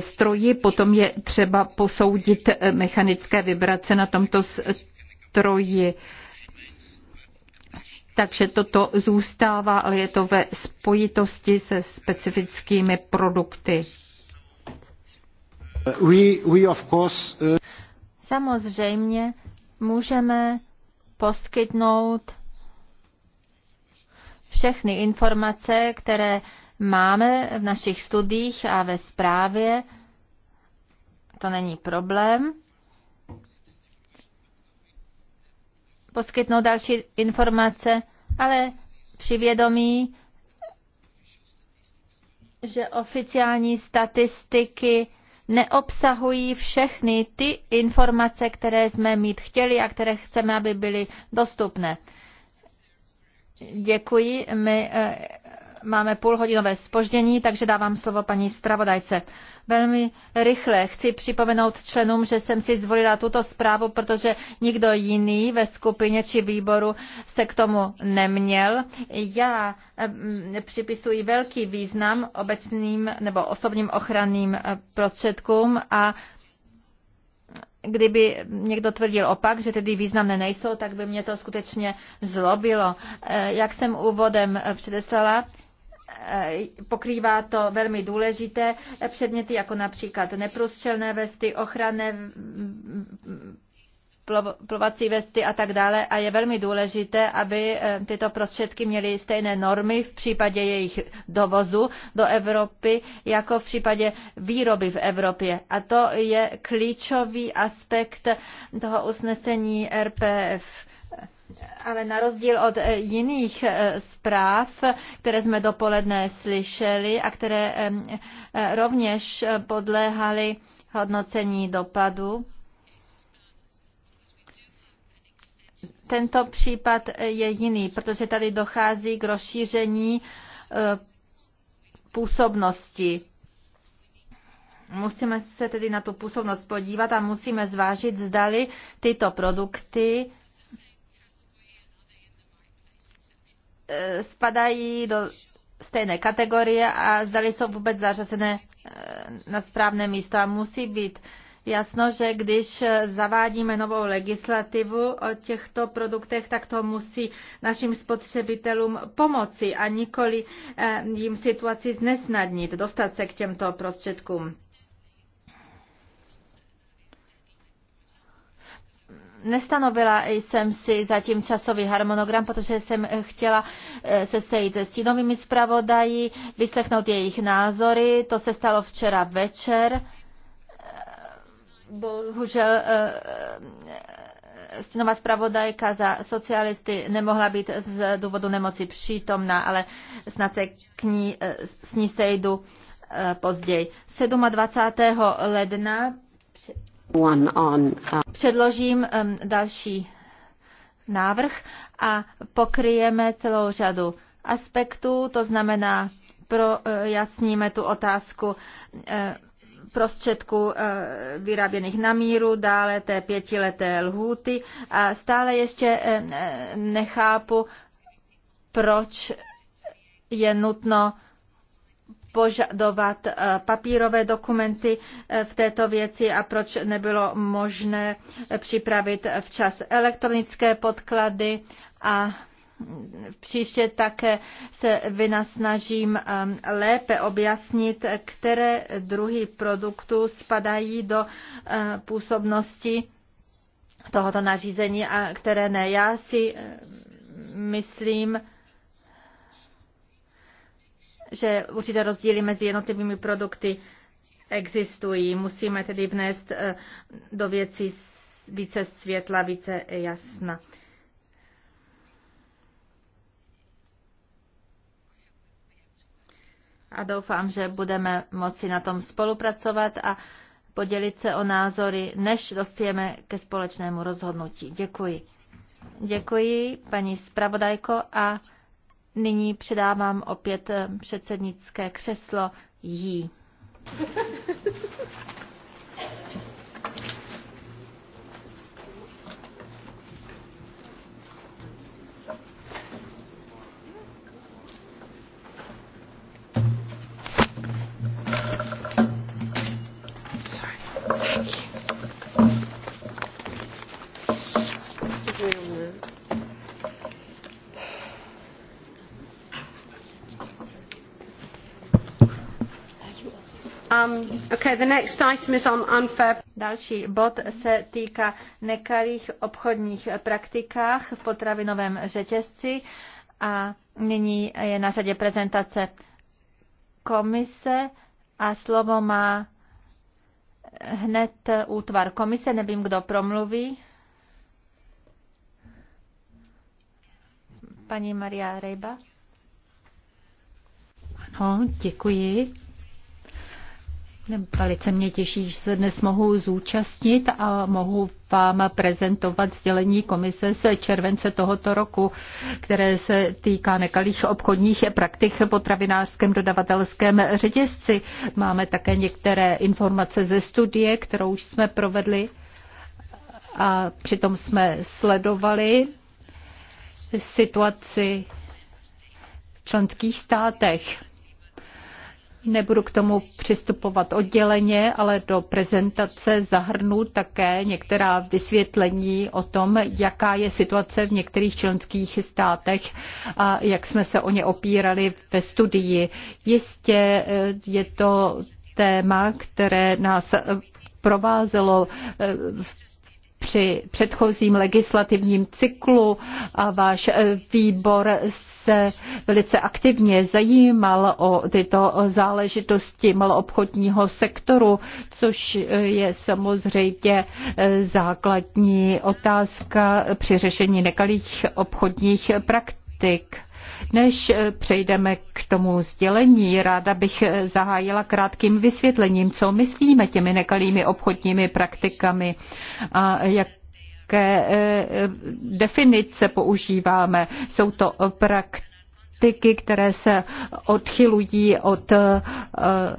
Speaker 2: stroji, potom je třeba posoudit e, mechanické vibrace na tomto stroji. Takže toto zůstává, ale je to ve spojitosti se specifickými produkty.
Speaker 1: Uh, we, we of course, uh...
Speaker 2: Samozřejmě můžeme poskytnout všechny informace, které máme v našich studiích a ve zprávě. To není problém. Poskytnout další informace, ale při vědomí, že oficiální statistiky neobsahují všechny ty informace, které jsme mít chtěli a které chceme, aby byly dostupné. Děkuji. My eh, máme půlhodinové spoždění, takže dávám slovo paní zpravodajce. Velmi rychle chci připomenout členům, že jsem si zvolila tuto zprávu, protože nikdo jiný ve skupině či výboru se k tomu neměl. Já mm, připisuji velký význam obecným nebo osobním ochranným eh, prostředkům a kdyby někdo tvrdil opak, že tedy významné nejsou, tak by mě to skutečně zlobilo. Eh, jak jsem úvodem eh, předeslala, Eh, pokrývá to velmi důležité předměty, jako například neprůstřelné vesty, ochranné mm, mm, plovací vesty a tak dále a je velmi důležité, aby eh, tyto prostředky měly stejné normy v případě jejich dovozu do Evropy, jako v případě výroby v Evropě. A to je klíčový aspekt toho usnesení RPF ale na rozdíl od eh, jiných eh, zpráv, které jsme dopoledne slyšeli a které eh, rovněž podléhaly hodnocení dopadu, tento případ je jiný, protože tady dochází k rozšíření působnosti. Musíme se tedy na tu působnost podívat a musíme zvážit, zdali tyto produkty E, spadají do stejné kategorie a zdali jsou vůbec zařazené e, na správné místo. A musí být jasno, že když zavádíme novou legislativu o těchto produktech, tak to musí našim spotřebitelům pomoci a nikoli e, jim situaci znesnadnit, dostat se k těmto prostředkům. Nestanovila jsem si zatím časový harmonogram, protože jsem chtěla eh, se sejít s tínovými zpravodají, vyslechnout jejich názory. To se stalo včera večer. Eh, bohužel eh, stínová zpravodajka za socialisty nemohla být z důvodu nemoci přítomná, ale snad se k ní, s ní sejdu později. 27. ledna Uh, Předložím um, další návrh a pokryjeme celou řadu aspektů, to znamená, projasníme uh, tu otázku uh, prostředků vyráběných na míru, dále té pětileté lhůty a stále ještě nechápu, proč je nutno požadovat eh, papírové dokumenty eh, v této věci a proč nebylo možné připravit včas elektronické podklady a příště také se vynasnažím eh, lépe objasnit, které druhy produktů spadají do působnosti tohoto nařízení a které ne. Já si myslím, že určité rozdíly mezi jednotlivými produkty existují. Musíme tedy vnést eh, do věcí více světla, více jasna. A doufám, že budeme moci na tom spolupracovat a podělit se o názory, než dospějeme ke společnému rozhodnutí. Děkuji. Děkuji, paní zpravodajko, a nyní předávám opět eh, předsednické křeslo jí.
Speaker 1: Um, okay, the next item is on unfair...
Speaker 2: Další bod se týká nekalých obchodních praktikách v potravinovém řetězci a nyní je na řadě prezentace komise a slovo má hned útvar komise, nevím, kdo promluví. Paní Maria Rejba. Ano, děkuji. Velice mě těší, že se dnes mohu zúčastnit a mohu vám prezentovat sdělení komise z července tohoto roku, které se týká nekalých obchodních praktik v potravinářském dodavatelském řetězci. Máme také některé informace ze studie, kterou už jsme provedli a přitom jsme sledovali situaci v členských státech Nebudu k tomu přistupovat odděleně, ale do prezentace zahrnu také některá vysvětlení o tom, jaká je situace v některých členských státech a jak jsme se o ně opírali ve studii. Jistě eh, je to téma, které nás eh, provázelo eh, v při předchozím legislativním cyklu a váš eh, výbor se velice aktivně zajímal o tyto záležitosti maloobchodního sektoru, což eh, je samozřejmě eh, základní otázka při řešení nekalých obchodních praktik. Než eh, přejdeme k tomu sdělení, ráda bych eh, zahájila krátkým vysvětlením, co myslíme těmi nekalými obchodními praktikami a jak jaké eh, definice používáme. Jsou to praktiky, které se odchylují od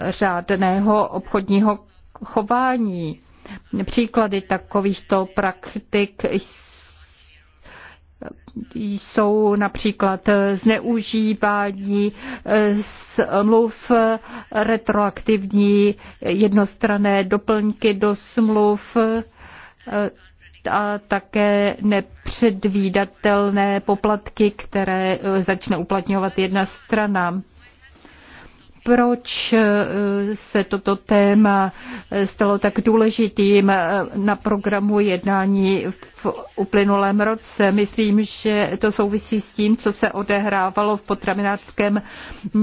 Speaker 2: řádného obchodního chování. Příklady takovýchto praktik jsou například zneužívání smluv, retroaktivní jednostrané doplňky do smluv a také nepředvídatelné poplatky, které začne uplatňovat jedna strana proč eh, se toto téma eh, stalo tak důležitým eh, na programu jednání v uplynulém roce. Myslím, že to souvisí s tím, co se odehrávalo v potravinářském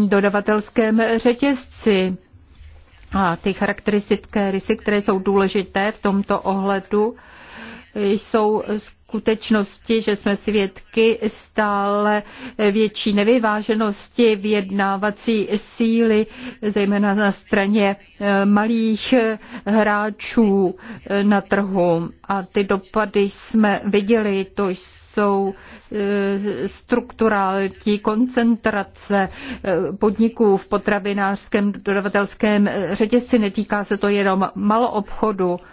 Speaker 2: dodavatelském řetězci. A ty charakteristické rysy, které jsou důležité v tomto ohledu, jsou skutečnosti, že jsme svědky stále větší nevyváženosti vyjednávací síly, zejména na straně eh, malých eh, hráčů eh, na trhu. A ty dopady jsme viděli, to jsou strukturální koncentrace podniků v potravinářském dodavatelském řetězci. Netýká se to jenom maloobchodu obchodu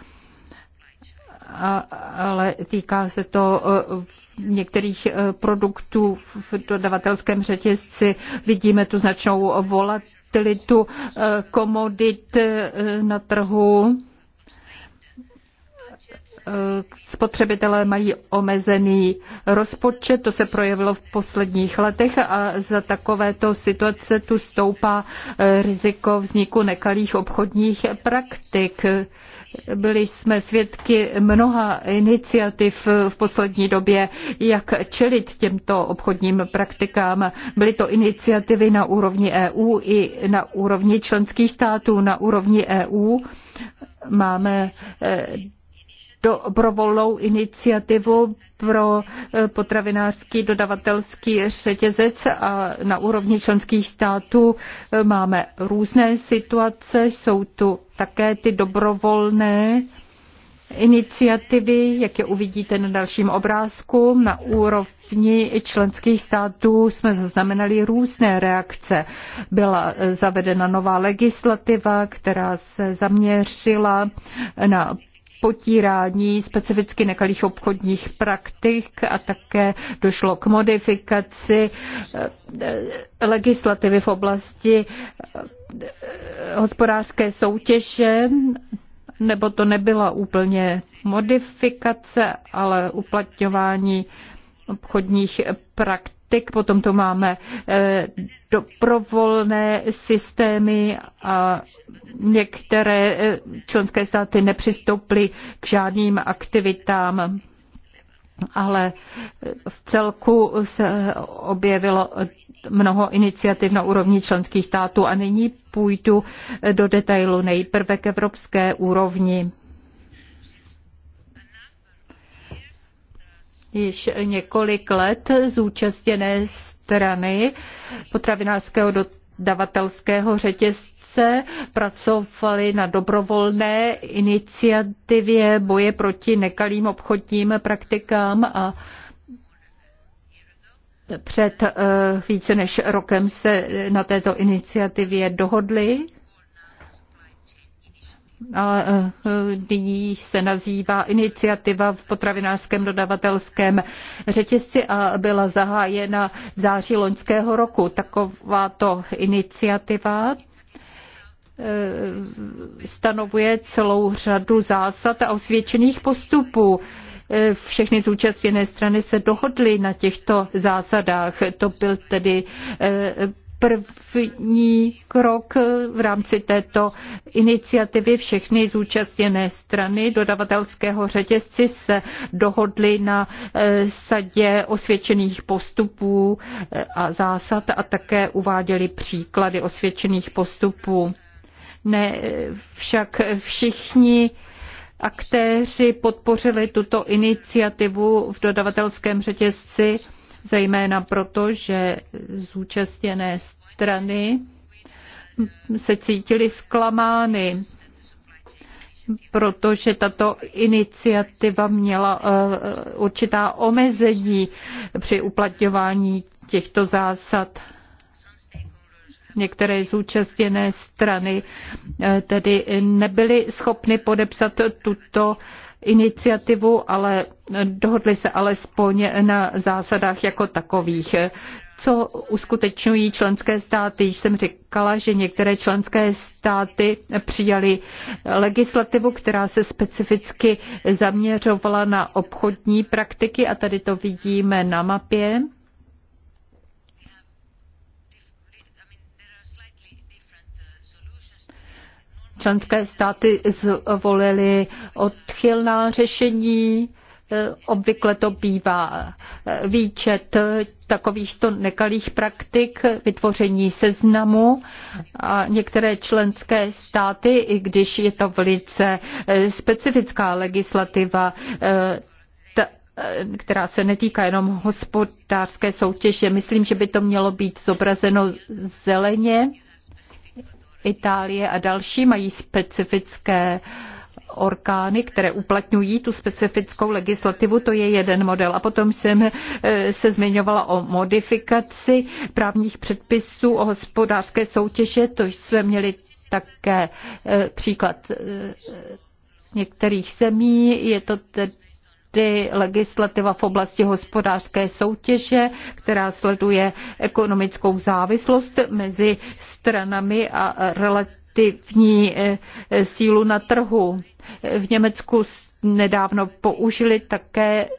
Speaker 2: ale týká se to e, některých e, produktů v dodavatelském řetězci. Vidíme tu značnou volatilitu e, komodit na trhu. Spotřebitelé mají omezený rozpočet, to se projevilo v posledních letech a za takovéto situace tu stoupá riziko vzniku nekalých obchodních praktik. Byli jsme svědky mnoha iniciativ v poslední době, jak čelit těmto obchodním praktikám. Byly to iniciativy na úrovni EU i na úrovni členských států, na úrovni EU máme eh, dobrovolnou iniciativu pro eh, potravinářský dodavatelský řetězec a na úrovni členských států eh, máme různé situace. Jsou tu také ty dobrovolné iniciativy, jak je uvidíte na dalším obrázku, na úrovni členských států jsme zaznamenali různé reakce. Byla eh, zavedena nová legislativa, která se zaměřila na potírání specificky nekalých obchodních praktik a také došlo k modifikaci eh, eh, legislativy v oblasti eh, hospodářské soutěže, nebo to nebyla úplně modifikace, ale uplatňování obchodních praktik politik, potom to máme eh, doprovolné systémy a některé eh, členské státy nepřistoupily k žádným aktivitám ale eh, v celku se objevilo mnoho iniciativ na úrovni členských států a nyní půjdu do detailu nejprve k evropské úrovni. již několik let zúčastněné strany potravinářského dodavatelského řetězce pracovali na dobrovolné iniciativě boje proti nekalým obchodním praktikám a před eh, více než rokem se na této iniciativě dohodli a e, e, nyní se nazývá iniciativa v potravinářském dodavatelském řetězci a byla zahájena v září loňského roku. Takováto iniciativa e, stanovuje celou řadu zásad a osvědčených postupů. Všechny zúčastněné strany se dohodly na těchto zásadách. To byl tedy první krok v rámci této iniciativy. Všechny zúčastněné strany dodavatelského řetězci se dohodly na eh, sadě osvědčených postupů eh, a zásad a také uváděly příklady osvědčených postupů. Ne však všichni aktéři podpořili tuto iniciativu v dodavatelském řetězci zejména proto, že zúčastněné strany se cítily zklamány, protože tato iniciativa měla eh, určitá omezení při uplatňování těchto zásad. Některé zúčastněné strany eh, tedy nebyly schopny podepsat tuto iniciativu, ale dohodli se alespoň na zásadách jako takových co uskutečňují členské státy. Již jsem říkala, že některé členské státy přijali legislativu, která se specificky zaměřovala na obchodní praktiky a tady to vidíme na mapě. Členské státy zvolily odchylná řešení, obvykle to bývá výčet takovýchto nekalých praktik, vytvoření seznamu a některé členské státy, i když je to velice specifická legislativa, která se netýká jenom hospodářské soutěže. Myslím, že by to mělo být zobrazeno zeleně Itálie a další mají specifické orkány, které uplatňují tu specifickou legislativu, to je jeden model. A potom jsem eh, se zmiňovala o modifikaci právních předpisů o hospodářské soutěže, to jsme měli také eh, příklad eh, z některých zemí. Je to tedy ty legislativa v oblasti hospodářské soutěže, která sleduje ekonomickou závislost mezi stranami a relativní eh, sílu na trhu. V Německu nedávno použili také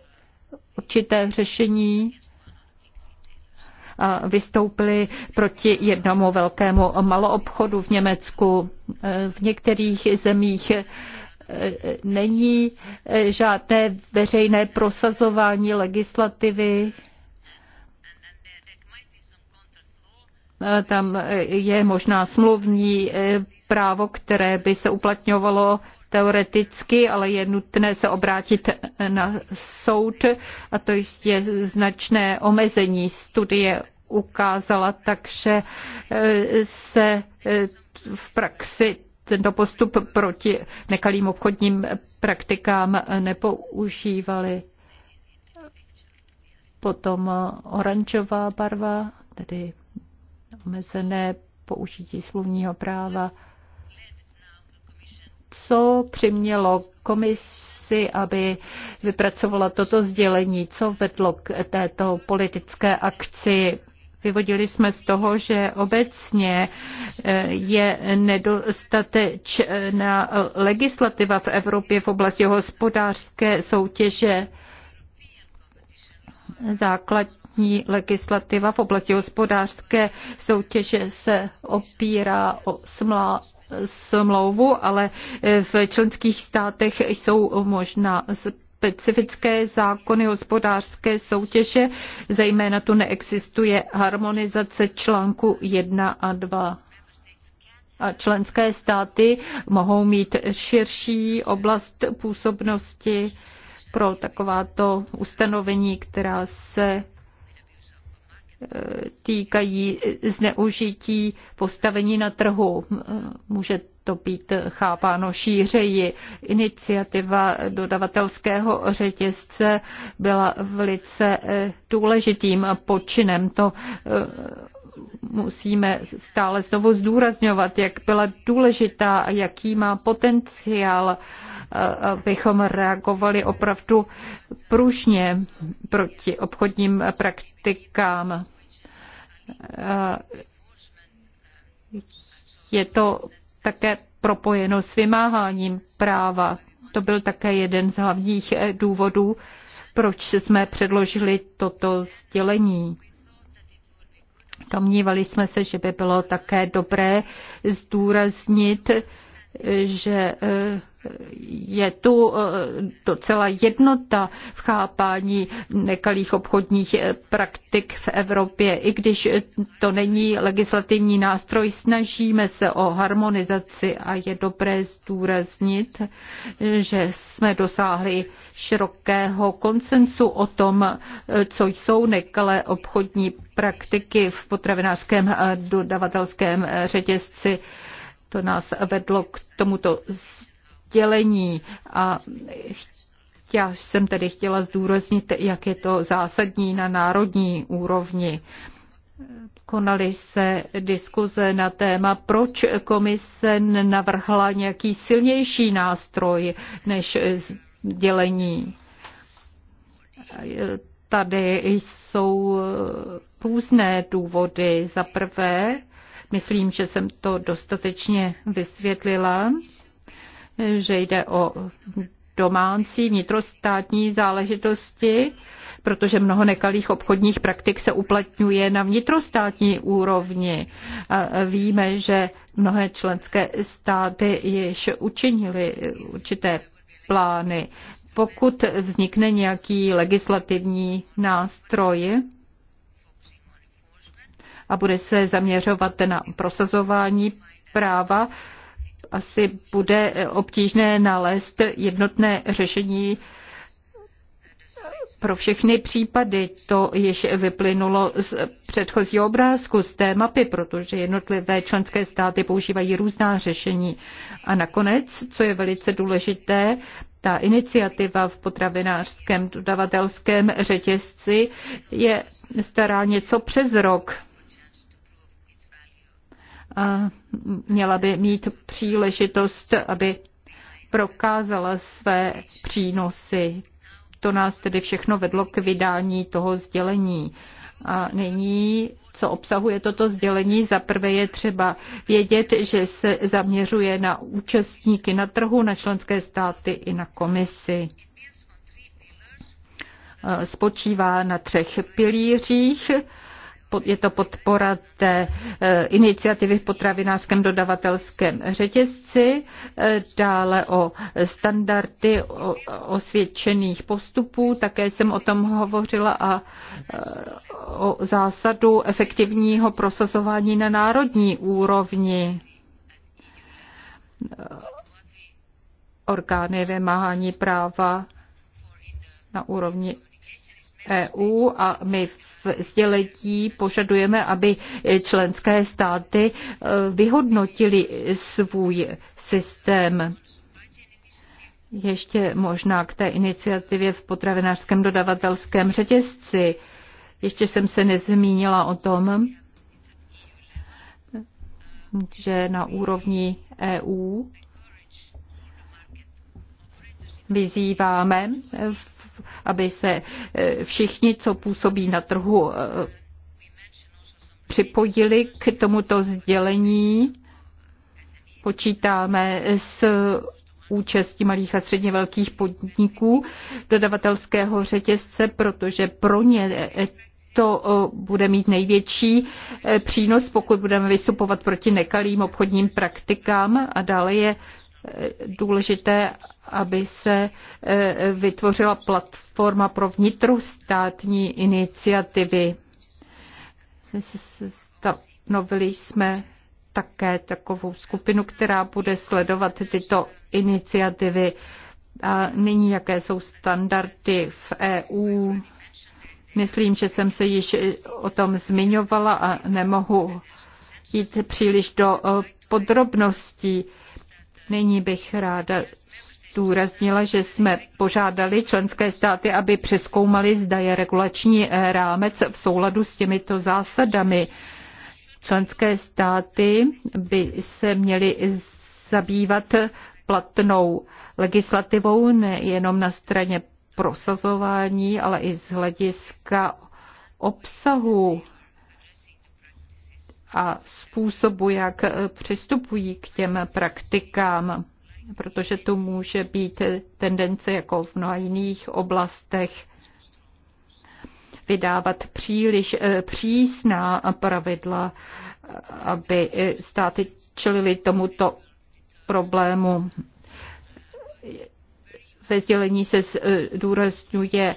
Speaker 2: určité řešení vystoupili proti jednomu velkému maloobchodu v Německu. Eh, v některých zemích není eh, žádné veřejné prosazování legislativy. Eh, tam eh, je možná smluvní právo, které by se uplatňovalo teoreticky, ale je nutné se obrátit na soud a to je značné omezení. Studie ukázala, takže se v praxi tento postup proti nekalým obchodním praktikám nepoužívali. Potom oranžová barva, tedy omezené použití slovního práva. Co přimělo komisi, aby vypracovala toto sdělení? Co vedlo k této politické akci? Vyvodili jsme z toho, že obecně eh, je nedostatečná legislativa v Evropě v oblasti hospodářské soutěže. Základní legislativa v oblasti hospodářské soutěže se opírá o smlá, smlouvu, ale v členských státech jsou možná specifické zákony hospodářské soutěže, zejména tu neexistuje harmonizace článku 1 a 2. A členské státy mohou mít širší oblast působnosti pro takováto ustanovení, která se e, týkají zneužití postavení na trhu. E, může to být chápáno šířeji. Iniciativa dodavatelského řetězce byla velice eh, důležitým počinem. To eh, musíme stále znovu zdůrazňovat, jak byla důležitá a jaký má potenciál, eh, abychom reagovali opravdu pružně proti obchodním praktikám. Je to také propojeno s vymáháním práva. To byl také jeden z hlavních eh, důvodů, proč jsme předložili toto sdělení. Domnívali jsme se, že by bylo také dobré zdůraznit, eh, že eh, je tu eh, docela jednota v chápání nekalých obchodních eh, praktik v Evropě. I když to není legislativní nástroj, snažíme se o harmonizaci a je dobré zdůraznit, že jsme dosáhli širokého konsensu o tom, eh, co jsou nekalé obchodní praktiky v potravinářském a dodavatelském řetězci. To nás vedlo k tomuto dělení a já jsem tedy chtěla zdůraznit, jak je to zásadní na národní úrovni. Konaly se diskuze na téma, proč komise navrhla nějaký silnější nástroj než dělení. Tady jsou různé důvody. Za prvé, myslím, že jsem to dostatečně vysvětlila že jde o domácí vnitrostátní záležitosti, protože mnoho nekalých obchodních praktik se uplatňuje na vnitrostátní úrovni. A víme, že mnohé členské státy již učinili určité plány. Pokud vznikne nějaký legislativní nástroj, a bude se zaměřovat na prosazování práva, asi bude eh, obtížné nalézt jednotné řešení pro všechny případy. To již vyplynulo z předchozího obrázku, z té mapy, protože jednotlivé členské státy používají různá řešení. A nakonec, co je velice důležité, ta iniciativa v potravinářském dodavatelském řetězci je stará něco přes rok měla by mít příležitost, aby prokázala své přínosy. To nás tedy všechno vedlo k vydání toho sdělení. A nyní, co obsahuje toto sdělení, zaprvé je třeba vědět, že se zaměřuje na účastníky na trhu, na členské státy i na komisi. Spočívá na třech pilířích je to podpora té eh, iniciativy v potravinářském dodavatelském řetězci, eh, dále o standardy osvědčených postupů, také jsem o tom hovořila a eh, o zásadu efektivního prosazování na národní úrovni orgány vymáhání práva na úrovni EU a my v v sdělení požadujeme, aby členské státy eh, vyhodnotili svůj systém. Ještě možná k té iniciativě v potravinářském dodavatelském řetězci. Ještě jsem se nezmínila o tom, že na úrovni EU vyzýváme aby se eh, všichni, co působí na trhu, eh, připojili k tomuto sdělení. Počítáme s účastí malých a středně velkých podniků dodavatelského řetězce, protože pro ně eh, to bude mít největší přínos, pokud budeme vystupovat proti nekalým obchodním praktikám a dále je důležité, aby se eh, vytvořila platforma pro vnitrostátní iniciativy. Stanovili jsme také takovou skupinu, která bude sledovat tyto iniciativy. A nyní, jaké jsou standardy v EU? Myslím, že jsem se již o tom zmiňovala a nemohu jít příliš do eh, podrobností. Nyní bych ráda zdůraznila, že jsme požádali členské státy, aby přeskoumali, zda je regulační rámec v souladu s těmito zásadami. Členské státy by se měly zabývat platnou legislativou nejenom na straně prosazování, ale i z hlediska obsahu a způsobu, jak eh, přistupují k těm praktikám, protože tu může být tendence jako v mnoha jiných oblastech vydávat příliš eh, přísná pravidla, aby eh, státy čelili tomuto problému. Ve sdělení se zdůrazňuje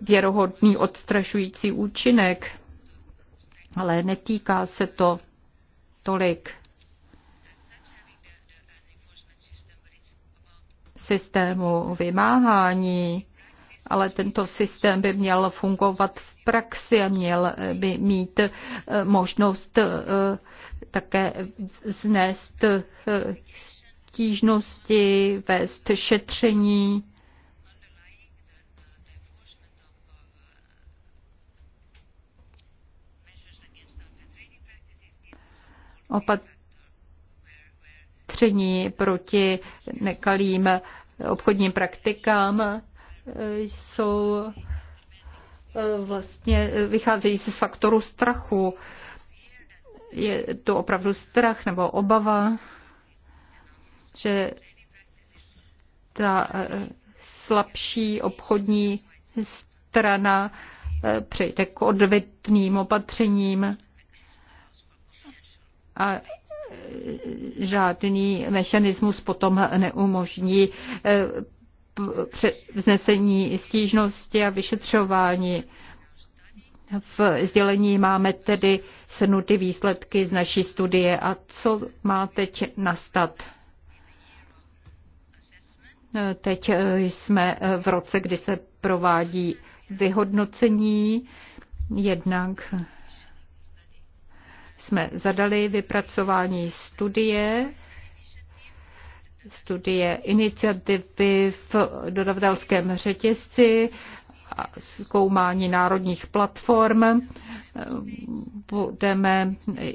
Speaker 2: věrohodný odstrašující účinek ale netýká se to tolik systému vymáhání, ale tento systém by měl fungovat v praxi a měl by mít eh, možnost eh, také vznést eh, stížnosti, vést šetření opatření proti nekalým obchodním praktikám eh, jsou eh, vlastně eh, vycházejí z faktoru strachu. Je to opravdu strach nebo obava, že ta slabší obchodní strana přejde k odvetným opatřením a e, žádný mechanismus potom neumožní e, vznesení stížnosti a vyšetřování. V sdělení máme tedy shrnuty výsledky z naší studie a co má teď nastat. E, teď jsme v roce, kdy se provádí vyhodnocení jednak jsme zadali vypracování studie, studie iniciativy v dodavatelském řetězci, zkoumání národních platform. Budeme eh,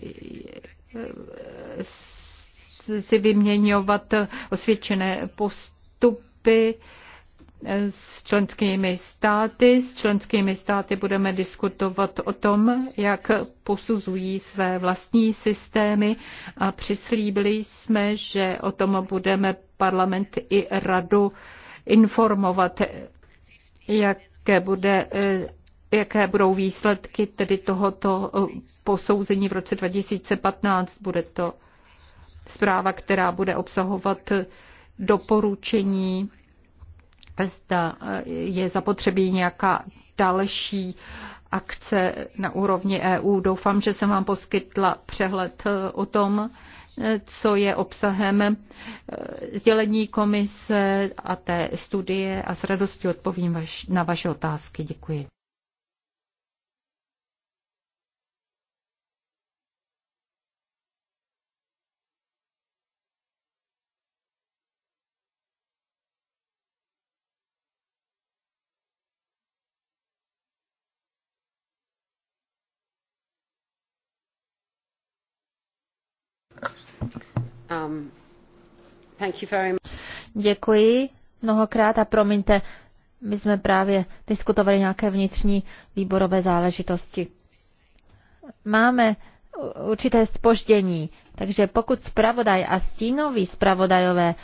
Speaker 2: si vyměňovat osvědčené postupy, s členskými státy. S členskými státy budeme diskutovat o tom, jak posuzují své vlastní systémy a přislíbili jsme, že o tom budeme parlament i radu informovat, jaké bude eh, jaké budou výsledky tedy tohoto eh, posouzení v roce 2015. Bude to zpráva, která bude obsahovat eh, doporučení zda eh, je zapotřebí nějaká další akce na úrovni EU. Doufám, že jsem vám poskytla přehled eh, o tom, eh, co je obsahem sdělení komise a té studie a s radostí odpovím na vaše otázky. Děkuji. Um, Děkuji mnohokrát a promiňte, my jsme právě diskutovali nějaké vnitřní výborové záležitosti. Máme určité spoždění, takže pokud zpravodaj a stínoví zpravodajové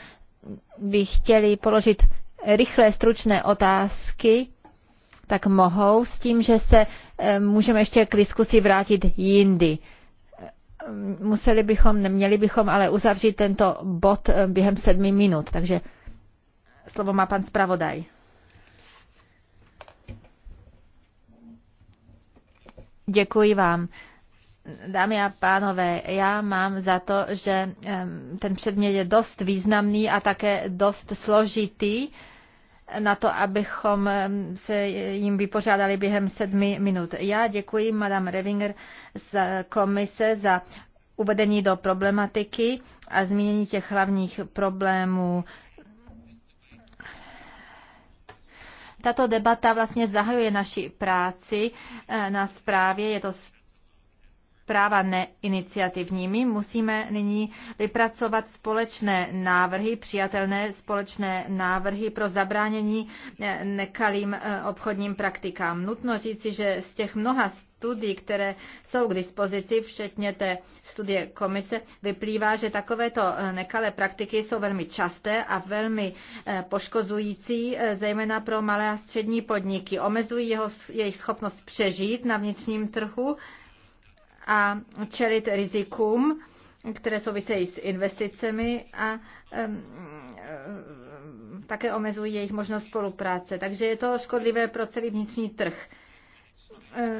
Speaker 2: by chtěli položit rychlé, stručné otázky, tak mohou s tím, že se eh, můžeme ještě k diskusi vrátit jindy museli bychom, neměli bychom ale uzavřít tento bod eh, během sedmi minut, takže slovo má pan zpravodaj. Děkuji vám. Dámy a pánové, já mám za to, že ten předmět je dost významný a také dost složitý na to, abychom se jim vypořádali během sedmi minut. Já děkuji madam Revinger z komise za uvedení do problematiky a zmínění těch hlavních problémů. Tato debata vlastně zahajuje naši práci eh, na zprávě. Je to zprávě práva neiniciativními, musíme nyní vypracovat společné návrhy, přijatelné společné návrhy pro zabránění eh, nekalým eh, obchodním praktikám. Nutno říci, že z těch mnoha studií, které jsou k dispozici, včetně té studie komise, vyplývá, že takovéto eh, nekalé praktiky jsou velmi časté a velmi poškozující, zejména pro malé a střední podniky. Omezují jeho, jejich schopnost přežít na vnitřním trhu a čelit rizikům, které souvisejí s investicemi a také omezují jejich možnost spolupráce. Takže je to škodlivé pro celý vnitřní trh.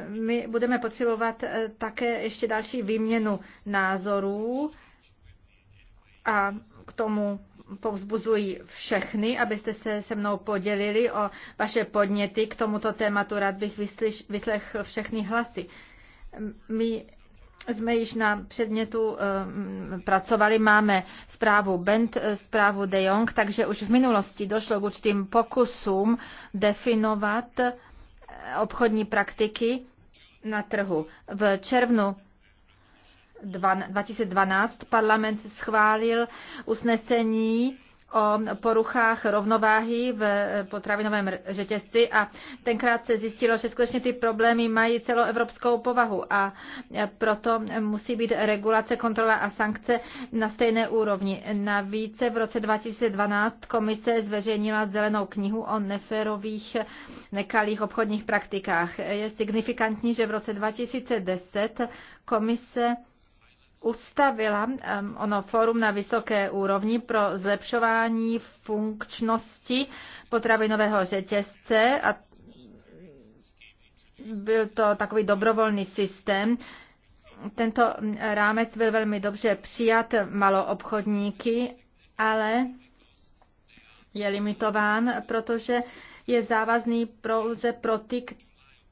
Speaker 2: My budeme potřebovat eh, také ještě další výměnu názorů a k tomu povzbuzují všechny, abyste se se mnou podělili o vaše podněty k tomuto tématu. Rád bych vyslyš, vyslechl všechny hlasy. My jsme již na předmětu eh, pracovali, máme zprávu Bent, eh, zprávu De Jong, takže už v minulosti došlo k určitým pokusům definovat eh, obchodní praktiky na trhu. V červnu 2012 parlament schválil usnesení o poruchách rovnováhy v potravinovém řetězci a tenkrát se zjistilo, že skutečně ty problémy mají celoevropskou povahu a proto musí být regulace, kontrola a sankce na stejné úrovni. Navíc v roce 2012 komise zveřejnila zelenou knihu o neférových nekalých obchodních praktikách. Je signifikantní, že v roce 2010 komise ustavila ono fórum na vysoké úrovni pro zlepšování funkčnosti potravinového řetězce a byl to takový dobrovolný systém. Tento rámec byl velmi dobře přijat maloobchodníky, ale je limitován, protože je závazný pouze pro ty,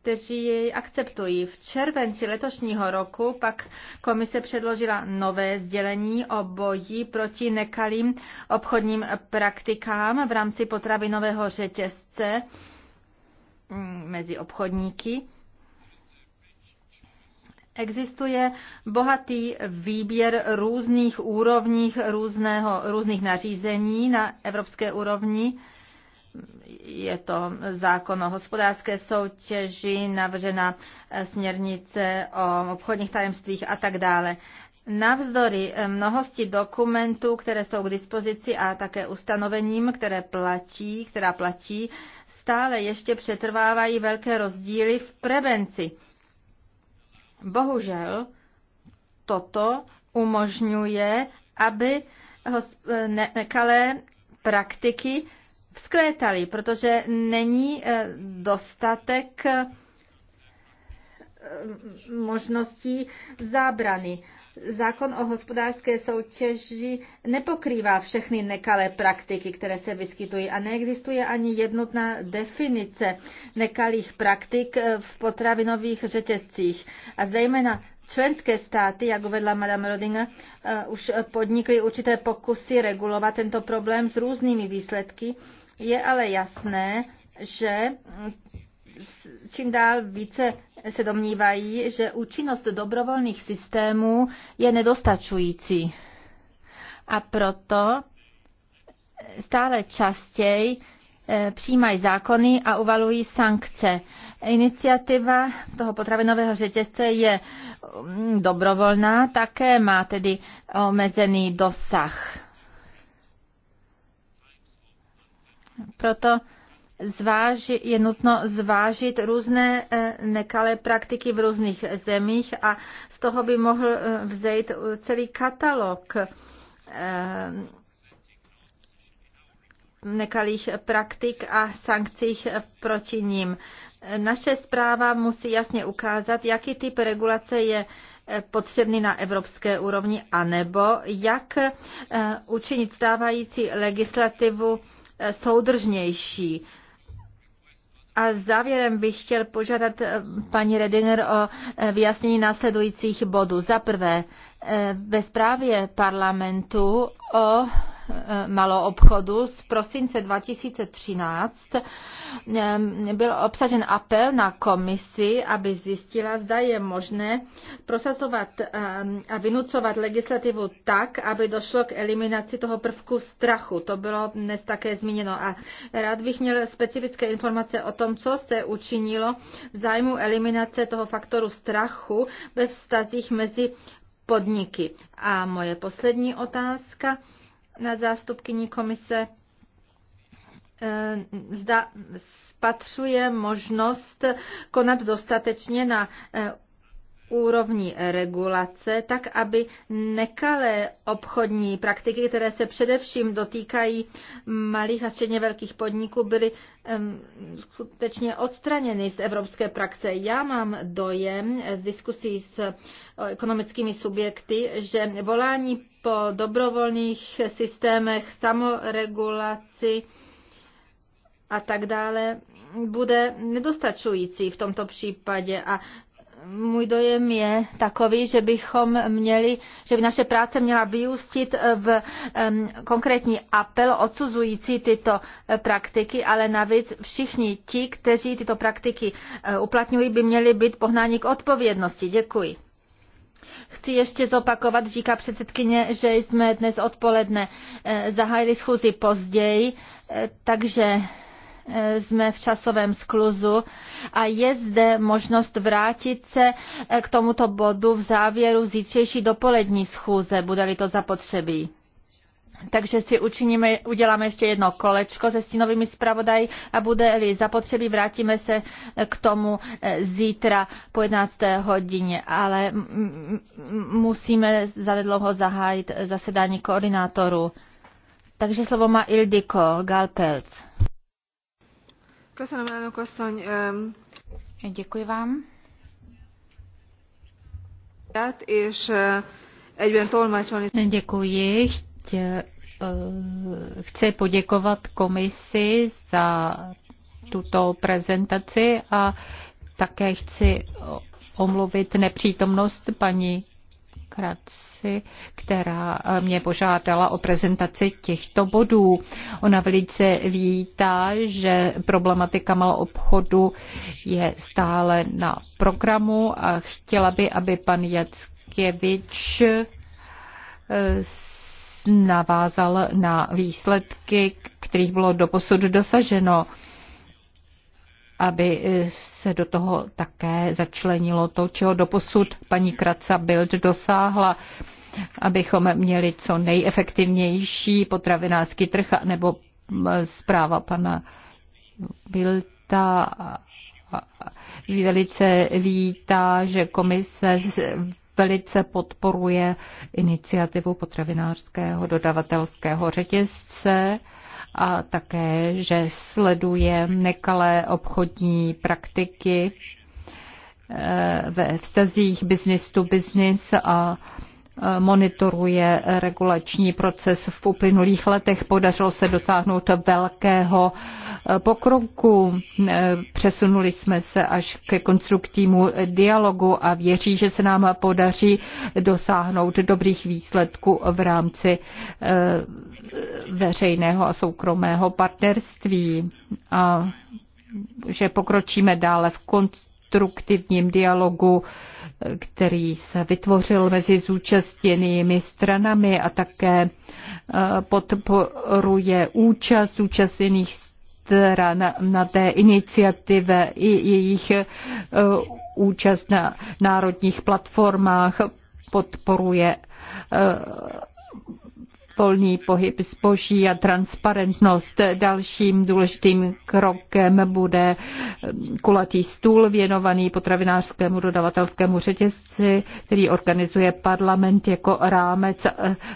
Speaker 2: kteří jej akceptují. V červenci letošního roku pak komise předložila nové sdělení o boji proti nekalým obchodním praktikám v rámci potravinového řetězce mm, mezi obchodníky. Existuje bohatý výběr různých úrovních různého, různých nařízení na evropské úrovni je to zákon o hospodářské soutěži, navržena eh, směrnice o obchodních tajemstvích a tak dále. Navzdory eh, mnohosti dokumentů, které jsou k dispozici a také ustanovením, které platí, která platí, stále ještě přetrvávají velké rozdíly v prevenci. Bohužel toto umožňuje, aby eh, nekalé praktiky vzkvétaly, protože není eh, dostatek eh, možností zábrany. Zákon o hospodářské soutěži nepokrývá všechny nekalé praktiky, které se vyskytují a neexistuje ani jednotná definice nekalých praktik eh, v potravinových řetězcích. A zejména Členské státy, jak uvedla Madame Rodinger, už podnikly určité pokusy regulovat tento problém s různými výsledky je ale jasné, že čím dál více se domnívají, že účinnost dobrovolných systémů je nedostačující. A proto stále častěji eh, přijímají zákony a uvalují sankce. Iniciativa toho potravinového řetězce je mm, dobrovolná, také má tedy omezený dosah. Proto zváži, je nutno zvážit různé eh, nekalé praktiky v různých zemích a z toho by mohl eh, vzejít eh, celý katalog nekalých praktik a sankcích proti ním. Naše zpráva musí jasně ukázat, jaký typ regulace je potřebný na evropské úrovni, anebo jak učinit stávající legislativu soudržnější. A závěrem bych chtěl požádat eh, paní Redinger o eh, vyjasnění následujících bodů. Za prvé, eh, ve zprávě parlamentu o Eh, maloobchodu z prosince 2013 eh, byl obsažen apel na komisi, aby zjistila, zda je možné prosazovat eh, a vynucovat legislativu tak, aby došlo k eliminaci toho prvku strachu. To bylo dnes také zmíněno. A rád bych měl specifické informace o tom, co se učinilo v zájmu eliminace toho faktoru strachu ve vztazích mezi podniky. A moje poslední otázka na zástupkyní komise, eh, zda spatřuje možnost konat dostatečně na eh, úrovní regulace, tak aby nekalé obchodní praktiky, které se především dotýkají malých a středně velkých podniků, byly um, skutečně odstraněny z evropské praxe. Já mám dojem z diskusí s ekonomickými subjekty, že volání po dobrovolných systémech samoregulaci a tak dále bude nedostačující v tomto případě a můj dojem je takový, že bychom měli, že by naše práce měla vyústit v konkrétní apel odsuzující tyto eh, praktiky, ale navíc všichni ti, kteří tyto praktiky eh, uplatňují, by měli být pohnáni k odpovědnosti. Děkuji. Chci ještě zopakovat, říká předsedkyně, že jsme dnes odpoledne eh, zahájili schůzi později, takže Eh, jsme v časovém skluzu a je zde možnost vrátit se eh, k tomuto bodu v závěru zítřejší dopolední schůze, bude-li to zapotřebí. Takže si učiníme, uděláme ještě jedno kolečko se stínovými zpravodaji a bude-li zapotřebí, vrátíme se eh, k tomu zítra po 11. hodině. Ale musíme zanedlouho zahájit zasedání koordinátorů. Takže slovo má Ildiko Galpelc.
Speaker 3: Köszönöm, elnök asszony. Děkuji vám. Eh, děkuji.
Speaker 2: Eh, chci poděkovat komisi za tuto prezentaci a také chci omluvit nepřítomnost paní demokraci, která eh, mě požádala o prezentaci těchto bodů. Ona velice vítá, že problematika maloobchodu je stále na programu a chtěla by, aby pan Jackěvič eh, navázal na výsledky, kterých bylo doposud dosaženo aby eh, se do toho také začlenilo to, čeho doposud paní Kraca Bild dosáhla, abychom měli co nejefektivnější potravinářský trh, nebo eh, zpráva pana Bilta velice vítá, že komise velice podporuje iniciativu potravinářského dodavatelského řetězce a také, že sleduje nekalé obchodní praktiky eh, ve vztazích business to business a monitoruje regulační proces v uplynulých letech. Podařilo se dosáhnout velkého eh, pokroku. Eh, přesunuli jsme se až ke konstruktivnímu dialogu a věří, že se nám podaří dosáhnout dobrých výsledků v rámci eh, veřejného a soukromého partnerství a že pokročíme dále v konstruktivní konstruktivním dialogu, který se vytvořil mezi zúčastněnými stranami a také eh, podporuje účast zúčastněných stran na té iniciativě i jejich eh, účast na národních platformách, podporuje eh, volný pohyb zboží a transparentnost. Dalším důležitým krokem bude kulatý stůl věnovaný potravinářskému dodavatelskému řetězci, který organizuje parlament jako rámec,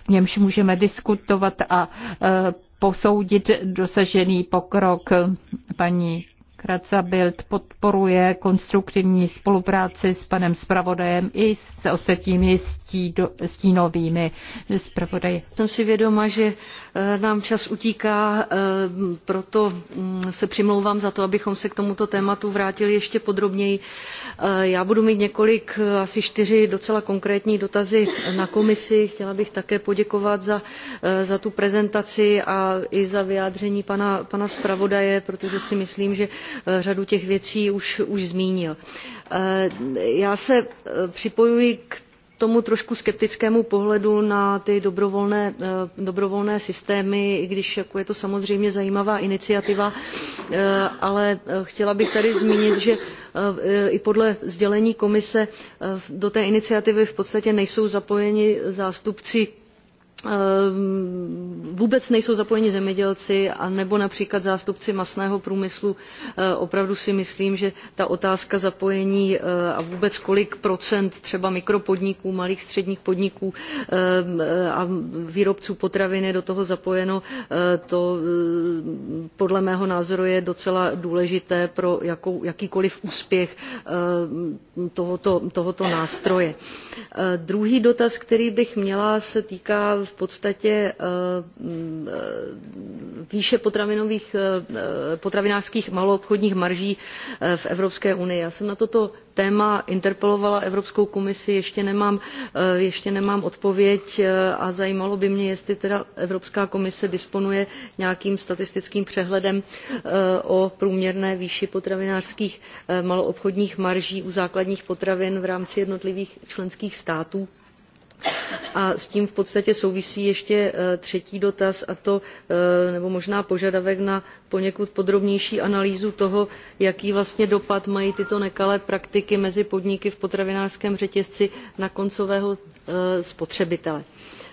Speaker 2: v němž můžeme diskutovat a e, posoudit dosažený pokrok. Paní Kraca Bild podporuje konstruktivní spolupráci s panem zpravodajem i s ostatními s stído, stínovými zpravodaji. Jsem si
Speaker 1: vědoma, že eh, nám čas utíká, eh, proto mm, se přimlouvám za to, abychom se k tomuto tématu vrátili ještě podrobněji. Eh, já budu mít několik, asi čtyři docela konkrétní dotazy na komisi. Chtěla bych také poděkovat za, za tu prezentaci a i za vyjádření pana, pana zpravodaje, protože si myslím, že řadu těch věcí už, už zmínil. Já se připojuji k tomu trošku skeptickému pohledu na ty dobrovolné, eh, dobrovolné systémy, i když jako je to samozřejmě zajímavá iniciativa, eh, ale eh, chtěla bych tady zmínit, že i podle sdělení komise do té iniciativy v podstatě nejsou zapojeni zástupci Ehm, vůbec nejsou zapojeni zemědělci nebo například zástupci masného průmyslu ehm, opravdu si myslím že ta otázka zapojení ehm, a vůbec kolik procent třeba mikropodniků malých středních podniků a výrobců potravin je do toho zapojeno to podle mého názoru je docela důležité pro jakou, jakýkoliv úspěch tohoto, tohoto nástroje. druhý dotaz který bych měla se týká v podstatě eh, mm, eh, výše potravinových, eh, potravinářských maloobchodních marží v Evropské unii. Já jsem na toto téma interpelovala Evropskou komisi, ještě nemám, ještě nemám odpověď a zajímalo by mě, jestli teda Evropská komise disponuje nějakým statistickým přehledem o průměrné výši potravinářských maloobchodních marží u základních potravin v rámci jednotlivých členských států. A s tím v podstatě souvisí ještě eh, třetí dotaz a to, eh, nebo možná požadavek na poněkud podrobnější analýzu toho, jaký vlastně dopad mají tyto nekalé praktiky mezi podniky v potravinářském řetězci na koncového eh, spotřebitele.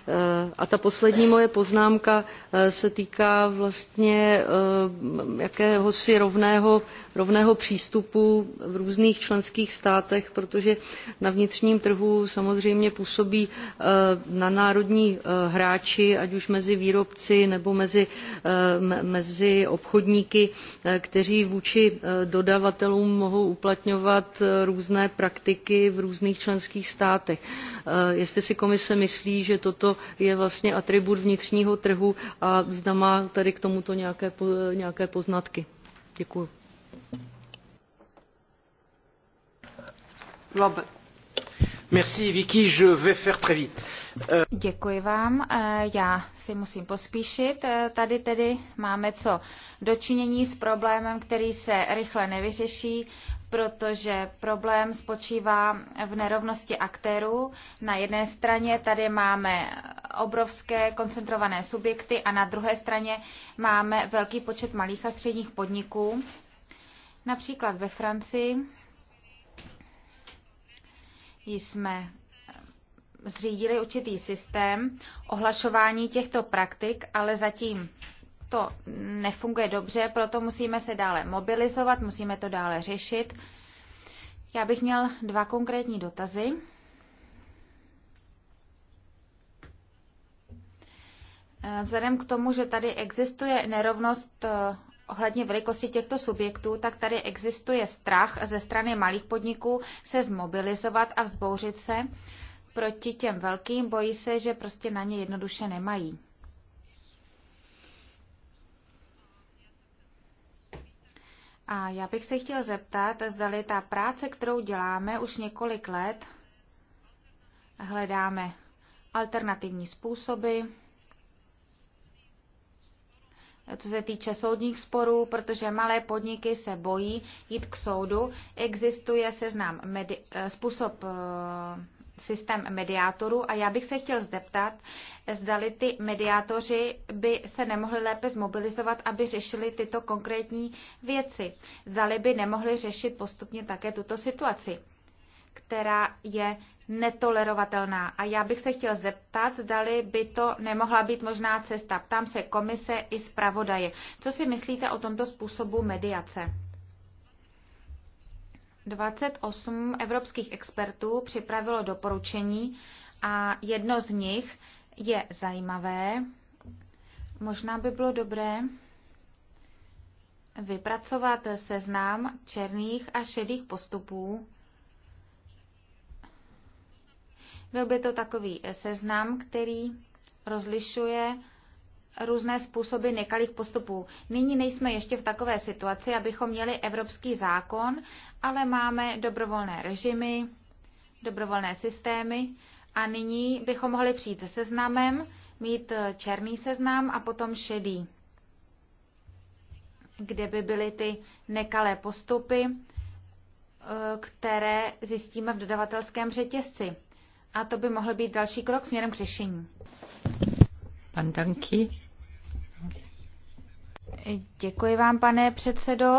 Speaker 1: Eh, a ta poslední moje poznámka eh, se týká vlastně eh, jakéhosi rovného, rovného přístupu v různých členských státech, protože na vnitřním trhu samozřejmě působí na národní hráči, ať už mezi výrobci nebo mezi, mezi obchodníky, kteří vůči dodavatelům mohou uplatňovat různé praktiky v různých členských státech. Eh, jestli si komise myslí, že toto je vlastně atribut vnitřního trhu a zda má tady k tomuto nějaké, nějaké poznatky. Děkuji. Merci Vicky, je vais faire très vite. Euh,
Speaker 3: Děkuji vám. Eh, já si musím pospíšit. Eh, tady tedy máme co dočinění s problémem, který se rychle nevyřeší, protože problém spočívá v nerovnosti aktérů. Na jedné straně tady máme obrovské koncentrované subjekty a na druhé straně máme velký počet malých a středních podniků. Například ve Francii jsme zřídili určitý systém ohlašování těchto praktik, ale zatím to nefunguje dobře, proto musíme se dále mobilizovat, musíme to dále řešit. Já bych měl dva konkrétní dotazy. Vzhledem k tomu, že tady existuje nerovnost eh, ohledně velikosti těchto subjektů, tak tady existuje strach ze strany malých podniků se zmobilizovat a vzbouřit se proti těm velkým, bojí se, že prostě na ně jednoduše nemají. A já bych se chtěl zeptat, zdali ta práce, kterou děláme už několik let, hledáme alternativní způsoby, co se týče soudních sporů, protože malé podniky se bojí jít k soudu. Existuje seznam medi- eh, způsob eh, systém mediátorů a já bych se chtěl zeptat, zdali ty mediátoři by se nemohli lépe zmobilizovat, aby řešili tyto konkrétní věci. Zdali by nemohli řešit postupně také tuto situaci, která je netolerovatelná. A já bych se chtěl zeptat, zdali by to nemohla být možná cesta. Ptám se komise i zpravodaje. Co si myslíte o tomto způsobu mediace? 28 evropských expertů připravilo doporučení a jedno z nich je zajímavé. Možná by bylo dobré vypracovat seznám černých a šedých postupů. Byl by to takový seznam, který rozlišuje různé způsoby nekalých postupů. Nyní nejsme ještě v takové situaci, abychom měli evropský zákon, ale máme dobrovolné režimy, dobrovolné systémy a nyní bychom mohli přijít se seznamem, mít černý seznam a potom šedý, kde by byly ty nekalé postupy, eh, které zjistíme v dodavatelském řetězci. A to by mohl být další krok směrem k řešení.
Speaker 2: Pan Danky.
Speaker 3: Děkuji vám, pane předsedo.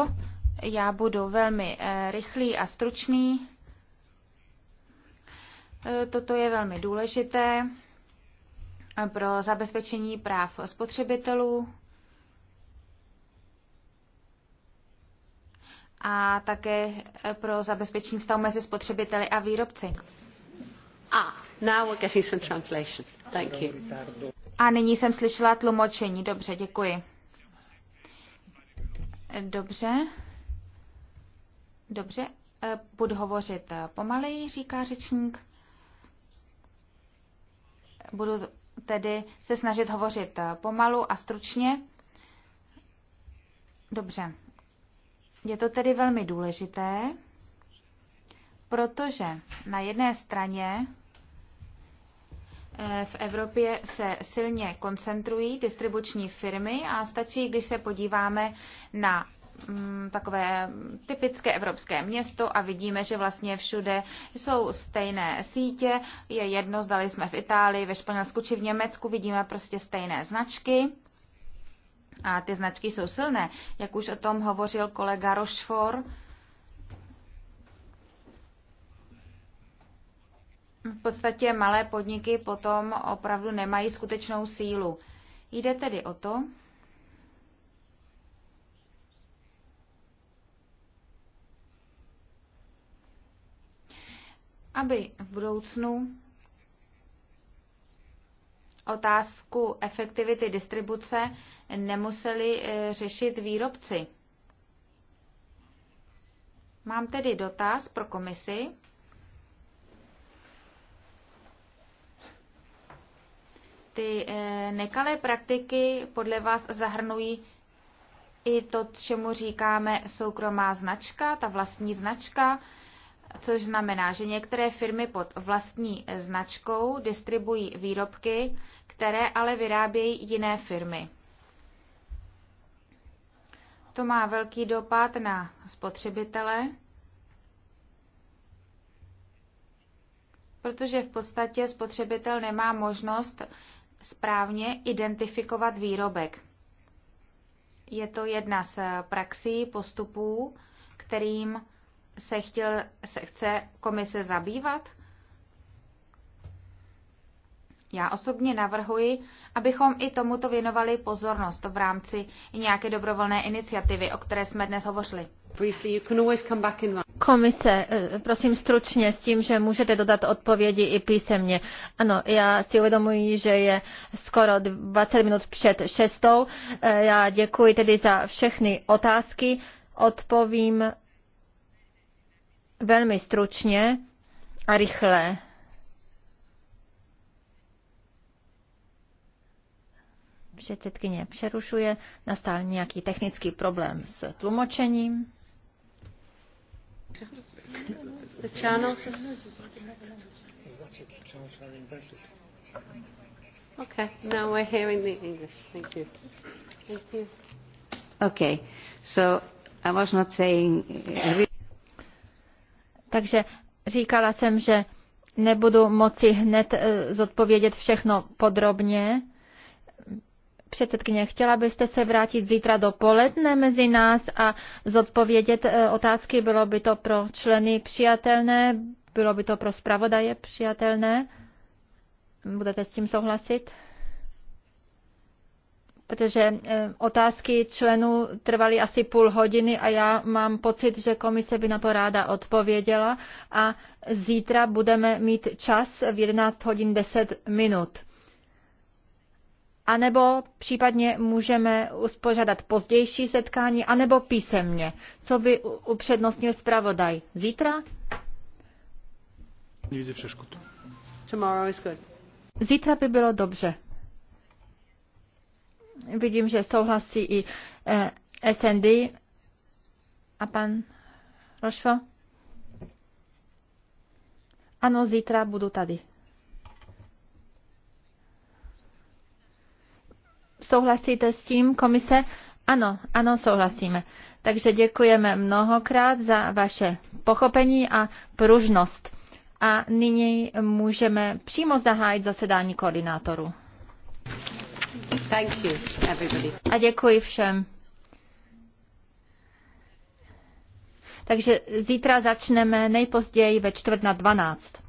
Speaker 3: Já budu velmi eh, rychlý a stručný. Eh, toto je velmi důležité eh, pro zabezpečení práv spotřebitelů a také pro zabezpečení vztahu mezi spotřebiteli a výrobci.
Speaker 1: Ah, now we're getting some translation. Thank you.
Speaker 3: A nyní jsem slyšela tlumočení. Dobře, děkuji. Dobře. Dobře. E, budu hovořit pomaleji, říká řečník. Budu tedy se snažit hovořit pomalu a stručně. Dobře. Je to tedy velmi důležité, protože na jedné straně Eh, v Evropě se silně koncentrují distribuční firmy a stačí, když se podíváme na mm, takové typické evropské město a vidíme, že vlastně všude jsou stejné sítě. Je jedno, zdali jsme v Itálii, ve Španělsku či v Německu, vidíme prostě stejné značky. A ty značky jsou silné, jak už o tom hovořil kolega Rochefort v podstatě malé podniky potom opravdu nemají skutečnou sílu. Jde tedy o to, aby v budoucnu otázku efektivity distribuce nemuseli eh, řešit výrobci. Mám tedy dotaz pro komisi. ty eh, nekalé praktiky podle vás zahrnují i to, čemu říkáme soukromá značka, ta vlastní značka, což znamená, že některé firmy pod vlastní značkou distribují výrobky, které ale vyrábějí jiné firmy. To má velký dopad na spotřebitele, protože v podstatě spotřebitel nemá možnost správně identifikovat výrobek. Je to jedna z eh, praxí postupů, kterým se, chtěl, se chce komise zabývat? Já osobně navrhuji, abychom i tomuto věnovali pozornost v rámci nějaké dobrovolné iniciativy, o které jsme dnes hovořili.
Speaker 2: Komise, eh, prosím stručně s tím, že můžete dodat odpovědi i písemně. Ano, já si uvědomuji, že je skoro 20 minut před šestou. Eh, já děkuji tedy za všechny otázky. Odpovím velmi stručně a rychle. Předsedkyně přerušuje, nastal nějaký technický problém s tlumočením.
Speaker 4: The channels is...
Speaker 1: Okay, now we're hearing the English. Thank you. Thank you.
Speaker 2: Okay, so I was not saying... Takže říkala jsem, že nebudu moci hned eh, zodpovědět všechno podrobně, Předsedkyně, chtěla byste se vrátit zítra do poledne mezi nás a zodpovědět e, otázky? Bylo by to pro členy přijatelné? Bylo by to pro zpravodaje přijatelné? Budete s tím souhlasit? Protože e, otázky členů trvaly asi půl hodiny a já mám pocit, že komise by na to ráda odpověděla a zítra budeme mít čas v 11 hodin 10 minut anebo případně můžeme uspořádat pozdější setkání, anebo písemně. Co by upřednostnil zpravodaj? Zítra? Zítra by bylo dobře. Vidím, že souhlasí i eh, SND a pan Rošvo. Ano, zítra budu tady. Souhlasíte s tím, komise? Ano, ano, souhlasíme. Takže děkujeme mnohokrát za vaše pochopení a pružnost. A nyní můžeme přímo zahájit zasedání koordinátorů. Thank you, everybody. A děkuji všem. Takže zítra začneme nejpozději ve čtvrt na dvanáct.